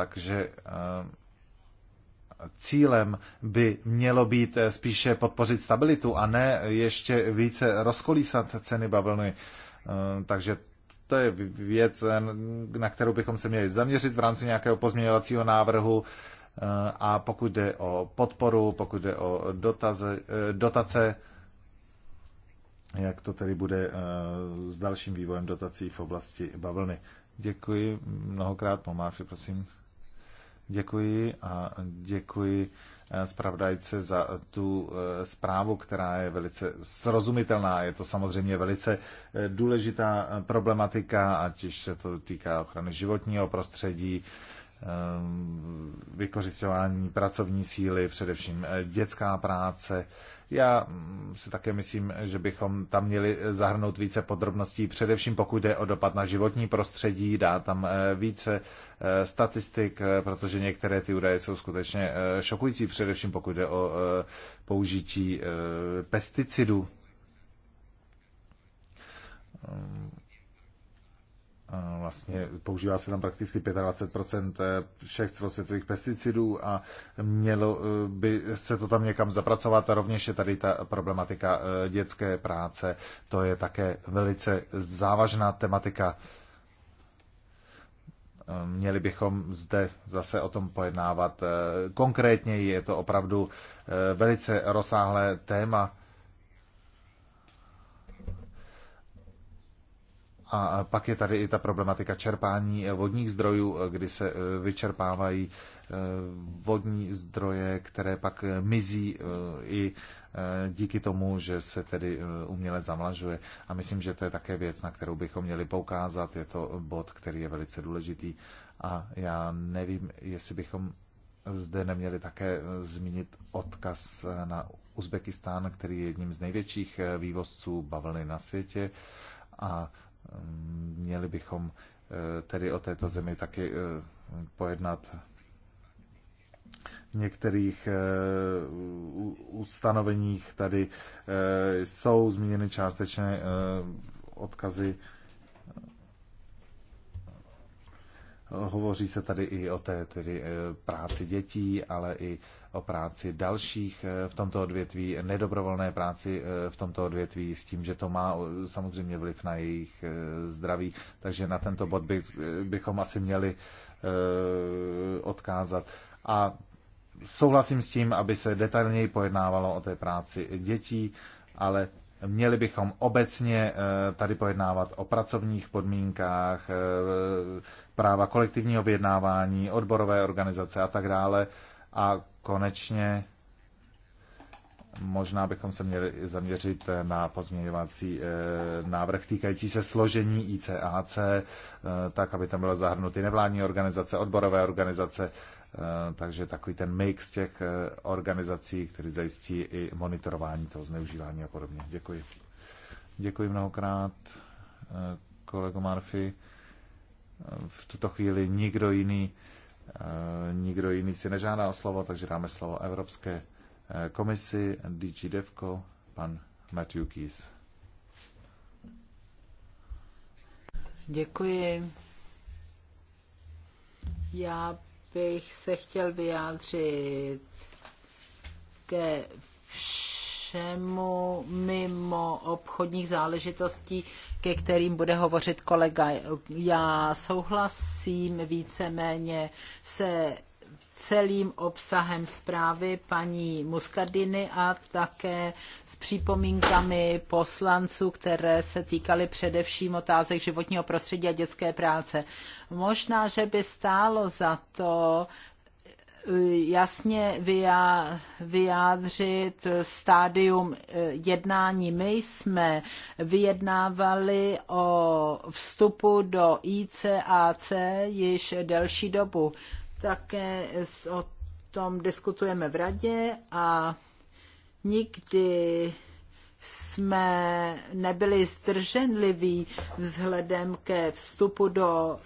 Takže eh, cílem by mělo být eh, spíše podpořit stabilitu a ne ještě více rozkolísat ceny bavlny. Eh, takže to je věc, na kterou bychom se měli zaměřit v rámci nějakého pozměňovacího návrhu. A pokud jde o podporu, pokud jde o dotaze, dotace, jak to tedy bude s dalším vývojem dotací v oblasti bavlny. Děkuji mnohokrát, Pomáši, prosím. Děkuji a děkuji eh, zpravodajce za eh, tu eh, zprávu, která je velice srozumitelná. Je to samozřejmě velice důležitá problematika, ať už se to týká ochrany životního prostředí, ehm, vykořišťování pracovní síly, především dětská práce, já mm, si také myslím, že bychom tam měli zahrnout více podrobností, především pokud jde o dopad na životní prostředí, dá tam eh, více eh, statistik, eh, protože některé ty údaje jsou skutečně šokující, především pokud jde o použití pesticidů vlastně používá se tam prakticky 25 eh, všech celosvětových pesticidů a mělo eh, by se to tam někam zapracovat. A rovněž je tady ta problematika eh, dětské práce. To je také velice závažná tematika. Měli bychom zde zase o tom pojednávat konkrétně. Je to opravdu velice rozsáhlé téma A pak je tady i ta problematika čerpání eh, vodních zdrojů, eh, kdy se eh, vyčerpávají vodní zdroje, které pak mizí i díky tomu, že se tedy uměle zamlažuje. A myslím, že to je také věc, na kterou bychom měli poukázat. Je to bod, který je velice důležitý. A já nevím, jestli bychom zde neměli také zmínit odkaz na Uzbekistán, který je jedním z největších vývozců bavlny na světě a Měli bychom eh, tedy o této zemi taky eh, pojednat v některých eh, ustanoveních tady jsou zmíněny částečné odkazy. Hovoří se tady i o té tedy práci dětí, ale i o práci dalších eh, v tomto odvětví, nedobrovolné práci eh, v tomto odvětví s tím, že to má eh, samozřejmě vliv na jejich zdraví. Takže na tento bod bych, bychom asi měli odkázat. A souhlasím s tím, aby se detailněji pojednávalo o té práci dětí, ale měli bychom obecně tady pojednávat o pracovních podmínkách, práva kolektivního vyjednávání, odborové organizace a tak dále. A konečně možná bychom se měli zaměřit eh, na pozměňovací eh, návrh týkající se složení ICAC, eh, tak aby tam byla zahrnuty nevládní organizace, odborové organizace, takže takový ten mix těch organizací, který zajistí i monitorování toho zneužívání a podobně. Děkuji. Děkuji mnohokrát, kolego Marfi. V tuto chvíli nikdo jiný Eh, nikdo jiný si nežádá o slovo, takže dáme slovo Evropské eh, komisi, DG Devco, pan Matthew Keys. Děkuji. Já bych se chtěl vyjádřit ke všem čemu mimo obchodních záležitostí, ke kterým bude hovořit kolega. Já souhlasím víceméně se celým obsahem zprávy paní Muscardiny a také s připomínkami poslanců, které se týkaly především otázek životního prostředí a dětské práce. Možná, že by stálo za to jasně vyjádřit stádium eh, jednání. My jsme vyjednávali o vstupu do ICAC již delší dobu. Také o tom diskutujeme v radě a nikdy jsme nebyli zdrženliví vzhledem ke vstupu do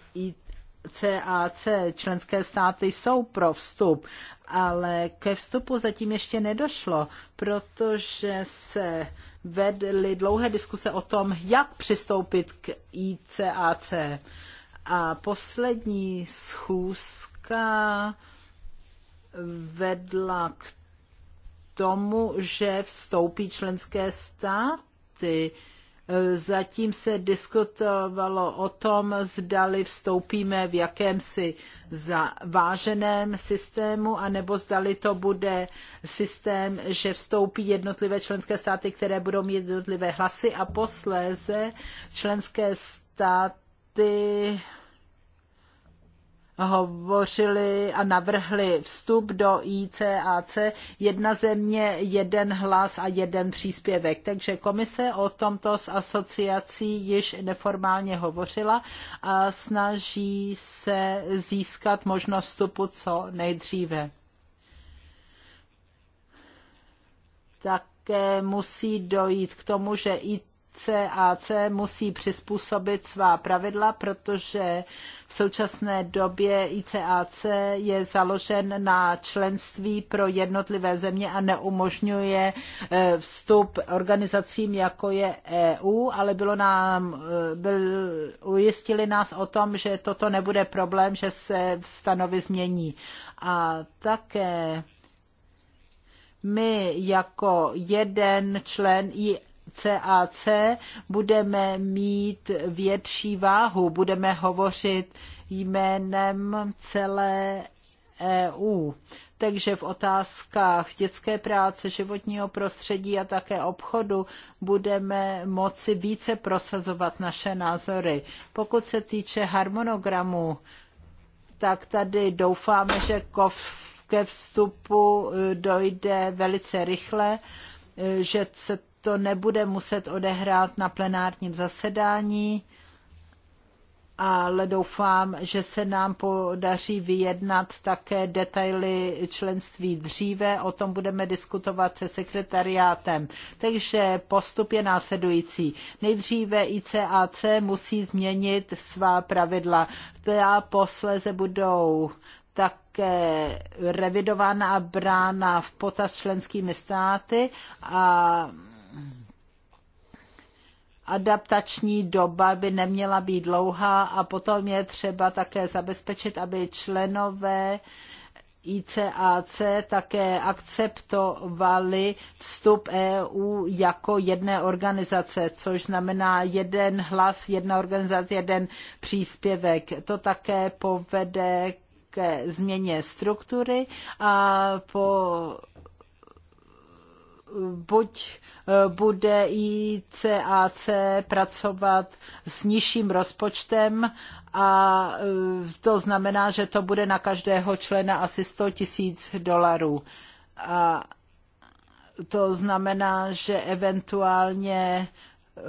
CAC, členské státy jsou pro vstup, ale ke vstupu zatím ještě nedošlo, protože se vedly dlouhé diskuse o tom, jak přistoupit k ICAC. A poslední schůzka vedla k tomu, že vstoupí členské státy. Zatím se diskutovalo o tom, zdali vstoupíme v jakémsi váženém systému, anebo zdali to bude systém, že vstoupí jednotlivé členské státy, které budou mít jednotlivé hlasy a posléze členské státy hovořili a navrhli vstup do ICAC jedna země, jeden hlas a jeden příspěvek. Takže komise o tomto s asociací již neformálně hovořila a snaží se získat možnost vstupu co nejdříve. Také musí dojít k tomu, že ICAC CAC musí přizpůsobit svá pravidla, protože v současné době ICAC je založen na členství pro jednotlivé země a neumožňuje eh, vstup organizacím, jako je EU, ale bylo nám, eh, byl, ujistili nás o tom, že toto nebude problém, že se stanovy změní. A také my jako jeden člen CAC budeme mít větší váhu, budeme hovořit jménem celé EU. Takže v otázkách dětské práce, životního prostředí a také obchodu budeme moci více prosazovat naše názory. Pokud se týče harmonogramu, tak tady doufáme, že ke vstupu dojde velice rychle, že se to nebude muset odehrát na plenárním zasedání, ale doufám, že se nám podaří vyjednat také detaily členství dříve. O tom budeme diskutovat se sekretariátem. Takže postup je následující. Nejdříve ICAC musí změnit svá pravidla, která posléze budou také revidována a brána v potaz členskými státy a adaptační doba by neměla být dlouhá a potom je třeba také zabezpečit, aby členové ICAC také akceptovali vstup EU jako jedné organizace, což znamená jeden hlas, jedna organizace, jeden příspěvek. To také povede ke změně struktury a po buď eh, bude ICAC pracovat s nižším rozpočtem a eh, to znamená, že to bude na každého člena asi 100 tisíc dolarů. A to znamená, že eventuálně eh,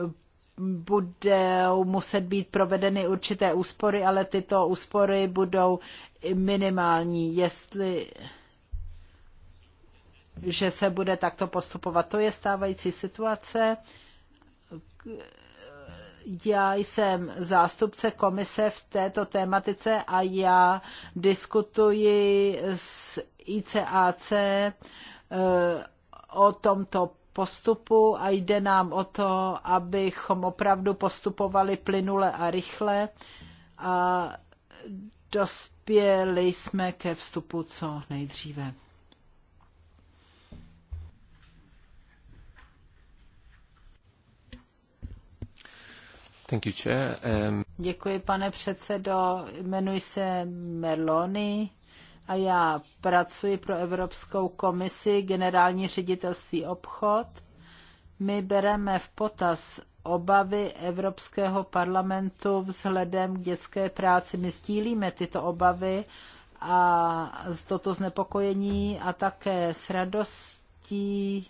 budou muset být provedeny určité úspory, ale tyto úspory budou minimální. Jestli že se bude takto postupovat. To je stávající situace. Já jsem zástupce komise v této tématice a já diskutuji s ICAC eh, o tomto postupu a jde nám o to, abychom opravdu postupovali plynule a rychle a dospěli jsme ke vstupu co nejdříve. Thank you, chair. Um... Děkuji, pane předsedo. Jmenuji se Merloni a já pracuji pro Evropskou komisi, generální ředitelství obchod. My bereme v potaz obavy Evropského parlamentu vzhledem k dětské práci. My sdílíme tyto obavy a toto znepokojení a také s radostí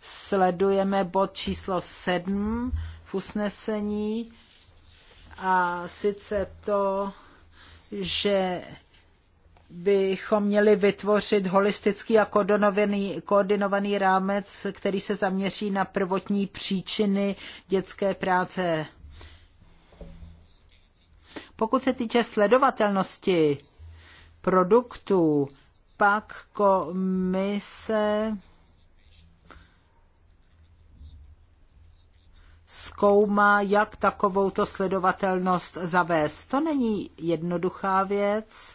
sledujeme bod číslo 7 usnesení a sice to, že bychom měli vytvořit holistický a koordinovaný, koordinovaný rámec, který se zaměří na prvotní příčiny dětské práce. Pokud se týče sledovatelnosti produktů, pak komise zkoumá, jak takovouto sledovatelnost zavést. To není jednoduchá věc,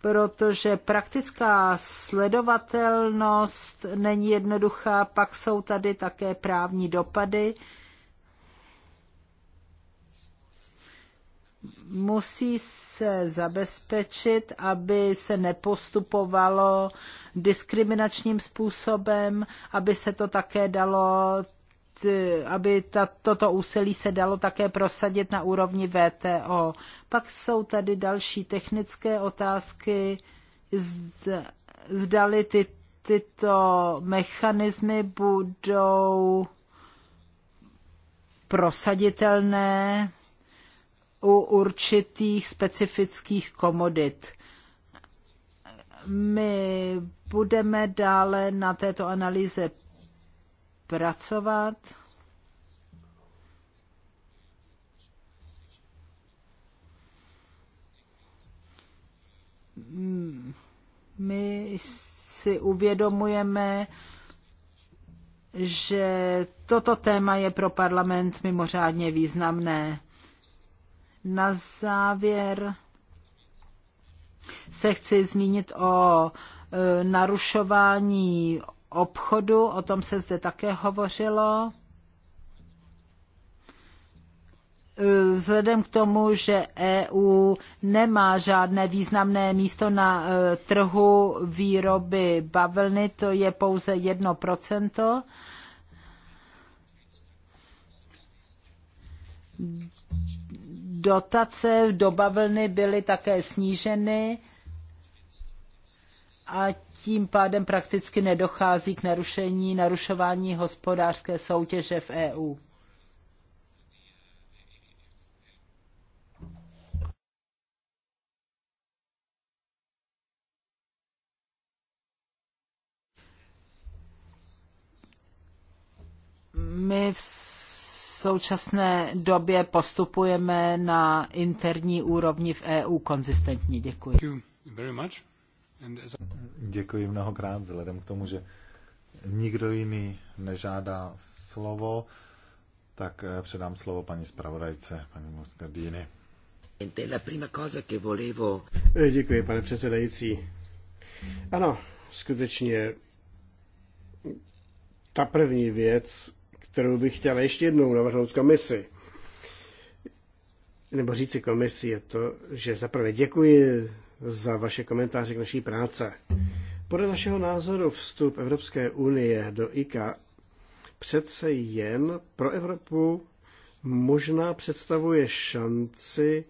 protože praktická sledovatelnost není jednoduchá, pak jsou tady také právní dopady. Musí se zabezpečit, aby se nepostupovalo diskriminačním způsobem, aby se to také dalo aby toto úsilí se dalo také prosadit na úrovni VTO. Pak jsou tady další technické otázky, zdali ty, tyto mechanismy budou prosaditelné u určitých specifických komodit. My budeme dále na této analýze pracovat. My si uvědomujeme, že toto téma je pro parlament mimořádně významné. Na závěr se chci zmínit o e, narušování obchodu, o tom se zde také hovořilo. Vzhledem k tomu, že EU nemá žádné významné místo na eh, trhu výroby bavlny, to je pouze 1%, dotace do bavlny byly také sníženy a tím pádem prakticky nedochází k narušení, narušování hospodářské soutěže v EU. My v současné době postupujeme na interní úrovni v EU konzistentně. Děkuji. Děkuji. Děkuji mnohokrát, vzhledem k tomu, že nikdo jiný nežádá slovo, tak eh, předám slovo paní zpravodajce, paní Muscardini. Eh, děkuji, pane předsedající. Ano, skutečně ta první věc, kterou bych chtěl ještě jednou navrhnout komisi, nebo říci komisi, je to, že zaprvé děkuji za vaše komentáře k naší práce. Podle našeho názoru vstup Evropské unie do IKA přece jen pro Evropu možná představuje šanci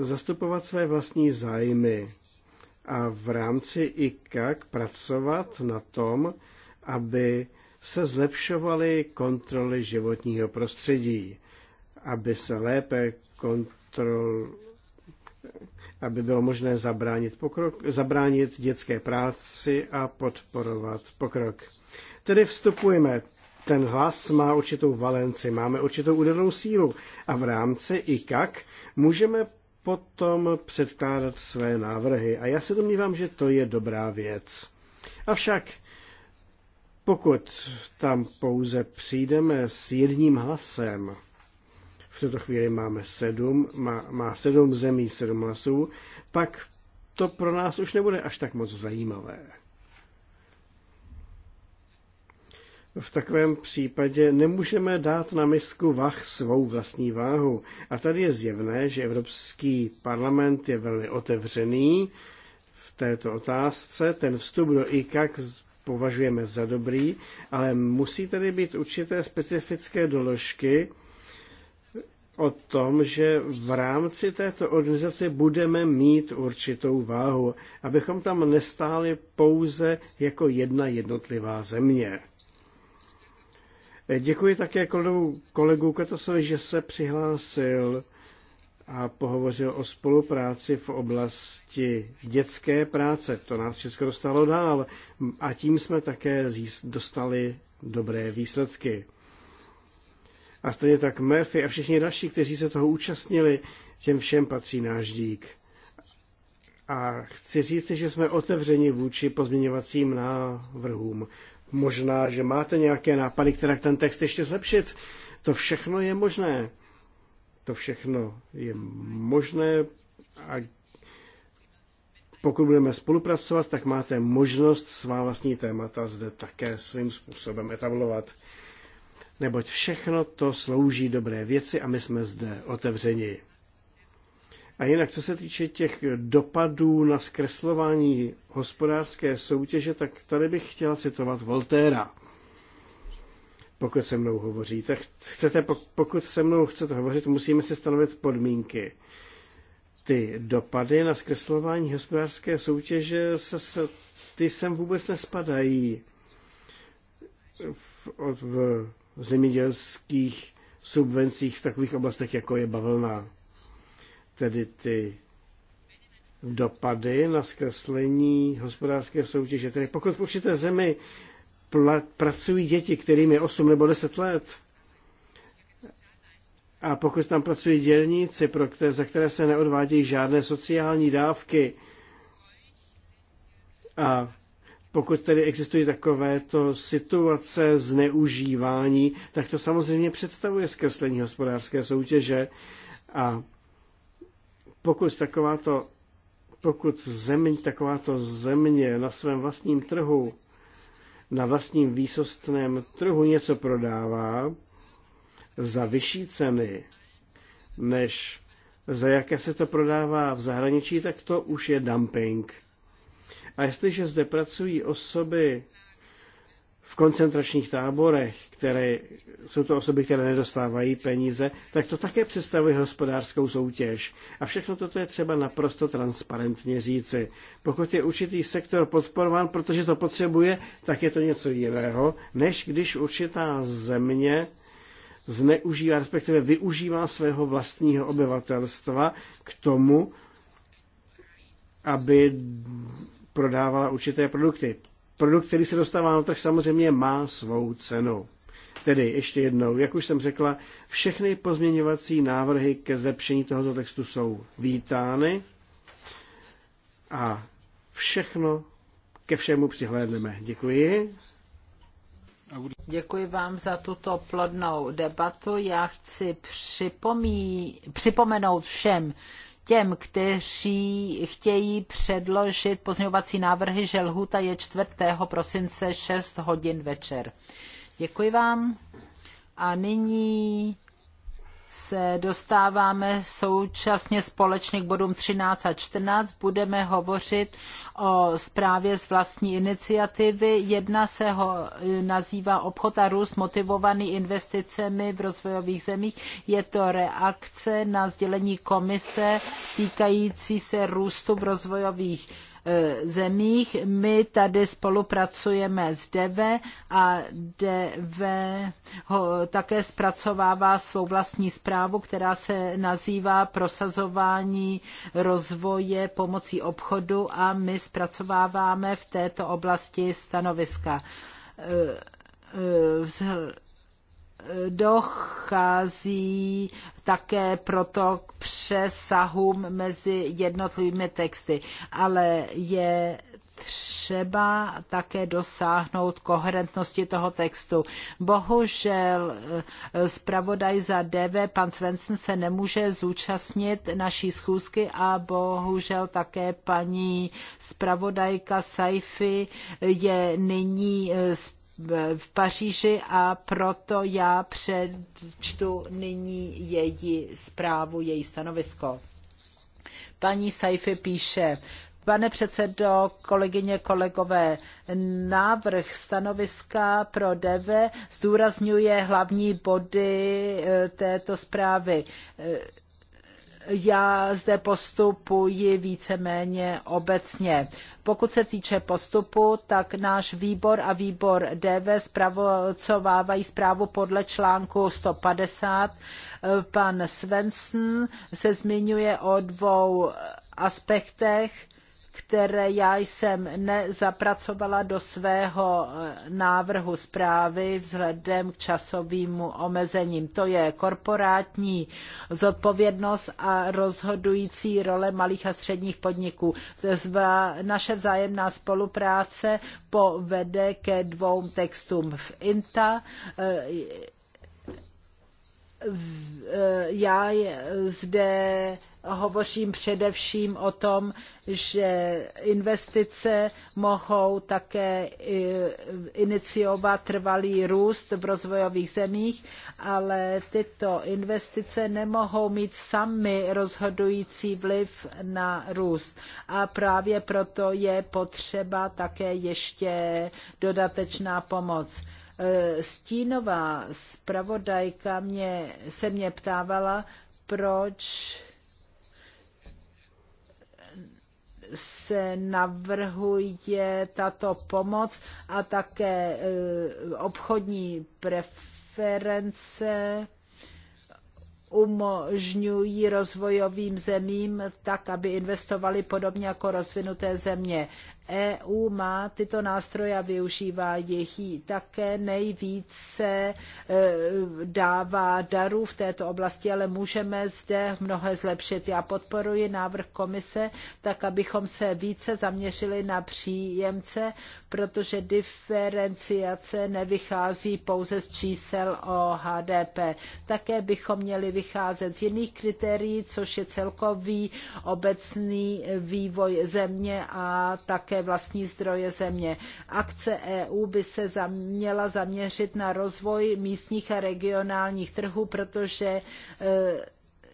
zastupovat své vlastní zájmy a v rámci IKA pracovat na tom, aby se zlepšovaly kontroly životního prostředí, aby se lépe kontrol, aby bylo možné zabránit, pokrok, zabránit dětské práci a podporovat pokrok. Tedy vstupujeme. Ten hlas má určitou valenci, máme určitou údernou sílu a v rámci i kak můžeme potom předkládat své návrhy. A já se domnívám, že to je dobrá věc. Avšak pokud tam pouze přijdeme s jedním hlasem, v tuto chvíli máme sedm, má, má sedm zemí, sedm hlasů, pak to pro nás už nebude až tak moc zajímavé. V takovém případě nemůžeme dát na misku vah svou vlastní váhu. A tady je zjevné, že Evropský parlament je velmi otevřený v této otázce. Ten vstup do IKAK považujeme za dobrý, ale musí tady být určité specifické doložky, o tom, že v rámci této organizace budeme mít určitou váhu, abychom tam nestáli pouze jako jedna jednotlivá země. Děkuji také kolegu, kolegu Katosovi, že se přihlásil a pohovořil o spolupráci v oblasti dětské práce. To nás všechno dostalo dál a tím jsme také dostali dobré výsledky. A stejně tak Murphy a všichni další, kteří se toho účastnili, těm všem patří náš dík. A chci říct, že jsme otevřeni vůči pozměňovacím návrhům. Možná, že máte nějaké nápady, které ten text ještě zlepšit. To všechno je možné. To všechno je možné a pokud budeme spolupracovat, tak máte možnost svá vlastní témata zde také svým způsobem etablovat neboť všechno to slouží dobré věci a my jsme zde otevřeni. A jinak, co se týče těch dopadů na zkreslování hospodářské soutěže, tak tady bych chtěla citovat Voltéra. Pokud se mnou hovoří, tak chcete, pokud se mnou chcete hovořit, musíme si stanovit podmínky. Ty dopady na zkreslování hospodářské soutěže, se, se, ty sem vůbec nespadají. V, v, v zemědělských subvencích v takových oblastech, jako je bavlna. Tedy ty dopady na zkreslení hospodářské soutěže. Tedy pokud v určité zemi pracují děti, kterým je 8 nebo 10 let, a pokud tam pracují dělníci, pro které, za které se neodvádějí žádné sociální dávky, a pokud tedy existují takovéto situace zneužívání, tak to samozřejmě představuje zkreslení hospodářské soutěže a pokud takováto pokud země, takováto země na svém vlastním trhu, na vlastním výsostném trhu něco prodává za vyšší ceny, než za jaké se to prodává v zahraničí, tak to už je dumping. A jestliže zde pracují osoby v koncentračních táborech, které jsou to osoby, které nedostávají peníze, tak to také představuje hospodářskou soutěž. A všechno toto je třeba naprosto transparentně říci. Pokud je určitý sektor podporován, protože to potřebuje, tak je to něco jiného, než když určitá země zneužívá, respektive využívá svého vlastního obyvatelstva k tomu, aby prodávala určité produkty. Produkt, který se dostává na trh, samozřejmě má svou cenu. Tedy ještě jednou, jak už jsem řekla, všechny pozměňovací návrhy ke zlepšení tohoto textu jsou vítány a všechno ke všemu přihlédneme. Děkuji. Děkuji vám za tuto plodnou debatu. Já chci připomí, připomenout všem, těm, kteří chtějí předložit pozměňovací návrhy, že lhůta je 4. prosince 6 hodin večer. Děkuji vám. A nyní se dostáváme současně společně k bodům 13 a 14. Budeme hovořit o zprávě z vlastní iniciativy. Jedna se ho eh, nazývá obchod a růst motivovaný investicemi v rozvojových zemích. Je to reakce na sdělení komise týkající se růstu v rozvojových E, zemích. My tady spolupracujeme s DEVE a DEVE ho také zpracovává svou vlastní zprávu, která se nazývá prosazování rozvoje pomocí obchodu a my zpracováváme v této oblasti stanoviska. E, e, dochází také proto k přesahům mezi jednotlivými texty, ale je třeba také dosáhnout koherentnosti toho textu. Bohužel eh, zpravodaj za DV, pan Svensson, se nemůže zúčastnit naší schůzky a bohužel také paní zpravodajka Saifi je nyní eh, z v Paříži a proto já přečtu nyní její zprávu, její stanovisko. Paní Saifi píše, Pane předsedo, kolegyně, kolegové, návrh stanoviska pro DEVE zdůrazňuje hlavní body e, této zprávy. E, já zde postupuji víceméně obecně. Pokud se týče postupu, tak náš výbor a výbor DV zpracovávají zprávu podle článku 150. Pan Svensson se zmiňuje o dvou aspektech které já jsem nezapracovala do svého eh, návrhu zprávy vzhledem k časovým omezením. To je korporátní zodpovědnost a rozhodující role malých a středních podniků. Naše vzájemná spolupráce povede ke dvou textům v INTA eh, eh, já zde hovořím především o tom, že investice mohou také e, iniciovat trvalý růst v rozvojových zemích, ale tyto investice nemohou mít sami rozhodující vliv na růst. A právě proto je potřeba také ještě dodatečná pomoc e, stínová zpravodajka mě, se mě ptávala, proč se navrhuje tato pomoc a také eh, obchodní preference umožňují rozvojovým zemím tak, aby investovali podobně jako rozvinuté země. EU má tyto nástroje a využívá jich také nejvíce e, dává darů v této oblasti, ale můžeme zde mnohé zlepšit. Já podporuji návrh komise, tak abychom se více zaměřili na příjemce, protože diferenciace nevychází pouze z čísel o HDP. Také bychom měli vycházet z jiných kritérií, což je celkový obecný vývoj země a také také vlastní zdroje země. Akce EU by se měla zaměřit na rozvoj místních a regionálních trhů, protože e,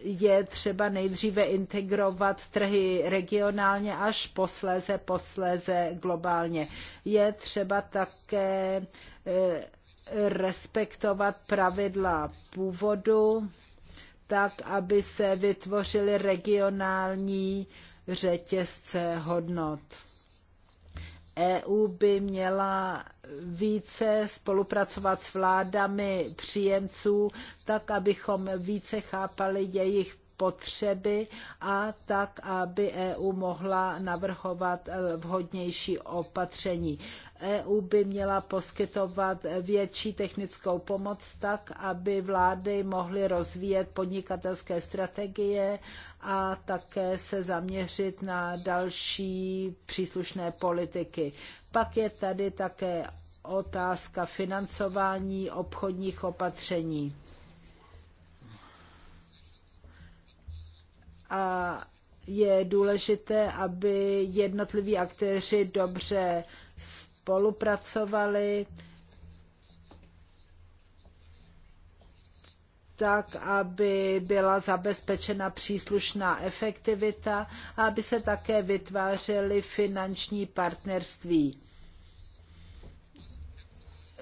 je třeba nejdříve integrovat trhy regionálně až posléze, posléze globálně. Je třeba také e, respektovat pravidla původu, tak, aby se vytvořily regionální řetězce hodnot. EU by měla více spolupracovat s vládami příjemců, tak abychom více chápali jejich potřeby a tak, aby EU mohla navrhovat eh, vhodnější opatření. EU by měla poskytovat větší technickou pomoc tak, aby vlády mohly rozvíjet podnikatelské strategie a také se zaměřit na další příslušné politiky. Pak je tady také otázka financování obchodních opatření. a je důležité, aby jednotliví aktéři dobře spolupracovali, tak, aby byla zabezpečena příslušná efektivita a aby se také vytvářely finanční partnerství.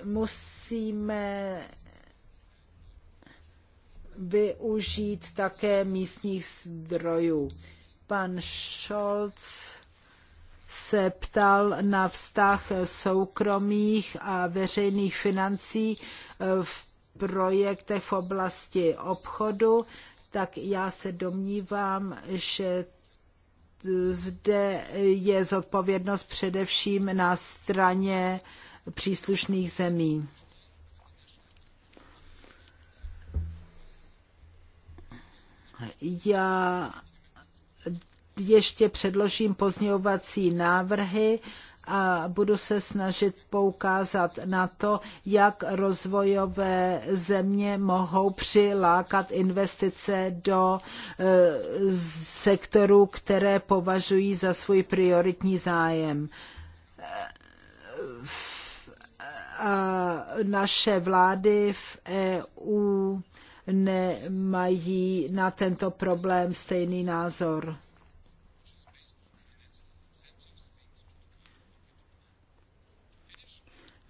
Musíme využít také místních zdrojů. Pan Scholz se ptal na vztah soukromých a veřejných financí v projektech v oblasti obchodu, tak já se domnívám, že zde je zodpovědnost především na straně příslušných zemí. Já ještě předložím pozměňovací návrhy a budu se snažit poukázat na to, jak rozvojové země mohou přilákat investice do eh, sektorů, které považují za svůj prioritní zájem. Eh, a naše vlády v EU nemají na tento problém stejný názor.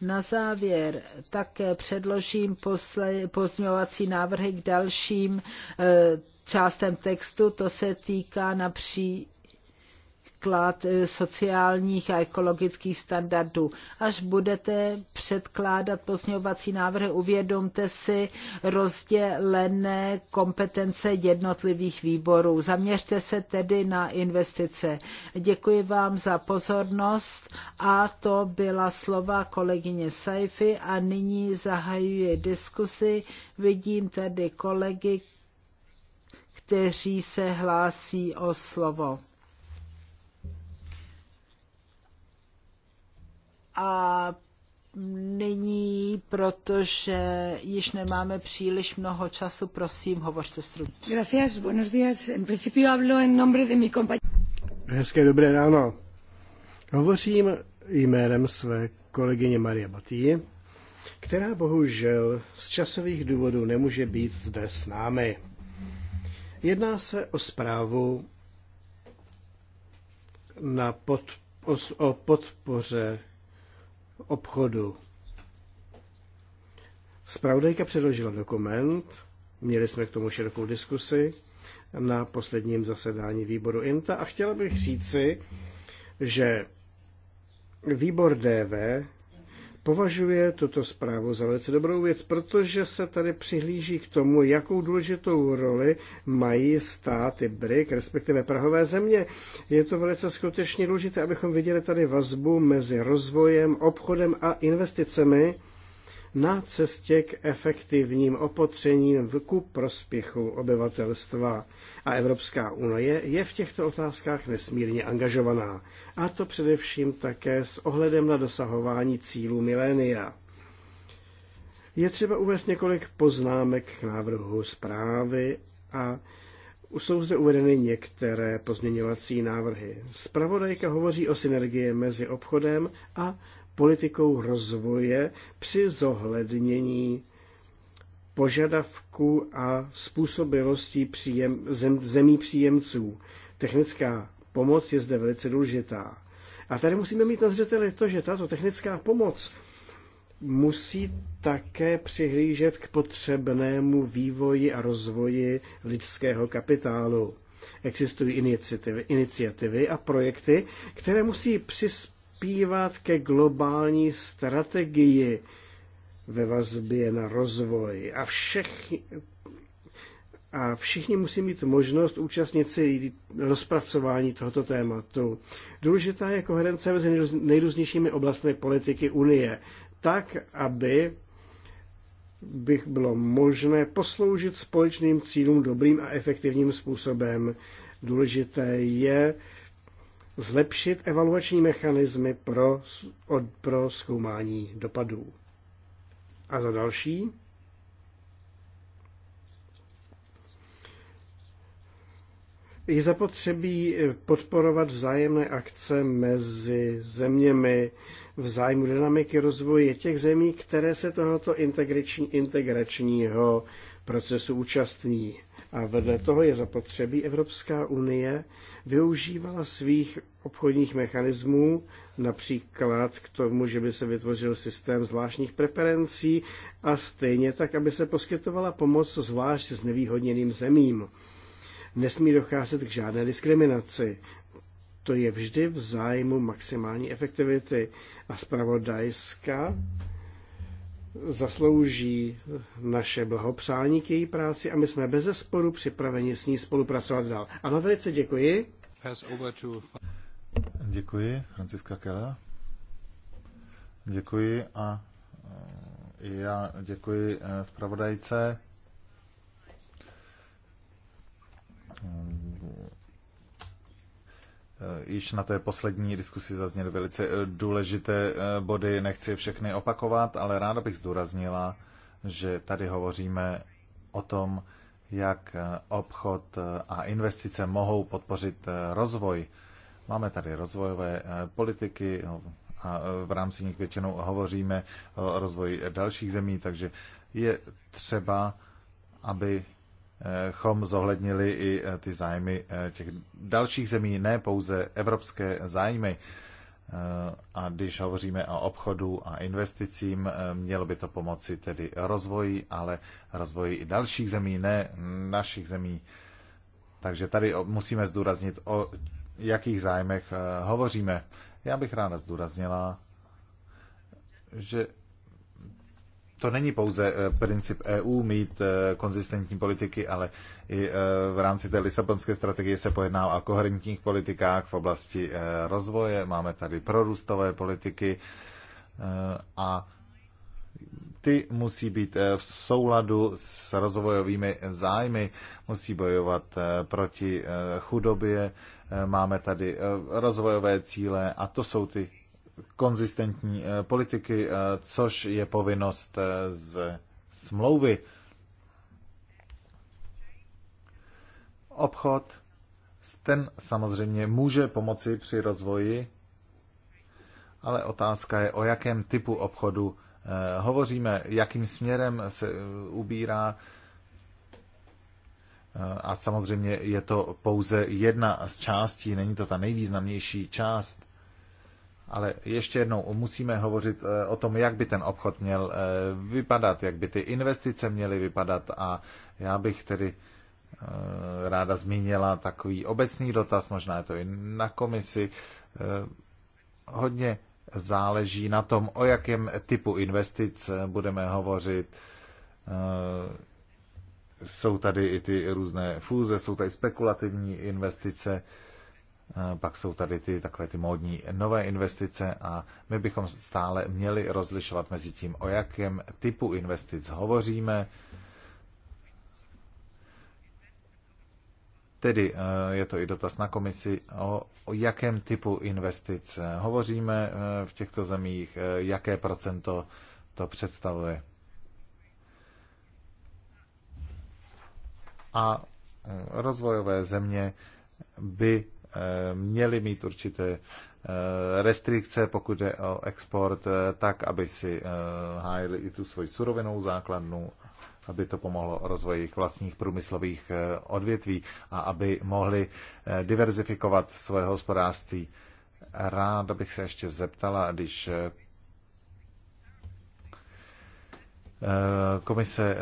Na závěr také předložím pozměňovací návrhy k dalším eh, částem textu. To se týká například výklad eh, sociálních a ekologických standardů. Až budete předkládat pozměňovací návrhy, uvědomte si rozdělené kompetence jednotlivých výborů. Zaměřte se tedy na investice. Děkuji vám za pozornost a to byla slova kolegyně Saifi a nyní zahajuje diskusi. Vidím tady kolegy, kteří se hlásí o slovo. A nyní, protože již nemáme příliš mnoho času, prosím, hovořte stručně. Gracias, buenos días. En principio hablo en nombre de mi Hezké dobré ráno. Hovořím jménem své kolegyně Maria Batý, která bohužel z časových důvodů nemůže být zde s námi. Jedná se o zprávu na pod, o, o podpoře obchodu. Spravodajka předložila dokument, měli jsme k tomu širokou diskusi na posledním zasedání výboru INTA a chtěla bych říci, že výbor DV považuje tuto zprávu za velice dobrou věc, protože se tady přihlíží k tomu, jakou důležitou roli mají státy BRIC, respektive Prahové země. Je to velice skutečně důležité, abychom viděli tady vazbu mezi rozvojem, obchodem a investicemi na cestě k efektivním opatřením ku prospěchu obyvatelstva. A Evropská unie je v těchto otázkách nesmírně angažovaná a to především také s ohledem na dosahování cílů milénia. Je třeba uvést několik poznámek k návrhu zprávy a jsou zde uvedeny některé pozměňovací návrhy. Spravodajka hovoří o synergii mezi obchodem a politikou rozvoje při zohlednění požadavků a způsobilostí příjem, zem, zemí příjemců. Technická pomoc je zde velice důležitá. A tady musíme mít na zřeteli to, že tato technická pomoc musí také přihlížet k potřebnému vývoji a rozvoji lidského kapitálu. Existují iniciativy, iniciativy a projekty, které musí přispívat ke globální strategii ve vazbě na rozvoj. A všech, a všichni musí mít možnost účastnit si rozpracování tohoto tématu. Důležitá je koherence mezi nejrůznějšími oblastmi politiky Unie, tak, aby bych bylo možné posloužit společným cílům dobrým a efektivním způsobem. Důležité je zlepšit evaluační mechanismy pro, pro zkoumání dopadů. A za další, je zapotřebí eh, podporovat vzájemné akce mezi zeměmi v zájmu dynamiky rozvoje těch zemí, které se tohoto integrační, integračního procesu účastní. A vedle toho je zapotřebí Evropská unie využívala svých obchodních mechanismů, například k tomu, že by se vytvořil systém zvláštních preferencí a stejně tak, aby se poskytovala pomoc zvlášť s nevýhodněným zemím nesmí docházet k žádné diskriminaci. To je vždy v zájmu maximální efektivity a zpravodajska zaslouží naše blahopřání k její práci a my jsme bez zesporu připraveni s ní spolupracovat dál. Ano, velice děkuji. Děkuji, Franciska Kela. Děkuji a eh, já děkuji eh, zpravodajce. Eh, již na té poslední diskusi zazněly velice eh, důležité eh, body, nechci je všechny opakovat, ale ráda bych zdůraznila, že tady hovoříme o tom, jak obchod a investice mohou podpořit rozvoj. Máme tady rozvojové politiky a v rámci nich většinou hovoříme o rozvoji dalších zemí, takže je třeba, aby chom zohlednili i eh, ty zájmy eh, těch dalších zemí, ne pouze evropské zájmy. Eh, a když hovoříme o obchodu a investicím, mělo by to pomoci tedy rozvoji, ale rozvoji i dalších zemí, ne našich zemí. Takže tady musíme zdůraznit, o jakých zájmech hovoříme. Já bych ráda zdůraznila, že to není pouze eh, princip EU mít eh, konzistentní politiky, ale i eh, v rámci té Lisabonské strategie se pojedná o koherentních politikách v oblasti rozvoje. Máme tady prorůstové politiky a ty musí být v souladu s rozvojovými zájmy, musí bojovat proti chudobě. Máme tady rozvojové cíle a to jsou ty konzistentní eh, politiky, eh, což je povinnost eh, z smlouvy. Obchod, ten samozřejmě může pomoci při rozvoji, ale otázka je, o jakém typu obchodu hovoříme, jakým směrem se ubírá. A samozřejmě je to pouze jedna z částí, není to ta nejvýznamnější část. Ale ještě jednou musíme hovořit eh, o tom, jak by ten obchod měl eh, vypadat, jak by ty investice měly vypadat a já bych tedy eh, ráda zmínila takový obecný dotaz, možná je to i na komisi. Hodně záleží na tom, o jakém typu investic budeme hovořit. Jsou tady i ty různé fúze, jsou tady spekulativní investice. Pak jsou tady ty takové ty módní nové investice a my bychom stále měli rozlišovat mezi tím, o jakém typu investic hovoříme. Tedy eh, je to i dotaz na komisi, o, o jakém typu investic eh, hovoříme eh, v těchto zemích, jaké procento to představuje. A rozvojové země by měli mít určité eh, restrikce, pokud je o export, eh, tak, aby si eh, hájili i tu svoji surovinou základnu, aby to pomohlo rozvoji jejich vlastních průmyslových odvětví a aby mohli diverzifikovat svoje hospodářství. Rád bych se ještě zeptala, když komise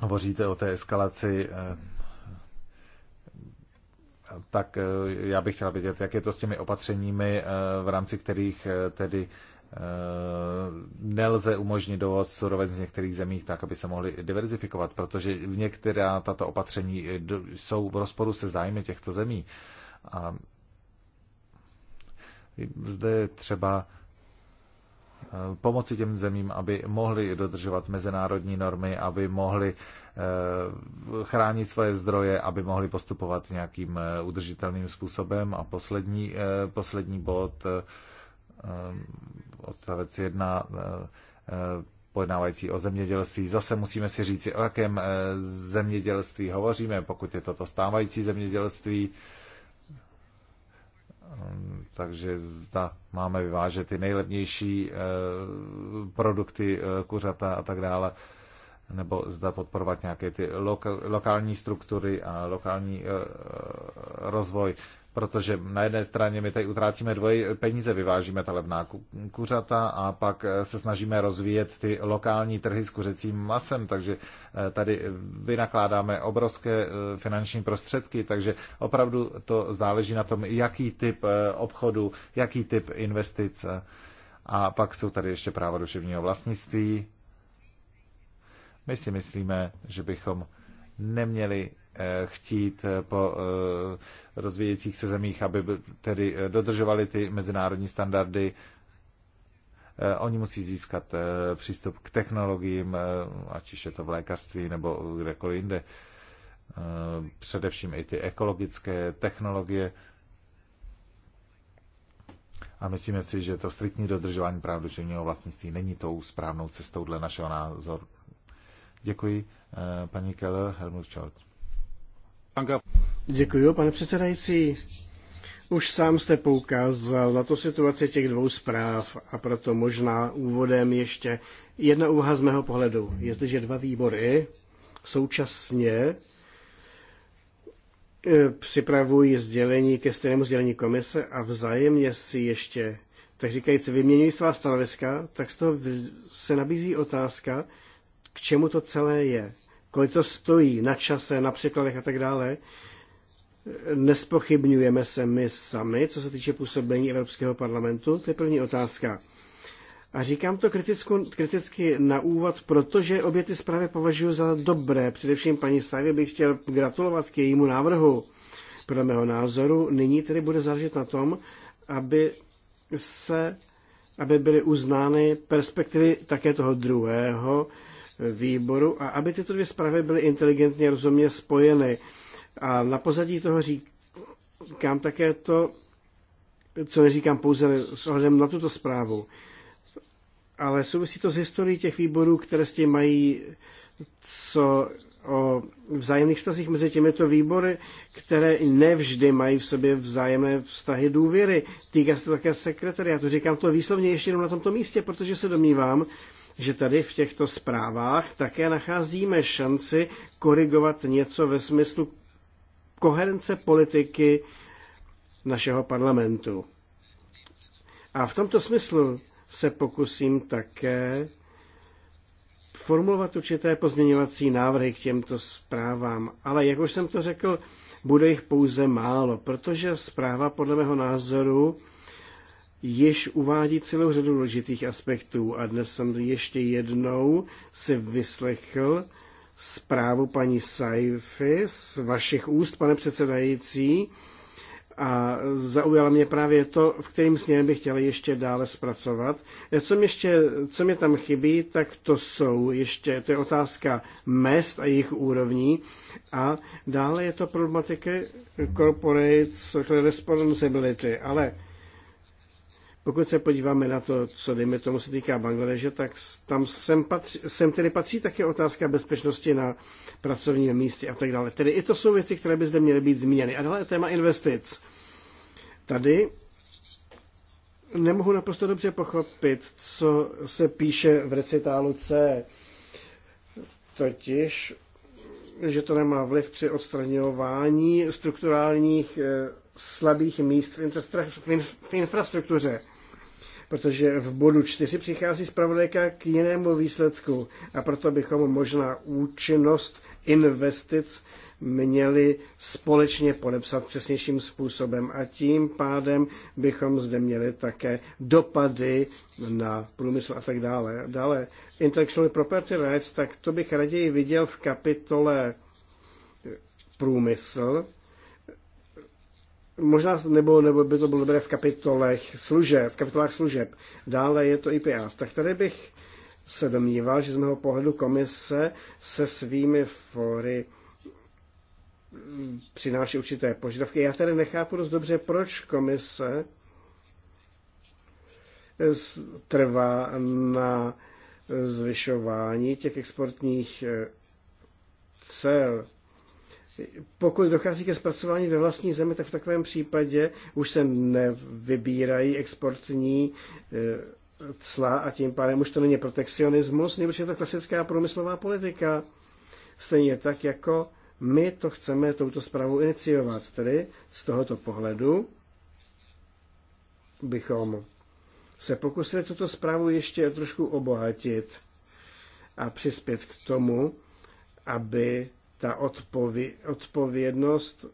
hovoříte o té eskalaci tak eh, já bych chtěl vědět, jak je to s těmi opatřeními, eh, v rámci kterých eh, tedy nelze umožnit dovoz surovin z některých zemí tak, aby se mohly diverzifikovat, protože v některá tato opatření jsou v rozporu se zájmy těchto zemí. A zde je třeba pomoci těm zemím, aby mohli dodržovat mezinárodní normy, aby mohli Eh, chránit svoje zdroje, aby mohli postupovat nějakým eh, udržitelným způsobem. A poslední, eh, poslední bod, odstavec jedna pojednávající o zemědělství. Zase musíme si říci, o jakém zemědělství hovoříme, pokud je toto stávající zemědělství. Takže zda máme vyvážet ty nejlevnější produkty, kuřata a tak dále nebo zda podporovat nějaké ty loka, lokální struktury a lokální e, rozvoj. Protože na jedné straně my tady utrácíme dvoje peníze, vyvážíme ta levná kuřata a pak eh, se snažíme rozvíjet ty lokální trhy s kuřecím masem, takže eh, tady vynakládáme obrovské finanční prostředky, takže opravdu to záleží na tom, jaký typ obchodu, jaký typ investice A pak jsou tady ještě práva duševního vlastnictví, my si myslíme, že bychom neměli eh, chtít eh, po eh, rozvíjejících se zemích, aby tedy dodržovali ty mezinárodní standardy. Oni musí získat přístup k technologiím, ať už je to v lékařství nebo kdekoliv jinde. Především i ty ekologické technologie. A myslíme si, že to striktní dodržování práv duševního vlastnictví není tou správnou cestou dle našeho názoru. Děkuji. Eh, paní Keller, Helmut Schalt. Děkuji, pane předsedající. Už sám jste poukázal na to situaci těch dvou zpráv a proto možná úvodem ještě jedna úvaha z mého pohledu. Jestliže dva výbory současně eh, připravují sdělení ke stejnému sdělení komise a vzájemně si ještě, tak říkajíc, vyměňují svá stanoviska, tak z toho se nabízí otázka, k čemu to celé je, kolik to stojí na čase, na překladech a tak dále, nespochybňujeme se my sami, co se týče působení Evropského parlamentu? To je první otázka. A říkám to kriticku, kriticky na úvod, protože obě ty zprávy považuji za dobré. Především paní Savě bych chtěl gratulovat k jejímu návrhu. Podle mého názoru nyní tedy bude záležet na tom, aby se aby byly uznány perspektivy také toho druhého výboru a aby tyto dvě zprávy byly inteligentně rozumně spojeny. A na pozadí toho říkám také to, co neříkám pouze s ohledem na tuto zprávu, ale souvisí to s historií těch výborů, které s tím mají co o vzájemných vztazích mezi těmito výbory, které nevždy mají v sobě vzájemné vztahy důvěry. Týká se to také sekretariátu. Říkám to výslovně ještě jenom na tomto místě, protože se domnívám, že tady v těchto zprávách také nacházíme šanci korigovat něco ve smyslu koherence politiky našeho parlamentu. A v tomto smyslu se pokusím také formulovat určité pozměňovací návrhy k těmto zprávám. Ale jak už jsem to řekl, bude jich pouze málo, protože zpráva podle mého názoru již uvádí celou řadu důležitých aspektů a dnes jsem ještě jednou si vyslechl zprávu paní Saify z vašich úst, pane předsedající, a zaujalo mě právě to, v kterým směrem bych chtěla ještě dále zpracovat. Co mě, ještě, co mě tam chybí, tak to jsou ještě, to je otázka mest a jejich úrovní a dále je to problematika corporate responsibility, ale pokud se podíváme na to, co dejme tomu se týká Bangladeže, tak tam sem, patří, sem tedy patří také otázka bezpečnosti na pracovním místě a tak dále. Tedy i to jsou věci, které by zde měly být zmíněny. A dále téma investic. Tady nemohu naprosto dobře pochopit, co se píše v recitálu C. Totiž, že to nemá vliv při odstraňování strukturálních eh, slabých míst v, infrastruktuře protože v bodu 4 přichází zpravodajka k jinému výsledku a proto bychom možná účinnost investic měli společně podepsat přesnějším způsobem a tím pádem bychom zde měli také dopady na průmysl a tak dále. Dále, intellectual property rights, tak to bych raději viděl v kapitole průmysl, možná nebo, nebo by to bylo dobré v kapitolech služeb, v kapitolách služeb. Dále je to IPAS. Tak tady bych se domníval, že z mého pohledu komise se svými fory mm, přináší určité požadavky. Já tady nechápu dost dobře, proč komise eh, trvá na zvyšování těch exportních eh, cel pokud dochází ke zpracování ve vlastní zemi, tak v takovém případě už se nevybírají exportní eh, cla a tím pádem už to není protekcionismus, nebo je to klasická průmyslová politika. Stejně tak, jako my to chceme touto zprávu iniciovat. Tedy z tohoto pohledu bychom se pokusili tuto zprávu ještě trošku obohatit a přispět k tomu, aby ta odpově, odpovědnost,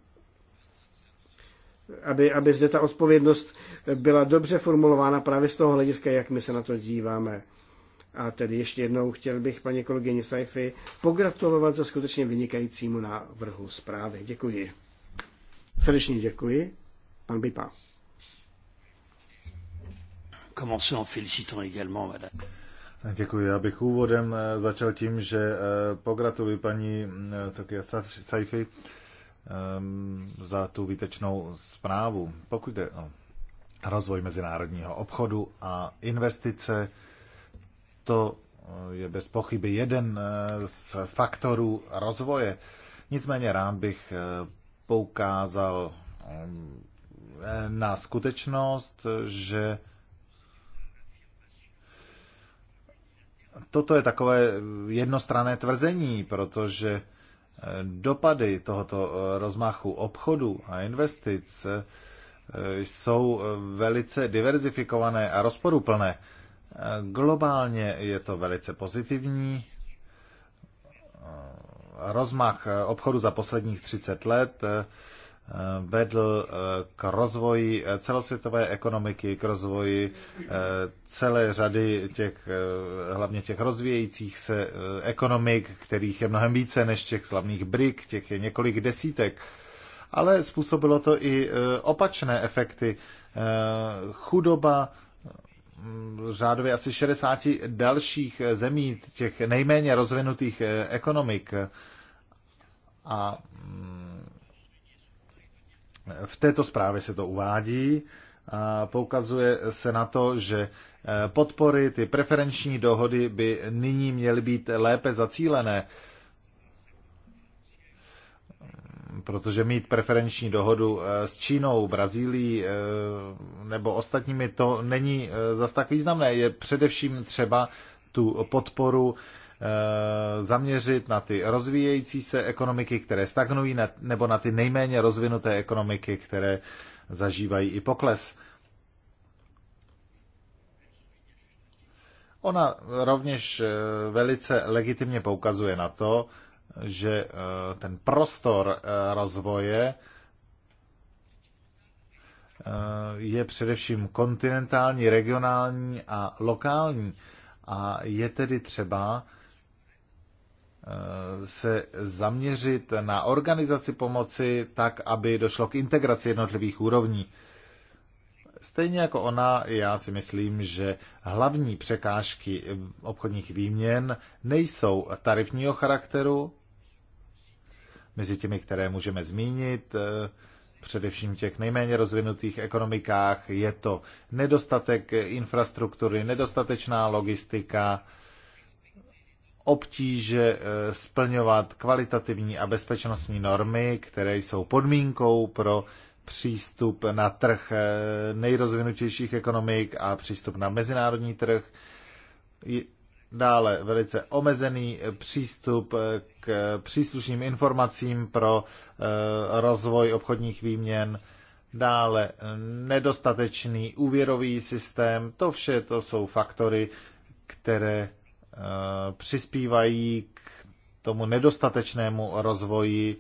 aby, aby zde ta odpovědnost byla dobře formulována právě z toho hlediska, jak my se na to díváme. A tedy ještě jednou chtěl bych paní kolegyni Saifi pogratulovat za skutečně vynikajícímu návrhu zprávy. Děkuji. Srdečně děkuji. Pan Bipa. Commençons en félicitant également, madame. Děkuji. Já bych úvodem eh, začal tím, že eh, pogratuluji paní eh, Tokia Saifi ehm, za tu výtečnou zprávu. Pokud jde o rozvoj mezinárodního obchodu a investice, to je bez pochyby jeden z faktorů rozvoje. Nicméně rád bych poukázal ehm, na skutečnost, že toto je takové jednostrané tvrzení, protože eh, dopady tohoto eh, rozmachu obchodu a investic eh, jsou velice diverzifikované a rozporuplné. Globálně je to velice pozitivní. Rozmach obchodu za posledních 30 let Eh, vedl eh, k rozvoji eh, celosvětové ekonomiky, k rozvoji celé řady těch, hlavně těch rozvíjejících se ekonomik, kterých je mnohem více než těch slavných brik, těch je několik desítek. Ale způsobilo to i opačné efekty. Chudoba mm, řádově asi 60 dalších zemí, těch nejméně rozvinutých ekonomik. A mm, v této zprávě se to uvádí a poukazuje se na to, že eh, podpory, ty preferenční dohody by nyní měly být lépe zacílené, protože mít preferenční dohodu eh, s Čínou, Brazílií eh, nebo ostatními, to není zas tak významné. Je především třeba tu podporu Eh, zaměřit na ty rozvíjející se ekonomiky, které stagnují, nebo na ty nejméně rozvinuté ekonomiky, které zažívají i pokles. Ona rovněž eh, velice legitimně poukazuje na to, že eh, ten prostor rozvoje je především kontinentální, regionální a lokální. A je tedy třeba Eh, se zaměřit na organizaci pomoci tak, aby došlo k integraci jednotlivých úrovní. Stejně jako ona, já si myslím, že hlavní překážky obchodních výměn nejsou tarifního charakteru, mezi těmi, které můžeme zmínit, eh, především v těch nejméně rozvinutých ekonomikách, je to nedostatek infrastruktury, nedostatečná logistika, obtíže eh, splňovat kvalitativní a bezpečnostní normy, které jsou podmínkou pro přístup na trh eh, nejrozvinutějších ekonomik a přístup na mezinárodní trh. Dále velice omezený eh, přístup k příslušným informacím pro rozvoj obchodních výměn. Dále nedostatečný úvěrový systém. To vše to jsou faktory, které Eh, přispívají k tomu nedostatečnému rozvoji,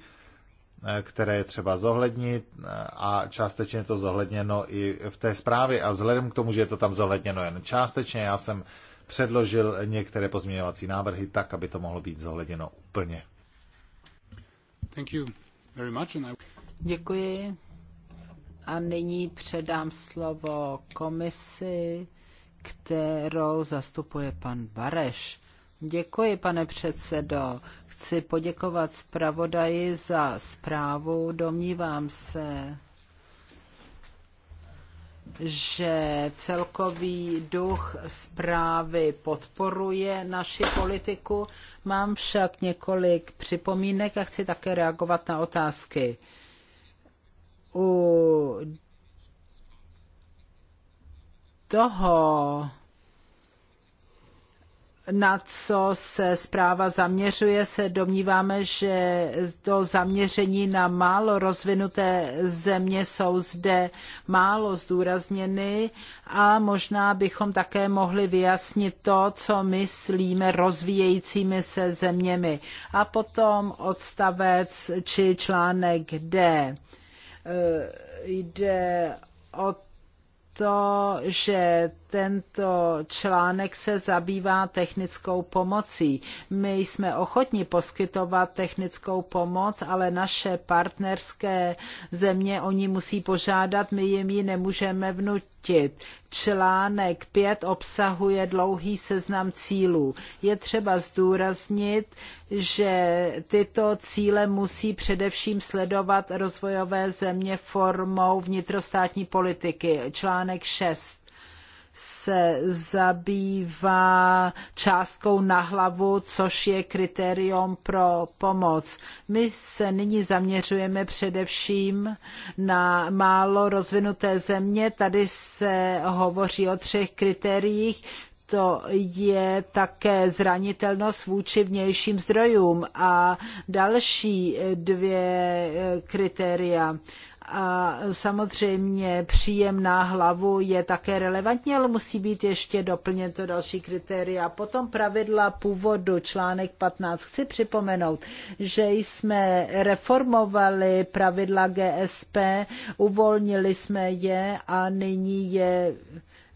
eh, které je třeba zohlednit eh, a částečně je to zohledněno i v té zprávě. A vzhledem k tomu, že je to tam zohledněno jen částečně, já jsem předložil některé pozměňovací návrhy tak, aby to mohlo být zohledněno úplně. Thank you very much and I... Děkuji. A nyní předám slovo komisi kterou zastupuje pan Bareš. Děkuji, pane předsedo. Chci poděkovat zpravodaji za zprávu. Domnívám se, že celkový duch zprávy podporuje naši politiku. Mám však několik připomínek a chci také reagovat na otázky. U toho, na co se zpráva zaměřuje, se domníváme, že to zaměření na málo rozvinuté země jsou zde málo zdůrazněny a možná bychom také mohli vyjasnit to, co myslíme rozvíjejícími se zeměmi. A potom odstavec či článek D. E, jde o to, že tento článek se zabývá technickou pomocí. My jsme ochotni poskytovat technickou pomoc, ale naše partnerské země o musí požádat, my jim ji nemůžeme vnutit. Článek 5 obsahuje dlouhý seznam cílů. Je třeba zdůraznit, že tyto cíle musí především sledovat rozvojové země formou vnitrostátní politiky. Článek 6 se zabývá částkou na hlavu, což je kritérium pro pomoc. My se nyní zaměřujeme především na málo rozvinuté země. Tady se hovoří o třech kritériích, to je také zranitelnost vůči vnějším zdrojům a další dvě eh, kritéria. A samozřejmě příjem na hlavu je také relevantní, ale musí být ještě doplněn to další kritéria. Potom pravidla původu, článek 15. Chci připomenout, že jsme reformovali pravidla GSP, uvolnili jsme je a nyní je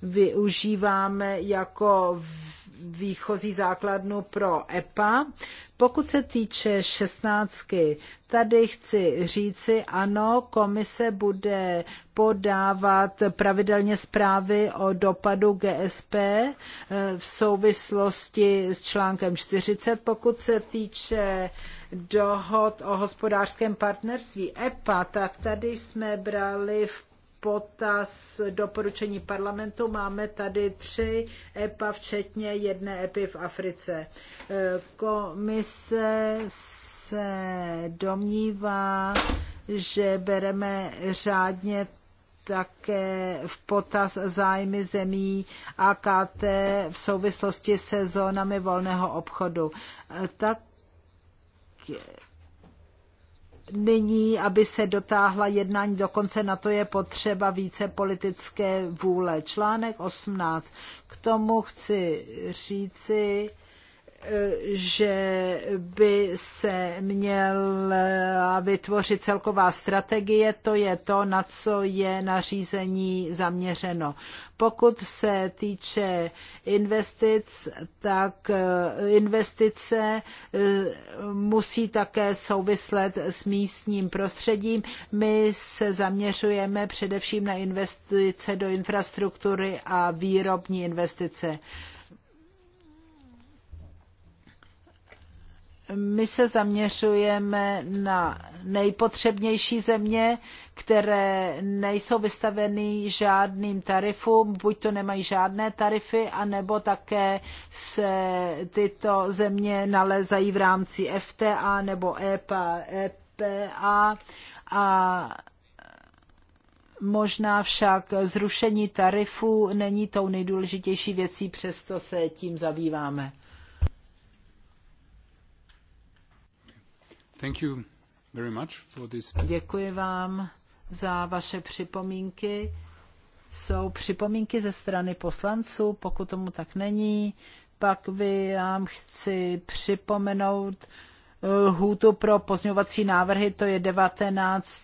využíváme jako výchozí základnu pro EPA. Pokud se týče šestnáctky, tady chci říci, ano, komise bude podávat pravidelně zprávy o dopadu GSP eh, v souvislosti s článkem 40. Pokud se týče dohod o hospodářském partnerství EPA, tak tady jsme brali v potaz doporučení parlamentu. Máme tady tři EPA, včetně jedné EPI v Africe. Komise se domnívá, že bereme řádně také v potaz zájmy zemí AKT v souvislosti se zónami volného obchodu. Tak nyní, aby se dotáhla jednání do konce, na to je potřeba více politické vůle. Článek 18. K tomu chci říci, že by se měla vytvořit celková strategie, to je to, na co je nařízení zaměřeno. Pokud se týče investic, tak eh, investice eh, musí také souvislet s místním prostředím. My se zaměřujeme především na investice do infrastruktury a výrobní investice. my se zaměřujeme na nejpotřebnější země, které nejsou vystaveny žádným tarifům, buď to nemají žádné tarify, anebo také se tyto země nalezají v rámci FTA nebo EPA, EPA a možná však zrušení tarifů není tou nejdůležitější věcí, přesto se tím zabýváme. Děkuji vám za vaše připomínky. Jsou připomínky ze strany poslanců, pokud tomu tak není, pak vám chci připomenout, hůtu pro pozňovací návrhy, to je 19.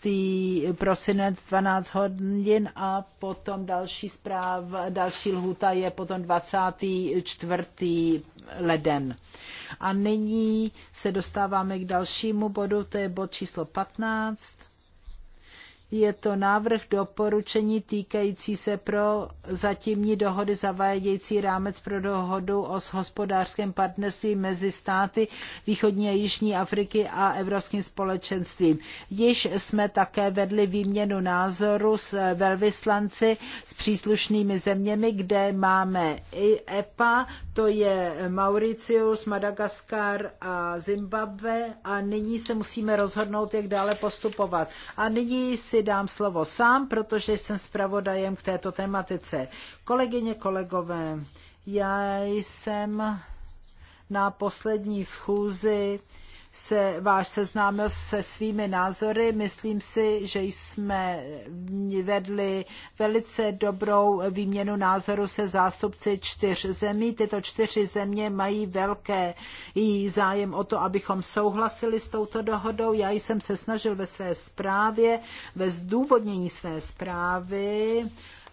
prosinec 12 hodin a potom další zpráv, další lhůta je potom 24. leden. A nyní se dostáváme k dalšímu bodu, to je bod číslo 15 je to návrh doporučení týkající se pro zatímní dohody zavádějící rámec pro dohodu o hospodářském partnerství mezi státy východní a jižní Afriky a Evropským společenstvím. Již jsme také vedli výměnu názoru s velvyslanci s příslušnými zeměmi, kde máme i EPA, to je Mauricius, Madagaskar a Zimbabwe a nyní se musíme rozhodnout, jak dále postupovat. A nyní si dám slovo sám, protože jsem zpravodajem k této tematice. Kolegyně, kolegové, já jsem na poslední schůzi se váš seznámil se svými názory. Myslím si, že jsme vedli velice dobrou výměnu názoru se zástupci čtyř zemí. Tyto čtyři země mají velké zájem o to, abychom souhlasili s touto dohodou. Já jsem se snažil ve své zprávě, ve zdůvodnění své zprávy,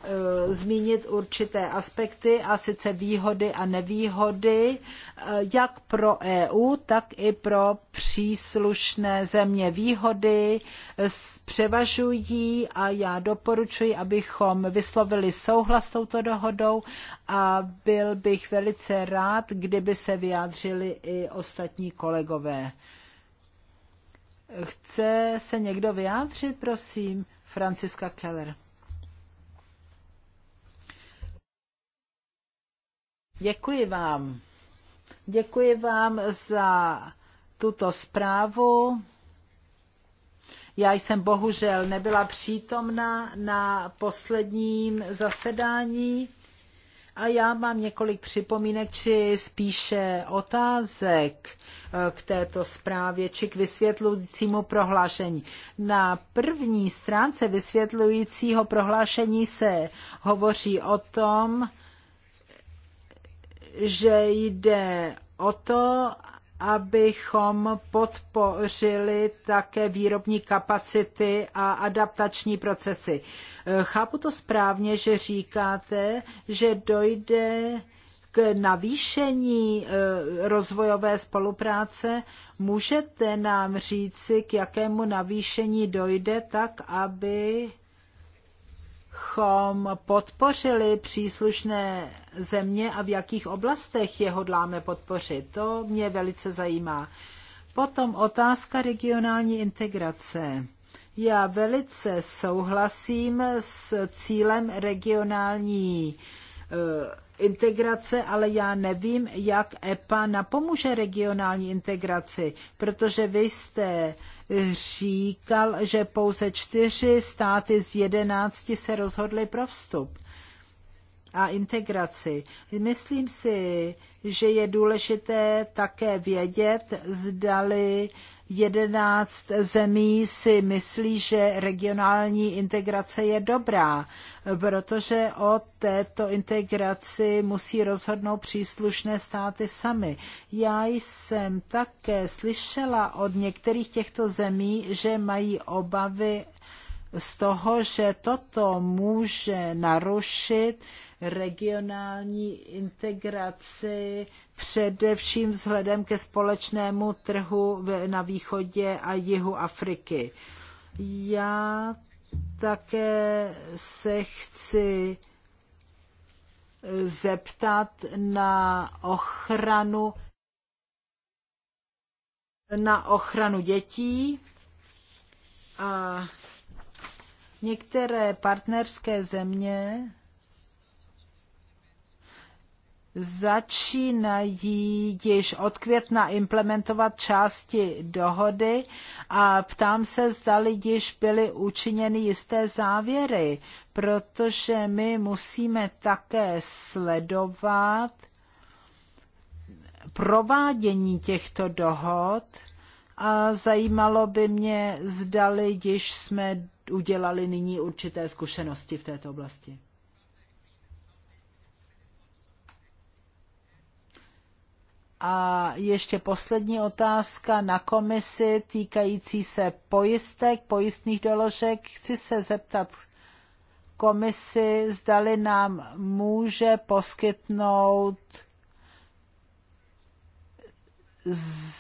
Eh, zmínit určité aspekty, a sice výhody a nevýhody, eh, jak pro EU, tak i pro příslušné země. Výhody eh, převažují a já doporučuji, abychom vyslovili souhlas s touto dohodou a byl bych velice rád, kdyby se vyjádřili i ostatní kolegové. Chce se někdo vyjádřit, prosím? Franciska Keller. Děkuji vám. Děkuji vám za tuto zprávu. Já jsem bohužel nebyla přítomna na posledním zasedání a já mám několik připomínek či spíše otázek eh, k této zprávě či k vysvětlujícímu prohlášení. Na první stránce vysvětlujícího prohlášení se hovoří o tom, že jde o to, abychom podpořili také výrobní kapacity a adaptační procesy. Chápu to správně, že říkáte, že dojde k navýšení e, rozvojové spolupráce. Můžete nám říci, k jakému navýšení dojde, tak aby bychom podpořili příslušné země a v jakých oblastech je hodláme podpořit. To mě velice zajímá. Potom otázka regionální integrace. Já velice souhlasím s cílem regionální eh, integrace, ale já nevím, jak EPA napomůže regionální integraci, protože vy jste říkal, že pouze čtyři státy z jedenácti se rozhodly pro vstup a integraci. Myslím si, že je důležité také vědět, zdali 11 zemí si myslí, že regionální integrace je dobrá, protože o této integraci musí rozhodnout příslušné státy sami. Já jsem také slyšela od některých těchto zemí, že mají obavy z toho, že toto může narušit regionální integraci, především vzhledem ke společnému trhu na východě a jihu Afriky. Já také se chci zeptat na ochranu na ochranu dětí a některé partnerské země začínají již od května implementovat části dohody a ptám se, zda již byly učiněny jisté závěry, protože my musíme také sledovat provádění těchto dohod a zajímalo by mě, zdali již jsme udělali nyní určité zkušenosti v této oblasti. A ještě poslední otázka na komisi týkající se pojistek, pojistných doložek. Chci se zeptat komisi, zdali nám může poskytnout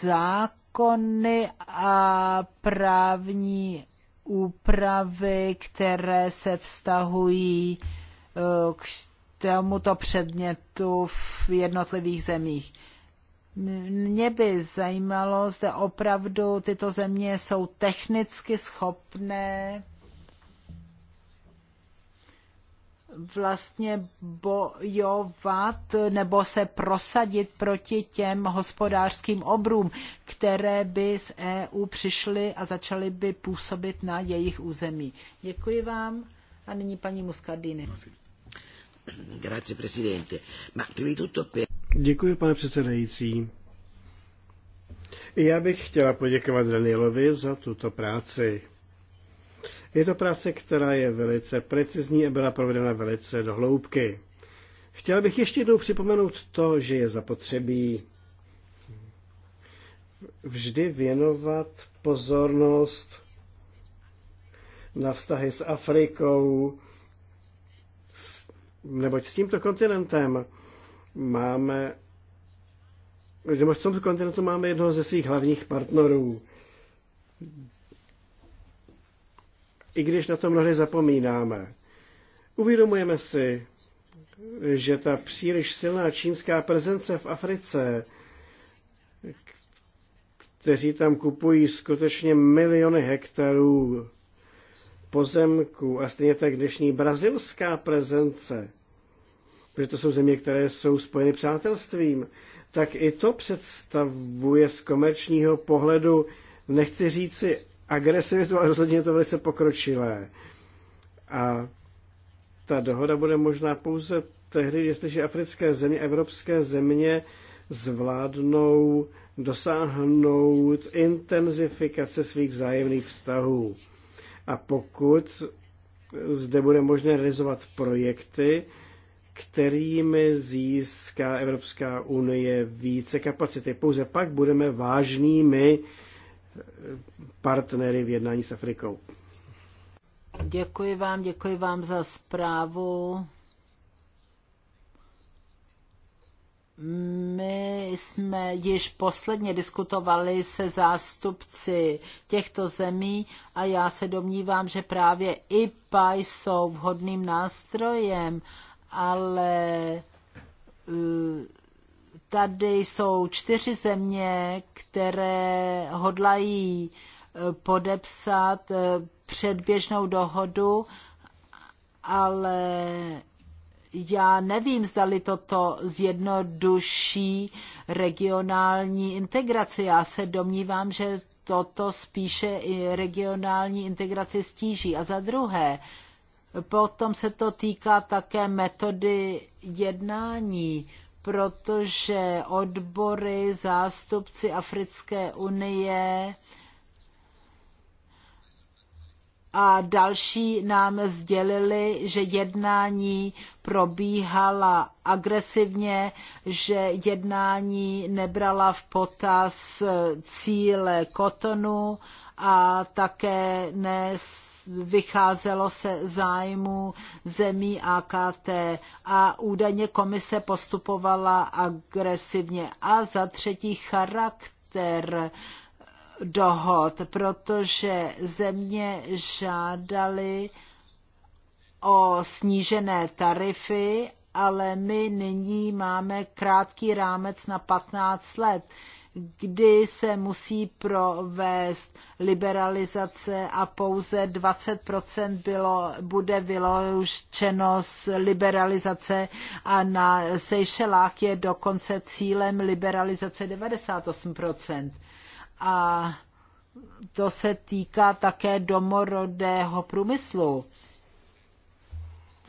zákony a právní úpravy, které se vztahují eh, k tomuto předmětu v jednotlivých zemích. Mě by zajímalo, zda opravdu tyto země jsou technicky schopné vlastně bojovat nebo se prosadit proti těm hospodářským obrům, které by z EU přišly a začaly by působit na jejich území. Děkuji vám a nyní paní Muscardini. Grazie, presidente. Ma prima di tutto per... Děkuji, pane předsedající. Já bych chtěla poděkovat Danielovi za tuto práci. Je to práce, která je velice precizní a byla provedena velice do hloubky. Chtěl bych ještě jednou připomenout to, že je zapotřebí vždy věnovat pozornost na vztahy s Afrikou, s, neboť s tímto kontinentem máme, že v tomto kontinentu máme jednoho ze svých hlavních partnerů. I když na to mnohdy zapomínáme. Uvědomujeme si, že ta příliš silná čínská prezence v Africe, kteří tam kupují skutečně miliony hektarů pozemků a stejně tak dnešní brazilská prezence, protože to jsou země, které jsou spojeny přátelstvím, tak i to představuje z komerčního pohledu, nechci říci agresivitu, ale rozhodně je to velice pokročilé. A ta dohoda bude možná pouze tehdy, jestliže africké země, evropské země zvládnou dosáhnout intenzifikace svých vzájemných vztahů. A pokud zde bude možné realizovat projekty, kterými získá Evropská unie více kapacity. Pouze pak budeme vážnými eh, partnery v jednání s Afrikou. Děkuji vám, děkuji vám za zprávu. My jsme již posledně diskutovali se zástupci těchto zemí a já se domnívám, že právě IPA jsou vhodným nástrojem ale eh, tady jsou čtyři země, které hodlají eh, podepsat eh, předběžnou dohodu, ale já nevím, zdali toto zjednoduší regionální integraci. Já se domnívám, že toto spíše i regionální integraci stíží. A za druhé, Potom se to týká také metody jednání, protože odbory, zástupci Africké unie a další nám sdělili, že jednání probíhala agresivně, že jednání nebrala v potaz cíle kotonu a také nes vycházelo se zájmu zemí AKT a údajně komise postupovala agresivně. A za třetí charakter dohod, protože země žádaly o snížené tarify, ale my nyní máme krátký rámec na 15 let kdy se musí provést liberalizace a pouze 20% bylo, bude vyloučeno z liberalizace a na Seychelách je dokonce cílem liberalizace 98%. A to se týká také domorodého průmyslu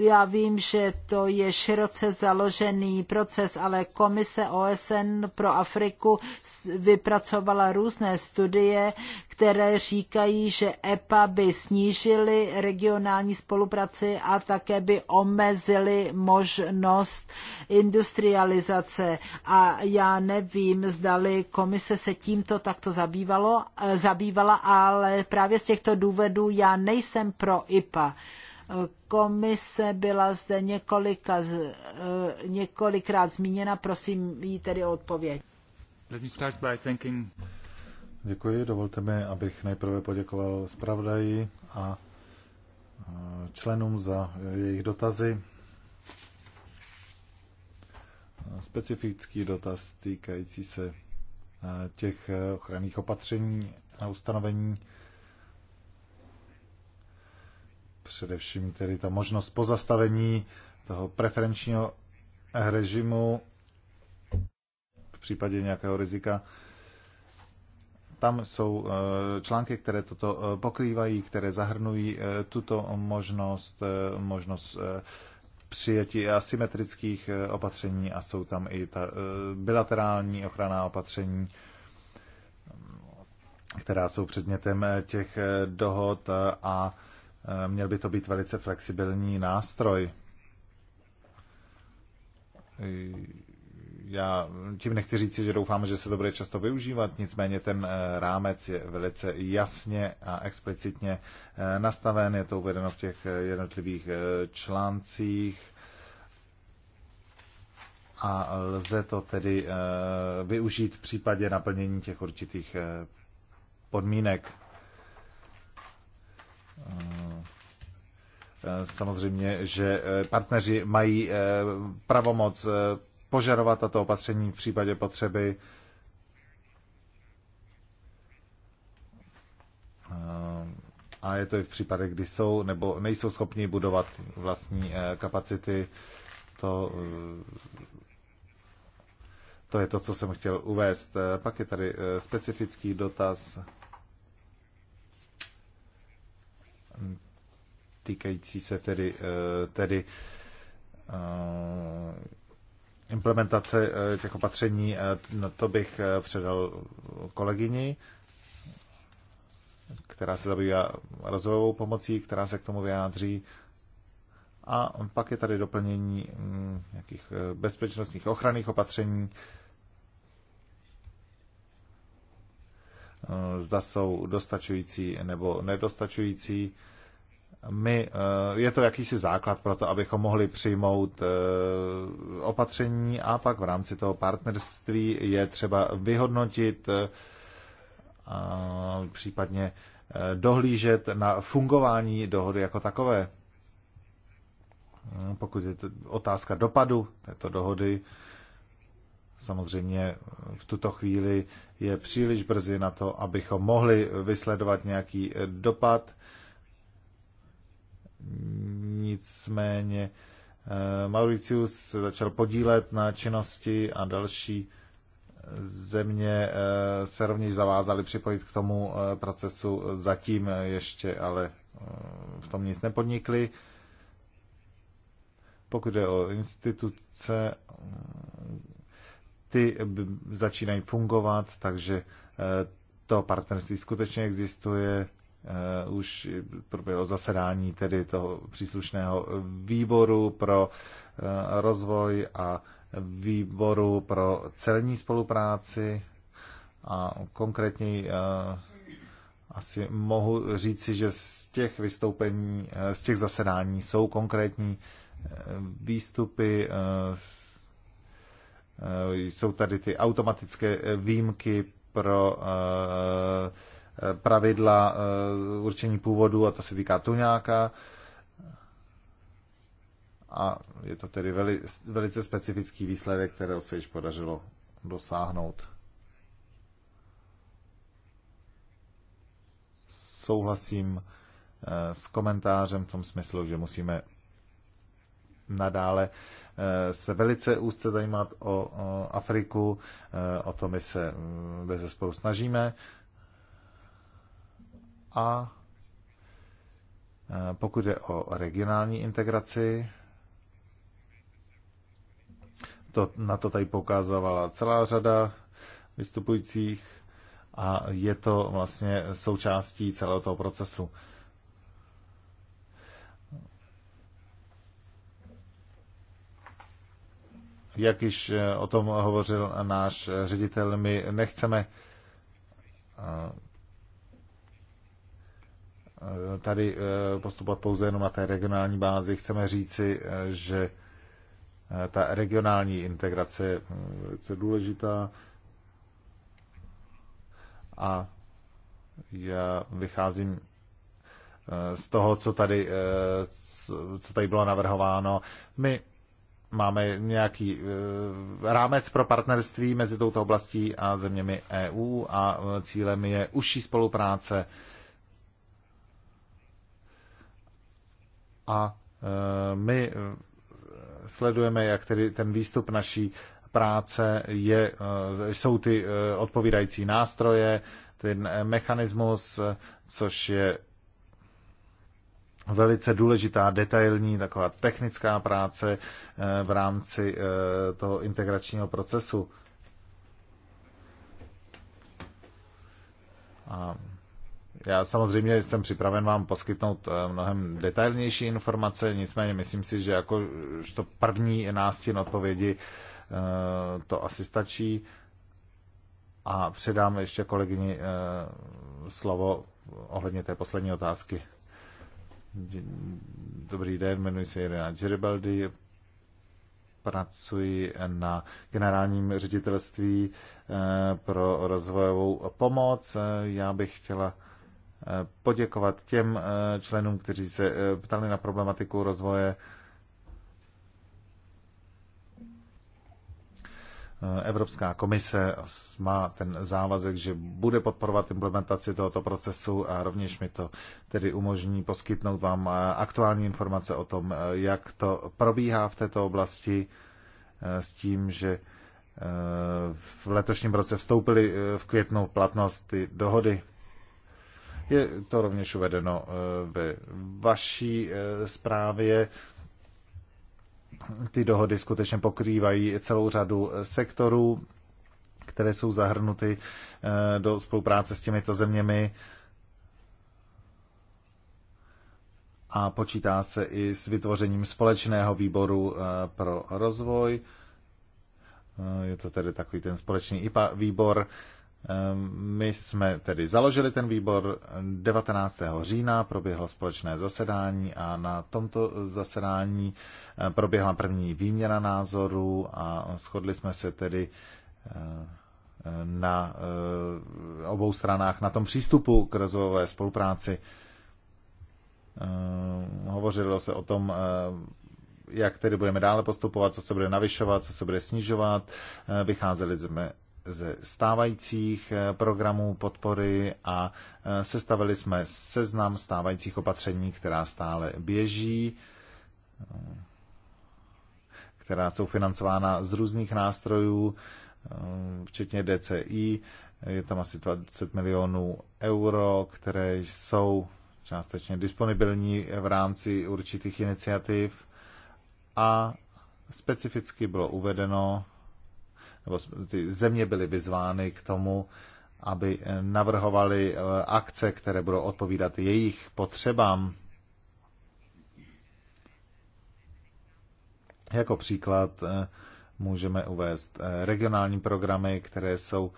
já vím, že to je široce založený proces, ale Komise OSN pro Afriku vypracovala různé studie, které říkají, že EPA by snížily regionální spolupráci a také by omezily možnost industrializace. A já nevím, zdali komise se tímto takto zabývalo, eh, zabývala, ale právě z těchto důvodů já nejsem pro IPA. Komise byla zde několika, eh, několikrát zmíněna, prosím jí tedy o odpověď. Let me start by thanking... Děkuji, dovolte mi, abych nejprve poděkoval zpravodaji a eh, členům za jejich dotazy. Specifický dotaz týkající se eh, těch ochranných opatření a ustanovení Především tedy ta možnost pozastavení toho preferenčního režimu v případě nějakého rizika. Tam jsou eh, články, které toto eh, pokrývají, které zahrnují eh, tuto možnost, možnost přijetí asymetrických opatření a jsou tam i ta bilaterální ochranná opatření, která jsou předmětem těch dohod a Eh, měl by to být velice flexibilní nástroj. Eh, já tím nechci říct, že doufám, že se to bude často využívat, nicméně ten eh, rámec je velice jasně a explicitně nastaven, je to uvedeno v těch jednotlivých článcích a lze to tedy využít v případě naplnění těch určitých podmínek. Eh, samozřejmě, že eh, partneři mají eh, pravomoc požadovat tato opatření v případě potřeby. A je to i v případech, kdy jsou nebo nejsou schopni budovat vlastní kapacity. To, to je to, co jsem chtěl uvést. Pak je tady specifický dotaz. týkající se tedy, eh, tedy eh, implementace eh, těch opatření, no, to bych předal kolegyni, která se zabývá rozvojovou pomocí, která se k tomu vyjádří. A pak je tady doplnění mm, nějakých bezpečnostních ochranných opatření, Eh, zda jsou dostačující nebo nedostačující. My, eh, je to jakýsi základ pro to, abychom mohli přijmout eh, opatření a pak v rámci toho partnerství je třeba vyhodnotit a případně dohlížet na fungování dohody jako takové. Pokud je to otázka dopadu této dohody, Samozřejmě eh, v tuto chvíli je příliš brzy na to, abychom mohli vysledovat nějaký eh, dopad. Nicméně eh, Mauricius se začal podílet na činnosti a další země se rovněž zavázaly připojit k tomu procesu. Zatím ještě ale v tom nic nepodnikli. Pokud je o instituce, ty eh, začínají fungovat, takže eh, to partnerství skutečně existuje. Eh, už proběhlo zasedání tedy toho příslušného výboru pro rozvoj a výboru pro celní spolupráci a konkrétně asi mohu říci, že z těch vystoupení, z těch zasedání jsou konkrétní výstupy, Eh, jsou tady ty automatické eh, výjimky pro eh, pravidla určení původu a to se týká tuňáka. A je to tedy veli, velice specifický výsledek, kterého se již podařilo dosáhnout. Souhlasím s komentářem v tom smyslu, že musíme nadále Eh, se velice úzce zajímat o Afriku, eh, o to my se bez mm, zesporu snažíme. A eh, pokud je o regionální integraci, to, na to tady poukázovala celá řada vystupujících a je to vlastně součástí celého toho procesu. Jak již eh, o tom hovořil náš eh, ředitel, my nechceme eh, tady postupovat pouze jenom na té regionální bázi. Chceme říci, že ta regionální integrace je velice důležitá a já vycházím z toho, co tady, co tady bylo navrhováno. My máme nějaký eh, rámec pro partnerství mezi touto oblastí a zeměmi EU a eh, cílem je užší spolupráce a eh, my sledujeme, jak tedy ten výstup naší práce je, jsou ty odpovídající nástroje, ten mechanismus, což je velice důležitá, detailní, taková technická práce eh, v rámci eh, toho integračního procesu. A já samozřejmě jsem připraven vám poskytnout eh, mnohem detailnější informace, nicméně myslím si, že jako to první nástin odpovědi to asi stačí. A předám ještě kolegyni slovo ohledně té poslední otázky. Dobrý den, jmenuji se Irina Geribaldi, pracuji na generálním ředitelství eh, pro rozvojovou pomoc. Eh, já bych chtěla eh, poděkovat těm členům, kteří se ptali na problematiku rozvoje Eh, Evropská komise má ten závazek, že bude podporovat implementaci tohoto procesu a rovněž mi to tedy umožní poskytnout vám eh, aktuální informace o tom, eh, jak to probíhá v této oblasti s tím, že v letošním roce vstoupily v květnou platnost ty dohody. Je to rovněž uvedeno ve vaší zprávě ty dohody skutečně pokrývají celou řadu sektorů, které jsou zahrnuty eh, do spolupráce s těmito zeměmi. A počítá se i s vytvořením společného výboru eh, pro rozvoj. Eh, je to tedy takový ten společný IPA výbor, Ehm, my jsme tedy založili ten výbor 19. Eh, října, proběhlo společné zasedání a na tomto zasedání eh, proběhla první výměna názorů a shodli jsme se tedy eh, na obou stranách na tom přístupu k rozvojové spolupráci. Ehm, hovořilo se o tom, jak tedy budeme dále postupovat, co se bude navyšovat, co se bude snižovat. Vycházeli jsme ze stávajících eh, programů podpory a eh, sestavili jsme seznam stávajících opatření, která stále běží, eh, která jsou financována z různých nástrojů, včetně DCI. Je tam asi 20 milionů euro, které jsou částečně disponibilní v rámci určitých iniciativ a specificky bylo uvedeno, nebo ty země byly vyzvány k tomu, aby navrhovali eh, akce, které budou odpovídat jejich potřebám. Jako příklad eh, můžeme uvést eh, regionální programy, které jsou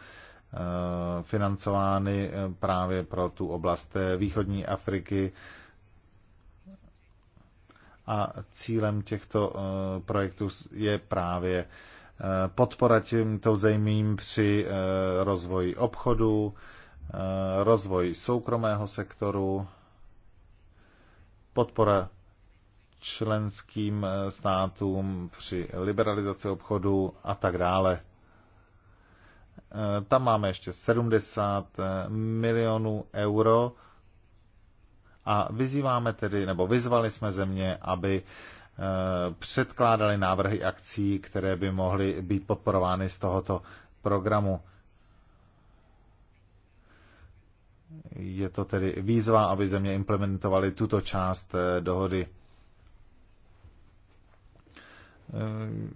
financovány právě pro tu oblast východní Afriky. A cílem těchto projektů je právě podpora těmto zemím při eh, rozvoji obchodu, eh, rozvoj soukromého sektoru, podpora členským eh, státům při liberalizaci obchodu a tak dále. Tam máme ještě 70 milionů euro a vyzýváme tedy, nebo vyzvali jsme země, aby Eh, předkládali návrhy akcí, které by mohly být podporovány z tohoto programu. Je to tedy výzva, aby země implementovaly tuto část eh, dohody. Eh,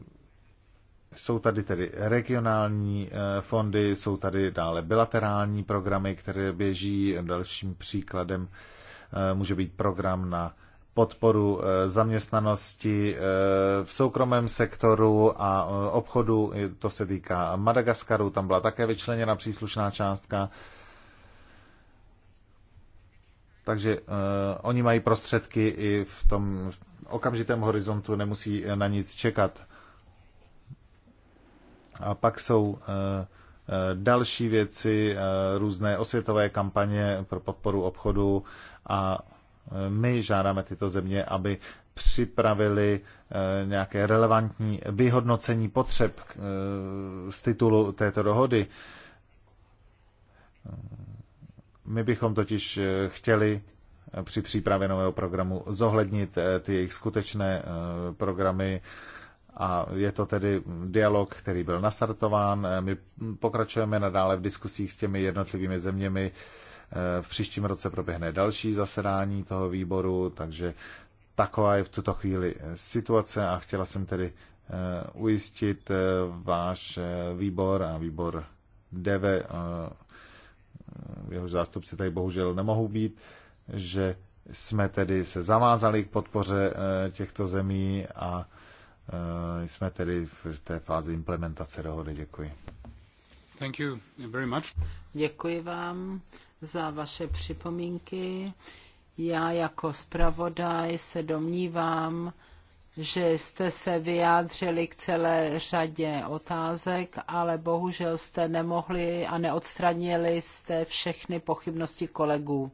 jsou tady tedy regionální fondy, jsou tady dále bilaterální programy, které běží. Dalším příkladem může být program na podporu eh, zaměstnanosti eh, v soukromém sektoru a eh, obchodu. To se týká Madagaskaru, tam byla také vyčleněna příslušná částka. Takže uh, oni mají prostředky i v tom okamžitém horizontu, nemusí na nic čekat. A pak jsou uh, další věci, uh, různé osvětové kampaně pro podporu obchodu a my žádáme tyto země, aby připravili eh, nějaké relevantní vyhodnocení potřeb eh, z titulu této dohody. My bychom totiž eh, chtěli při přípravě nového programu zohlednit ty jejich skutečné programy a je to tedy dialog, který byl nastartován. My pokračujeme nadále v diskusích s těmi jednotlivými zeměmi, v příštím roce proběhne další zasedání toho výboru, takže taková je v tuto chvíli eh, situace a chtěla jsem tedy eh, ujistit eh, váš výbor a výbor DV, jeho zástupci tady bohužel nemohou být, že jsme tedy se zavázali k podpoře těchto zemí a jsme tedy v té fázi implementace dohody. Děkuji. Thank you very much. Děkuji vám za vaše připomínky. Já jako zpravodaj se domnívám, že jste se vyjádřili k celé řadě otázek, ale bohužel jste nemohli a neodstranili jste všechny pochybnosti kolegů.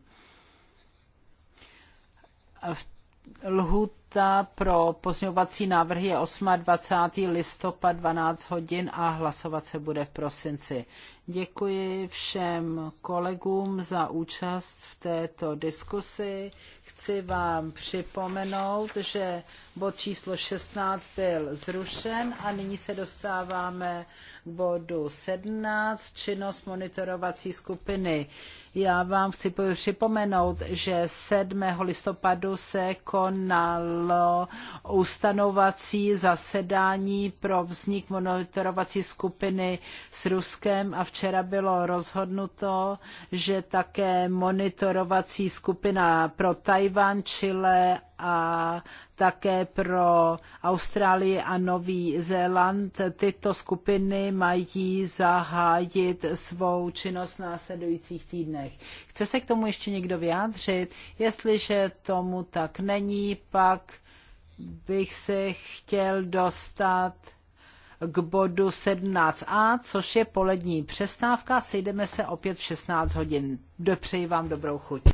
Lhut lhůta pro pozměňovací návrhy je 28. listopad 12 hodin a hlasovat se bude v prosinci. Děkuji všem kolegům za účast v této diskusi. Chci vám připomenout, že bod číslo 16 byl zrušen a nyní se dostáváme k bodu 17, činnost monitorovací skupiny já vám chci připomenout, že 7. listopadu se konalo ustanovací zasedání pro vznik monitorovací skupiny s Ruskem a včera bylo rozhodnuto, že také monitorovací skupina pro Tajvan, Chile a také pro Austrálii a Nový Zéland. Tyto skupiny mají zahájit svou činnost v následujících týdnech regionech. Chce se k tomu ještě někdo vyjádřit? Jestliže tomu tak není, pak bych se chtěl dostat k bodu 17a, což je polední přestávka. Sejdeme se opět v 16 hodin. Dopřeji vám dobrou chuť.